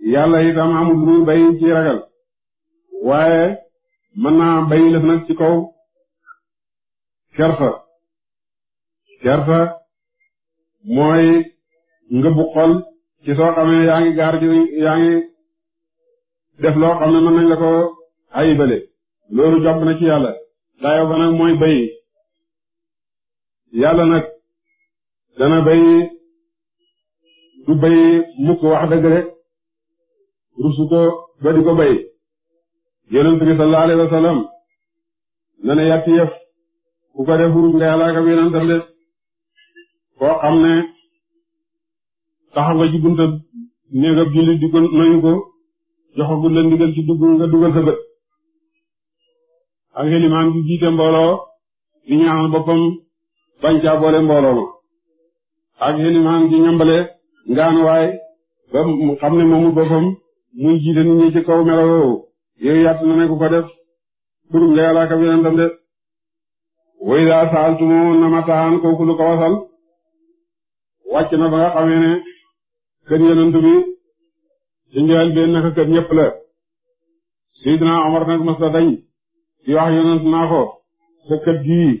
[SPEAKER 2] yàlla itam amul lu muy bay ci ragal waaye mën naa bay def nag ci kaw kersa kersa mooy ngëbu xol ci soo xamee yaa ngi gaar ci yaa ngi def loo xam mën nañ la ko loolu jàpp na ci yàlla dayo ba nag mooy bay yàlla nag dana bay du bay mukk wax dëgg rek rusu ko ba di ko bay yonent bi sallallahu alayhi wa sallam na ne yàtt yëf ku ko def rus nga yàlla ka yonentam de koo xam ne taxaw nga ci bunta néegab jullit di ko noyu ko joxagul la ndigal ci dugg nga dugal sa bët ak limaam bi jiite mbooloo di ñaanal boppam bañ caa boole mbooloo ma ak limaam bi ñambale ngaan waay ba xam ne moomu boppam muy jiite nit ñi ci kaw melo woowu yooyu na ne ku def turum nga yàlla ak ab de way daa saaltumu na mataan kooku lu ko wàcc na ba nga xamee ne kër yonent bi ci njël benn naka kër ñëpp la Seydina Omar nag mas la dañ ci wax yonent naa ko sa kër gii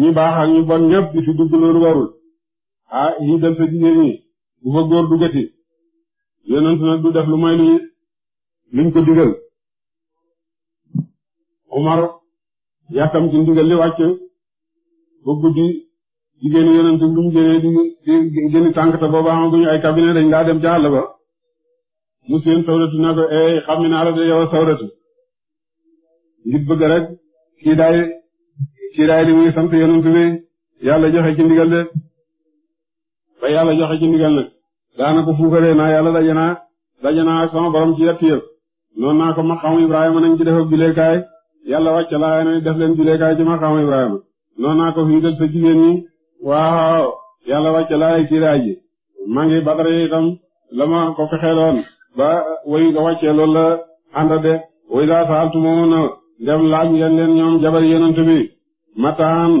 [SPEAKER 2] ñi baax ak bon ñëpp di fi dugg loolu warul ah yii dal sa jigéen ñi bu fa góor duggati yonent nag du def lu may li liñ ko digal Umar yàkkam ci ndigal li wàcc ba guddi jigéeni yonent bi mu di génni tànk te booba amaguñu ay dem ca àll ba mu seen sawratu ne ko eh, xam naa la de yow sawratu ngir bëgg rek kii daay li muy sant yonent bi yàlla joxe ci ndigal de ba yàlla joxe ci ndigal nag daana ko fuukaree naa yàlla daje naa daje naa ak sama borom ci yett yëf noonu naa ko maqaamu Ibrahima nañ ci def ak yàlla wàcc laa ne def leen juleekaay ci maqaamu a noonu naa ko fiital sa jigéen ñi waaw yàlla wàcc laa kiiraay ji maa ngi Badar itam la ma ko fexeeloon ba way nga wàccee lool la ànda de way daa saaltu moomu na dem laaj ngeen leen ñoom jabar yonent bi mataan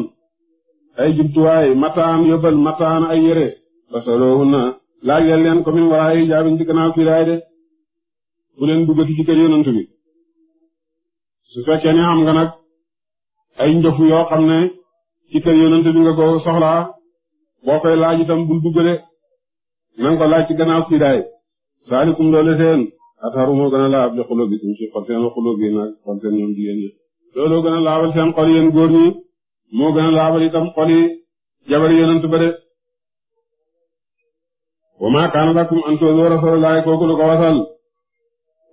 [SPEAKER 2] ay jumtuwaay mataan yóbbal mataan ay yére ba soloowu na laaj leen ko min waraay yi ci gannaaw kiiraay de bu leen duggati ci kër yonent bi su fekkee ne xam nga nag ay njëfu yoo xam ne ci kër yonent bi nga ko soxlaa boo koy laaj itam bul dugg de nanga ko laaj ci gannaaw kiiraay saalikum loole seen ataru moo gën a laab li xulóo bi suñ si xol seen xulóo bi nag xol seen ñoom jigéen ñi looloo gën a laabal seen xol yéen góor ñi moo gën a laabal itam xol jabar yonent ba de wa ma kaana lakum an tu'zu rasulullahi kooku lu ko wasal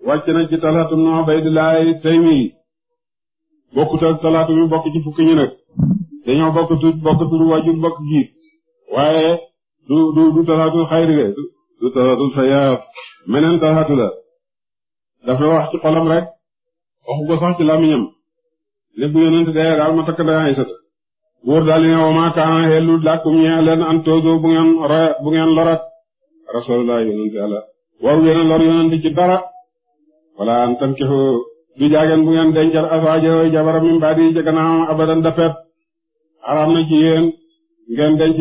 [SPEAKER 2] wàcc na ci talaatu ibn Ubaydillahi Taymi bokkut ak talaatu bi bokk ci fukki ñi nag dañoo bokk bokk turu wajur bokk jiit waaye du talaatu xayri de du talaatu sayaaf meneen talaatu la dafa wax ci xolam rek waxu ko sax ci làmmiñam ne bu yonent dee daal ma takk dangay sët buur daal ne wa kaana xellu lakum ñee an tu'zu bu ngeen bu rasulullah yonent yàlla waru leen a lor yonent ci dara wala an tankihu du jaageen bu ngeen dencal azwaaja jabaram min baadi ci gannaawam abadan dafet araam na ci yéen ngeen denc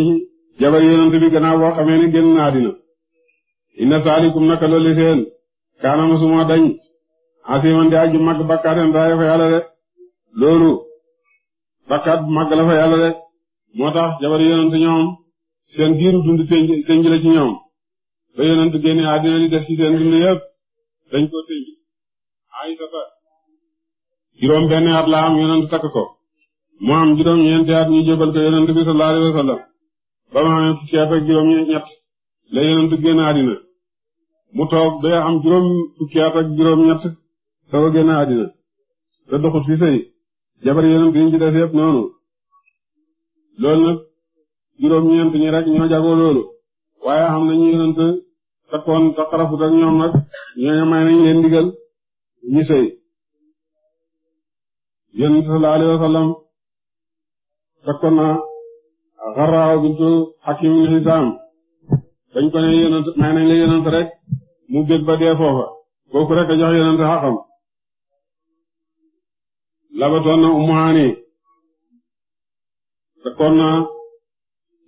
[SPEAKER 2] jabar yonent bi gannaaw boo xamee ne génn na àddina inna saalikum naka loolu seen kaana masuma dañ asiman di mag bakkaateen raaya fa yàlla de loolu bakkaat mag la fa yàlla de moo tax jabar yonent ñoom seen giiru dund sënj ci ñoom ba yonent génne àddina li def ci seen dund yëpp dañ ko tëj Aysata juróom benn at la am yonent takk ko mu am juróom ñeenti at ñu jébal ko yonent bi sallallahu alayhi wa ba mu amee fukki at ak juróom ñett la yonent génne àddina mu toog ba am juróom fukki at ak juróom ñett soo génne àddina te doxut fi sëy jabar yonent yi ñu ci def noonu loolu nag juróom ñeent ñi rek ñoo jagoo loolu waaye xam nañu yonent takkoon takkarafut ak ñoom nag ñooñu may nañ leen digal ñu sëy yonent sallallahu alayhi wasallam takkoon na Xarraa bintu Hakim ibn Hisaam dañ ko ne yonent may nañ la yonent rek mu bég ba dee foofa rek a jox yonent xaqam labatoon na Ummu Haani takkoon na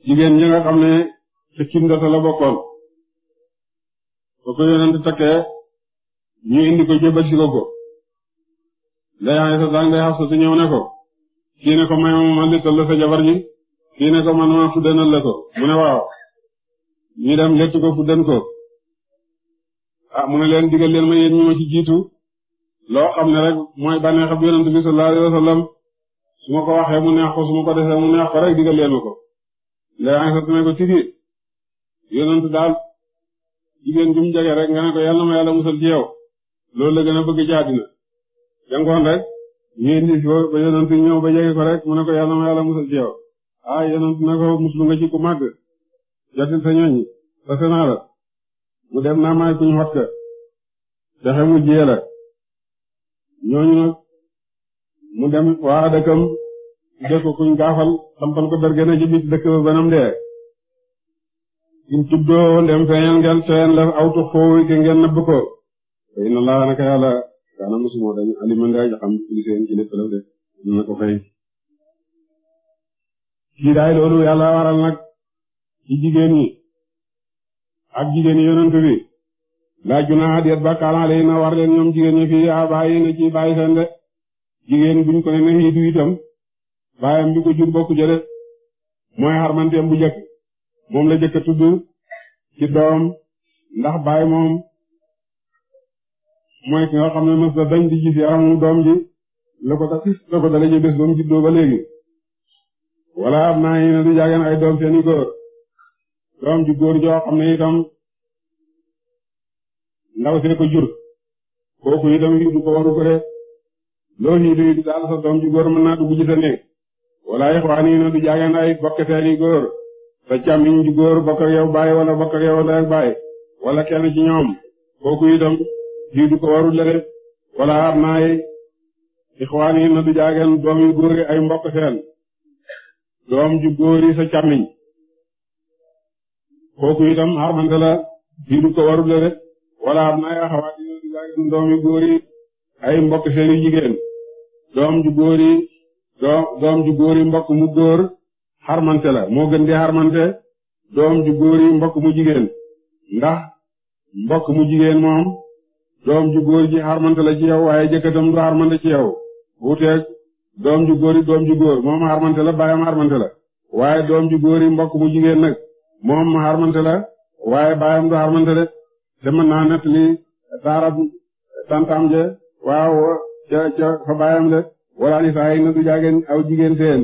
[SPEAKER 2] jigéen ñi nga xam ne ci kindata la bokkoon ba ko yonent takkee ñu indi ko jébal si ko ko nday Aysa daal nday Xafsatu ñëw ne ko kii ne ko may ma ma la sa jabar ji kii ne ko man ma fuddanal la ko mu ne waaw ñu dem létt ko fuddan ko ah mu ne leen digal leen ma yéen ñu ma ci jiitu loo xam ne rek mooy bànneex ab yonent bi su ma ko waxee mu neex ko su ma ko defee mu neex ko rek digal leen ma ko nday Aysa ne ko tigi yonent daal jigéen jum jege rek nga ne ko yal na ma yàlla musal ci loolu gën a bëgg ci àddina jangoon rek ñu indi fi ba yonent ñëw ba jege ko rek mu ne ko yal na ma yàlla musal ci ah yonent ne ko muslu nga ci ku màgg jotil sa ñooñi sa senaa mu dem naa maay kuñ xot ka texe mu jiyee ñooñu nag mu dem waa dëkkam dëkk kuñ gaafal sampal ko bergena ci biir dëkk ba banam dee in tuddoo ndem feeñal ngeen seen la aw tux foofu ke ngeen nëbb ko te inna laa naka yàlla kaana musumoo dañ aliman daaj xam li seen ci lépp de na ko fay kii daay loolu yàlla waral nag ci jigéen ñi ak jigéen yi yonent bi laa junaaha deet bàkkaar alayhinna war leen ñoom jigéen ñi fii abaayi na ci bàyyi seen de jigéen buñ ko ne na xiitu itam baayam bi ko jur bokku jële mooy xarmanteem bu jëkk moom la jëkk tudd ci doom ndax baay moom mooy ki nga xam ne mës dañ di gis yaramu doom ji la ko tax la ba mu juddoo ba léegi wala am naa yéen di jaageen ay doom seeni góor doom ju góor joo xam ne itam ndaw see ko jur kooku itam yi du ko waru ko de loo hiidu yi daal sa doom ju góor mën naa dugg ci sa néeg wala ixwaani na du jaageen ay bokk seeni góor sa càmmiñ ju góor bokk ak baay wala bokk ak yow baay wala kenn ci ñoom kooku itam lii ko warul la def wala am naay ixwaan yi na du jaageen doom yu góor yi ay mbokk seen yu jigéen doom ju góor mbokk mu góor xarmante la moo gën di xarmante doom ju góor yi mbokk mu jigéen ndax mbokk mu jigéen moom doom ju góor ji xarmante la ci yow waaye jëkkëtam du xarmante ci yow wuuteeg doom ju góor yi doom ju góor moom xarmante la baayam xarmante la waaye doom ju góor yi mbokk mu jigéen nag moom xarmante la waaye baayam du xarmante de te mën naa nett li je waaw ca ca fa baayam de wala ni saa du jaageen aw jigéen seen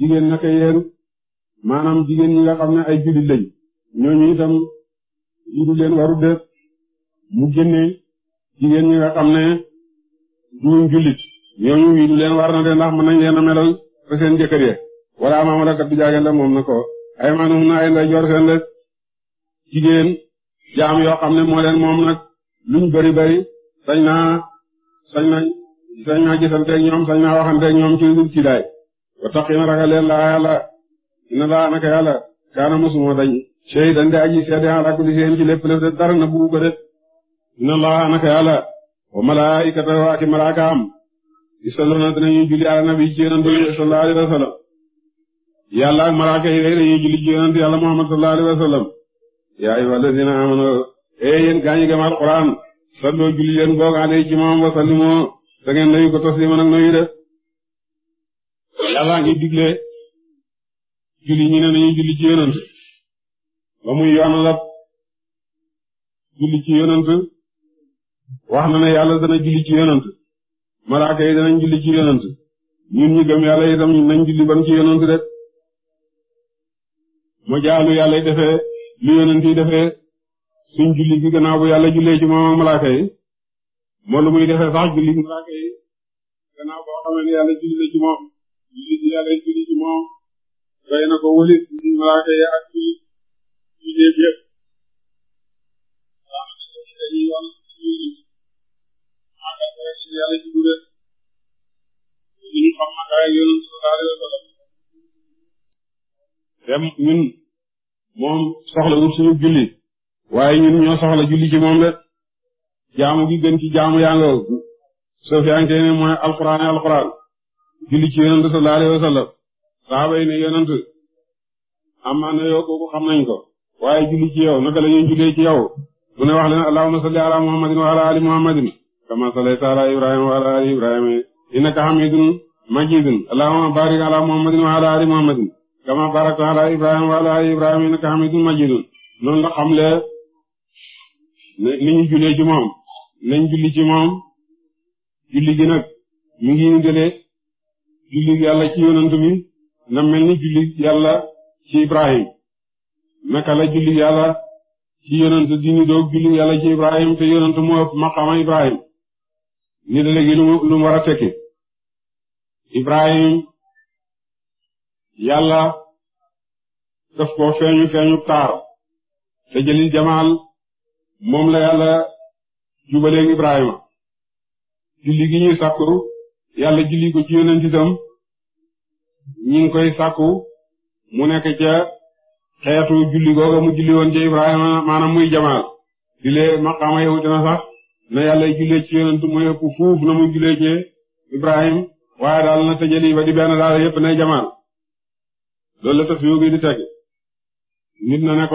[SPEAKER 2] jigéen naka yéen maanaam jigéen ñi nga xam ne ay jullit lañ ñooñu itam li du leen waru def mu génne jigéen ñi nga xam ne duñu jullit ñooñu wi du leen war na de ndax mën nañ leen a melal fa seen jëkkër ya wala maama dakat du jaageen la moom na ko ay maanum na ay nday jor seen la jigéen jaam yoo xam ne moo leen moom nag luñ bari bari sañ naa sañ na sañ naa ñoom sañ naa waxanteeg ñoom ci ci daay wattaqina ragaleel laa yàlla ina laa naka yàlla kaana mosuma dañ sey dande aji seede ala kulli shay'in ci lépp lépp de dara na bugu de ina laa naka yàlla wa malaa'ikatahu ak malaakaam yusalluna dinañu julli ala nabi ci yonent ci yonent yàlla muhammad sallallahu alayhi wa sallam yaa ayyuhal lazina amanu ee eh, yéen gaañi gëm alquran salloo julli leen boog alayhi ci moom wa sallimu da ngeen nuyu ko de yàllaa ngi digle julli ñu ne nañu julli ci yonent ba muy yoonal julli julli ci yonent malaaka danañ julli ci yonent ñun ñu gëm yàlla itam nañ julli ban ci yonent rek mu jaalu yàlla yi defee lu yonent defee suñ julli gi gannaaw yàlla jullee ci moom malaaka yi moo lu muy defee sax julli malaaka yi xamee ne yàlla julli la ci moom ñu gis yàlla julli ci moom doy na ko wëlis ci malaaka yi ak ci ci def yëpp daa na ko dañuy wan ñuñi maka rek ci yàlla ci dure ñu xam maka rek yoonu sallallahu alayhi wa sallam dem ñun moom soxla wut suñu julli waaye ñun ñoo soxla julli ci moom de jaamu gi gën ci jaamu yaa nga soo fi anke ne mooy alquran alquran julli ci yonent saaba yi ne yonent amaa na yow xam nañ ko waaye julli ci yow naka la ñuy ci yow mu ne wax leen allahumma salli ala muhammadin li ci moom nañ julli ci moom julli gi nag mu ngi indile jullit yàlla ci yonent bi na mel ni jullit yàlla ci Ibrahim naka la jullit yàlla ci yonent di ni doog jullit yàlla ci Ibrahim te yonent moo ëpp maqama Ibrahim ni da léegi lu lu mu a tekki Ibrahim yàlla daf ko feeñu feeñu taar te jëlil jamaal moom la yàlla jubaleeg Ibrahima julli gi ñuy sàkku yàlla julli ko ci yonent itam ñi koy sàkku mu nekk ca xeetu julli googa mu julli woon ca Ibrahima maanaam muy jamaa di lee maqaama yow sax na yàlla jullee ci yonent mooy ëpp fuuf na mu jullee ci Ibrahim waaye daal na tëjali ba di daal yëpp nay jamaan loolu la taf yóbbi di teg nit na ne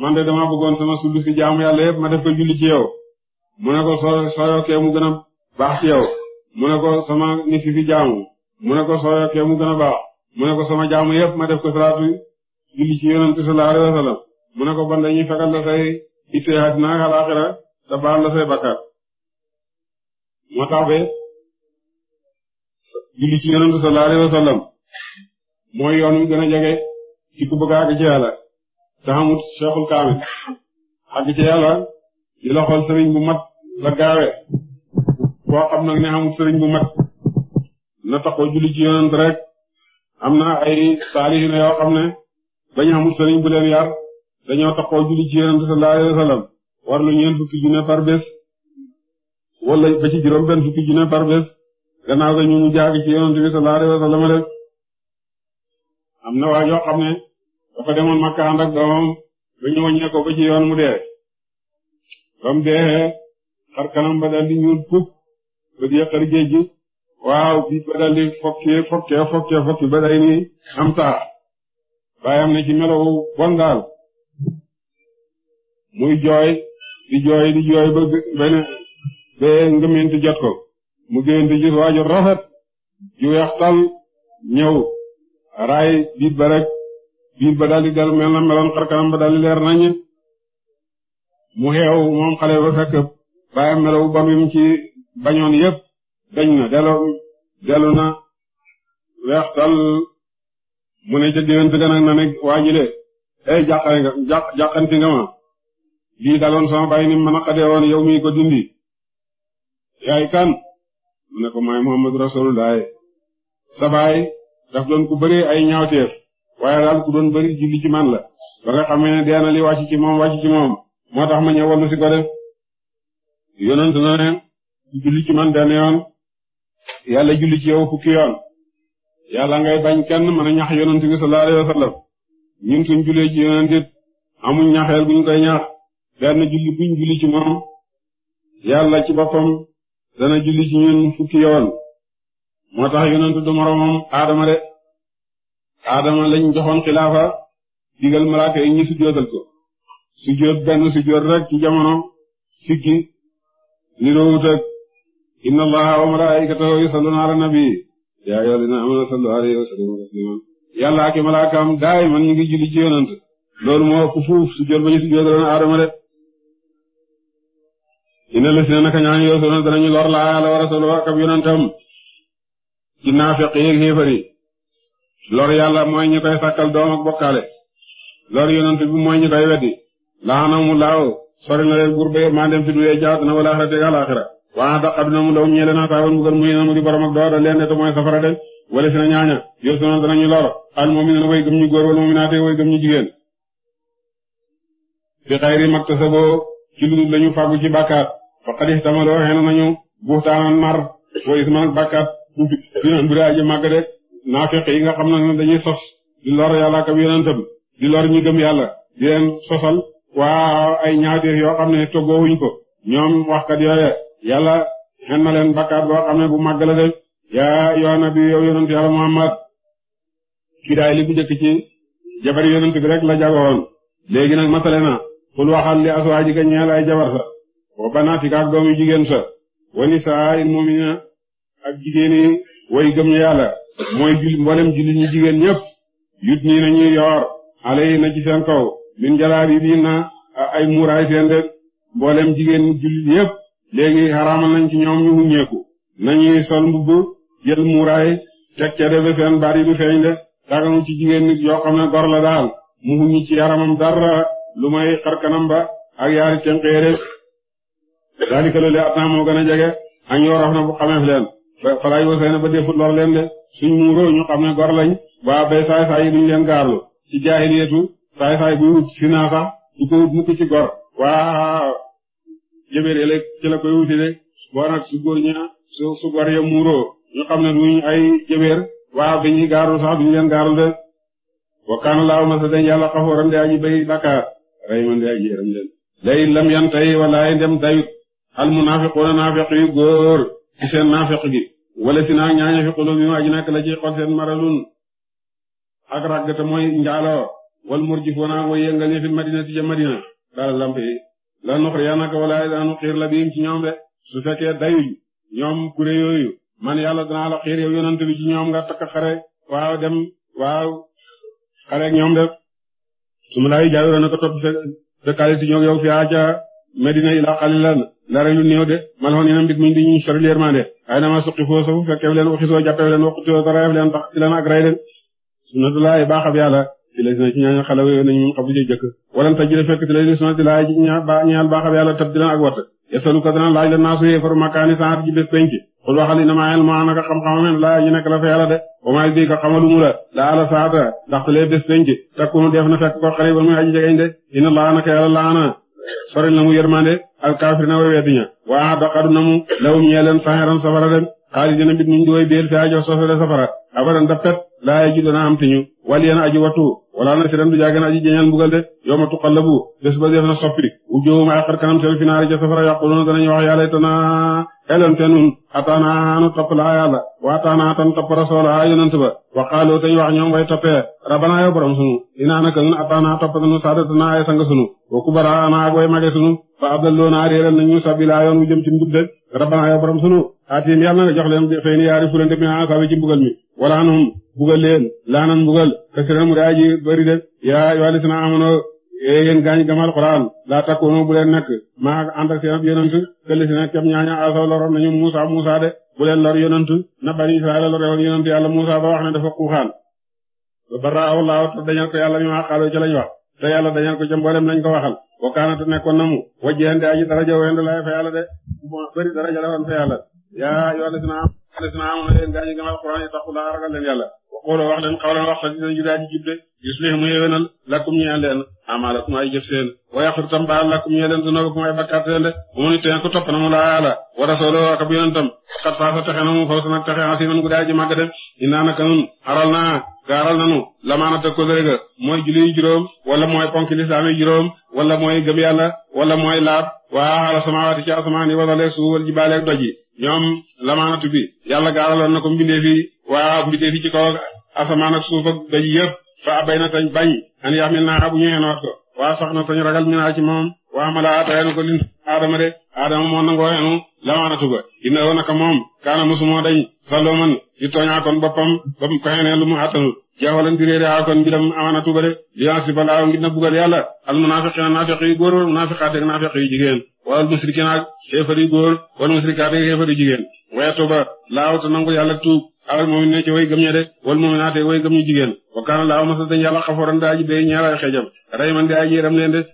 [SPEAKER 2] man de dama bëggoon sama sullu si jaamu yàlla yëpp ma def ko julli ci yow mu ne ko soo mu gën a baax ci yow mu ne ko sama ni fi jaamu mu ne ko soo yokkee mu gën a baax mu ne ko sama jaamu yépp ma def ko salaatu julli ci yonent sallallahu alayhi wasallam mu ne ko ban dañuy fegal la say ittee àddina te baal la say bakkaar moo tax ba julli ci yonent sallallahu alayhi wasallam mooy yoon wi gën a jege ci ku bëgg a ci yàlla te xamut cheikhul kaamil àgg ci yàlla di la xool sëriñ bu mat la gaawe koo xam nag ne amul sëriñ bu mat na taxoo julli ci yonent rek am na ay saalihiina yoo xam ne bañ amul sëriñ bu leen yar dañoo taxoo julli ci yonent sallallahu alayhi wa war lu ñeen fukki junne par bés wala ba ci juróom benn fukki junne par bés gannaaw ga ñu jaag ci yonent bi sallallahu alayhi wa sallam am na waa xam ne dafa demoon Makka ànd ak ba ñu wàññee ba ci yoon dee ba mu xar kanam ba daal ñuul kuk bët yëqal géej gi waaw bi ba daldi fokkee fokkee fokki ba day ni am baayam ne ci melow bon daal muy jooy di jooy di jooy ba benn ba ngëmint jot ko mu gént gis waaju rafet ju weex ñëw raay biit ba rek biit ba daldi del mel na meloon xarkanam ba daldi leer naññ mu xeew moom xale ba fekk baayam melow bamim ci bañoon yëpp dañ na delloo na weex tal mu ne ca diwén bi nag na ne waa ji de eh nga ma lii daloon sama bàyyi ni ma naqadee woon yow mii ko dindi yaay kan mu ne ko maay Muhammadu Rasulullah sa baay daf doon ku bëri ay ñaawteef waaye daal ku doon bëri julli ci man la ba nga xamee ne dee ci moom wàcc ci moom moo tax ma ñëw wallu si ko def yonent na ne julli ci man benn yoon yàlla julli ci yow fukki yoon yàlla ngay bañ kenn mën a ñax yonent bi sallallahu ñun suñ jullee ci yonent amuñ ñaxeel buñ koy ñax benn julli buñ julli ci moom yàlla ci boppam dana julli ci ñun fukki yoon moo tax yonent du moroomam aadama de aadama lañ joxoon xilaafa digal malaaka yi ñi ko sujjóot benn sujjóot rek ci jamono siggi niroowut ak inna allaha wa malaa'ikatahu yusalluna ala nabi ya ayyuhallazina amanu sallu alayhi wa sallimu taslima yàlla ak malaakaam daay man ñu ngi julli ci yonent loolu moo ëpp fuuf su jot ba ñu si jotoon aadama de inna lazina naka ñaan yusalluna danañu lor la yàlla wa rasulahu ak yonentam ci naafiq yi xéefar yi lor yàlla mooy ñu koy sàkkal doom ak bokkaale lor yonent bi mooy ñu koy weddi laanamu laaw sori na leen buur ba maa dem fi duwee jaat na wala axira teg àlaxira waa da ab na mu daw ñeele naa saa woon mu gën mu yéen mu di borom ak doo da leen de te mooy safara de wala si na ñaaña yor si noonu danañu lor al mu'minuna way gëm way gëm ñu jigéen fi xayri maktasabo ci lu dul lañu fàggu ci bàkkaat faqad ihtamalo xenu nañu buxtaanan mar wa isman ak bàkkaat finan bu daaji màgg de naafiq yi nga xam na dañuy sos di lor yàlla ak yonentam di lor ñi gëm yàlla di leen sosal waa ay ñaawteef yoo xam ne toggowuñ ko yàlla xen na leen bakkaat boo xam bu màgg la de yaa yoona bi yow yàlla Muhammad kidaay li bu njëkk ci jabar yonent bi rek la jagoon léegi nag matale na xul waxal li aswaajika ñeel ay jabar sa wa banaatika ak doomi jigéen sa wa nisaa'il mu'miniina ak jigéeni way gëm yàlla mooy jul mboolem julli ñu jigéen ñëpp yut nii nañuy yoor ale yi na ci seen kaw min jalaabi bii na ay muuraay seen de mboolem jigéen jullit yëpp léegi xaraamal nañ ci ñoom ñu huññeeku nañuy sol mbubb jël muuraay teg ca defe seen baat yi du feeñ de daganu ci jigéen nit yoo xam ne gor la daal mu huññi ci yaramam dara lu may xarkanam ba ak yaari tenqeere daalika loolu at naa moo gën a jege añ yoorof na bu xameef leen ba falaay wasay na ba defut lor leen de suñ muuroo ñu xam ne gor lañ waa bay saay saay yi duñ leen gaarlu ci jaahiliyatu saay saay buy wut si naa sax du ko wut mukk ci gor waa jëbëreele ci la koy wuti de boo nag su góor ña su su gor ñu xam ne duñ ay jëbër waaw bi ñuy gaaru sax duñ leen gaaru de wakkaan laaw ma sa dañ yàlla xafooram de aji bay bakkaar ray man de aji yaram leen lay lam yan tay walaay ndem dayut al munaafiquuna naafiq yu góor ci seen naafiq gi wala si naag ñaaña fi xulub yi mu aji nekk la ci xol seen maralun ak ràgg te mooy njaaloo wal murjifuuna way yëngal ñi fi madina ci ja la nuxriyanaka walaay daanu xiir la biim ci ñoom de su fekkee dayuñ ñoom kuré yooyu man yàlla danaa la xiir yow yonent bi ci ñoom nga takk xare waaw dem waaw xareeg ñoom de su ma laay jaawiro na ko topp fe dëkkaale ti ñoog yow fi aaca medina ila xalilan dara lu néew de malxoon yinam bit muñ di ñu sori leer de ay nama suqi foo safu fekkeef leen uxisoo jàppeef leen waxutoo tarayeef leen tax ci leen ak rey leen sunnatulaay baaxab yàlla ci les na ci ñooñu xale yooyu nañu min xabu ci jëkk walan ta jële fekk ci les na ci laaj ci ñaar ba ñaal baaxab yàlla tab dilan ak watt yesalu ko dana laaj la naasu yeefaru makkaani saat ci bés penc xul waxal ina maayel moo naka xam-xamamen laa yi nekk la fa yàlla de wamaay bi ko xamalumu la la ala saata ndaxte lee bés penc takkunu def na fekk ko xariban muy aji jegeñ de ina laa naka laana soril na mu yërmande al kaafirina way weddiña waa daqadu na mu lawum ñeeleen saxeran safara dem xaalidina mbit muñ di wala na siran du jaagan aji jeñal mbugal de yow ma tuqallabu bés ba def na soppi wujjoowum ay xar kanam seen finaari ca safara yaquluna danañu wax yàlla itanaa xelam te nun ataana topp laa yàlla wa ataana tan topp rasoola yonent ba wa qaaloo tañ wax ñoom way toppee rabana yow borom sunu inaa naka nun ataana topp nanu saadatanaa ay sang sunu wa kubara ana ak way mage sunu fa abdalloona réeral nañu sabila yoon wu ci mbug de rabana wala anhum bugal leen laanan bugal kasiran mu daa ji bari de yaa yoo alisina amono yéen gaañ gamal xuraan laa takkuwoon bu leen nekk maa ànd ak seen ab yonent këll si nekk kem ñaaña asaw loroon nañu Muusa Muusa de bu leen lor yonent na bari Israayila lor yoon yonent yàlla Muusa ba wax ne dafa xuuxaan baraahu laahu te dañal ko yàlla mi ma xaaloo ci lañ wax te yàlla dañal ko ca mboolem lañ ko waxal wa kaana te nekkoon na mu wajjeen de aji daraja ween de lay la woon fa yàlla yaa yoo alisina alladina amanu yéen a ñi gëm alquran ittaqullaha ragal a yàlla waxooloo wax leen xawlan wax la dina judaa ji leen amalakum wa yaxfir tam baal lakum ñeel leen dunabakum ay bakkaat seen de mu mu ni teen ku topp na mu laala wa rasulahu ak ab yonentam xat faasa texe na mu faw sanak texe asiman gudaa ji màgg dem inaa naka nun xaral naa gaaral nanu lamaana te kóllëre ga mooy julli juróom wala mooy ponki lislaam yi juróom wala mooy gëm yàlla wala mooy laab ñoom lamaanatu bi yàlla gaaraloon na kom mbindeef yi waa mbindeef yi ci kaw asamaan ak suuf ak daj yëpp fa abay na tañ bañ an yax mil naa bu ñu xenoot ko waa sax na tañ ragal mi naa ci moom waa malaa tayanu ko lin aadama de aadama moo nangoo xenu lamaanatu ba dina woon naka moom kaana mosumoo dañ saloman di tooñaakoon boppam ba mu ko xenee lu mu àttanut jaxolan di réeré aa kon mbiram amaanatu ba de liansi balaa ngi na bugal yàlla al a naafiq yu góor wal munaafiqaat ak naafiq yu jigéen wal musrikina ak xeefari góor a musrikaat ak xeefari jigéen wayatu ba laaw te nangu yàlla tuub alal moomin ne ci way gëm ñe de wal moominaat way gëm ñu jigéen wakkaana laaw masa dañ yàlla xaforan daa ji day ñaar ay xejam rayman di ay yéram leen de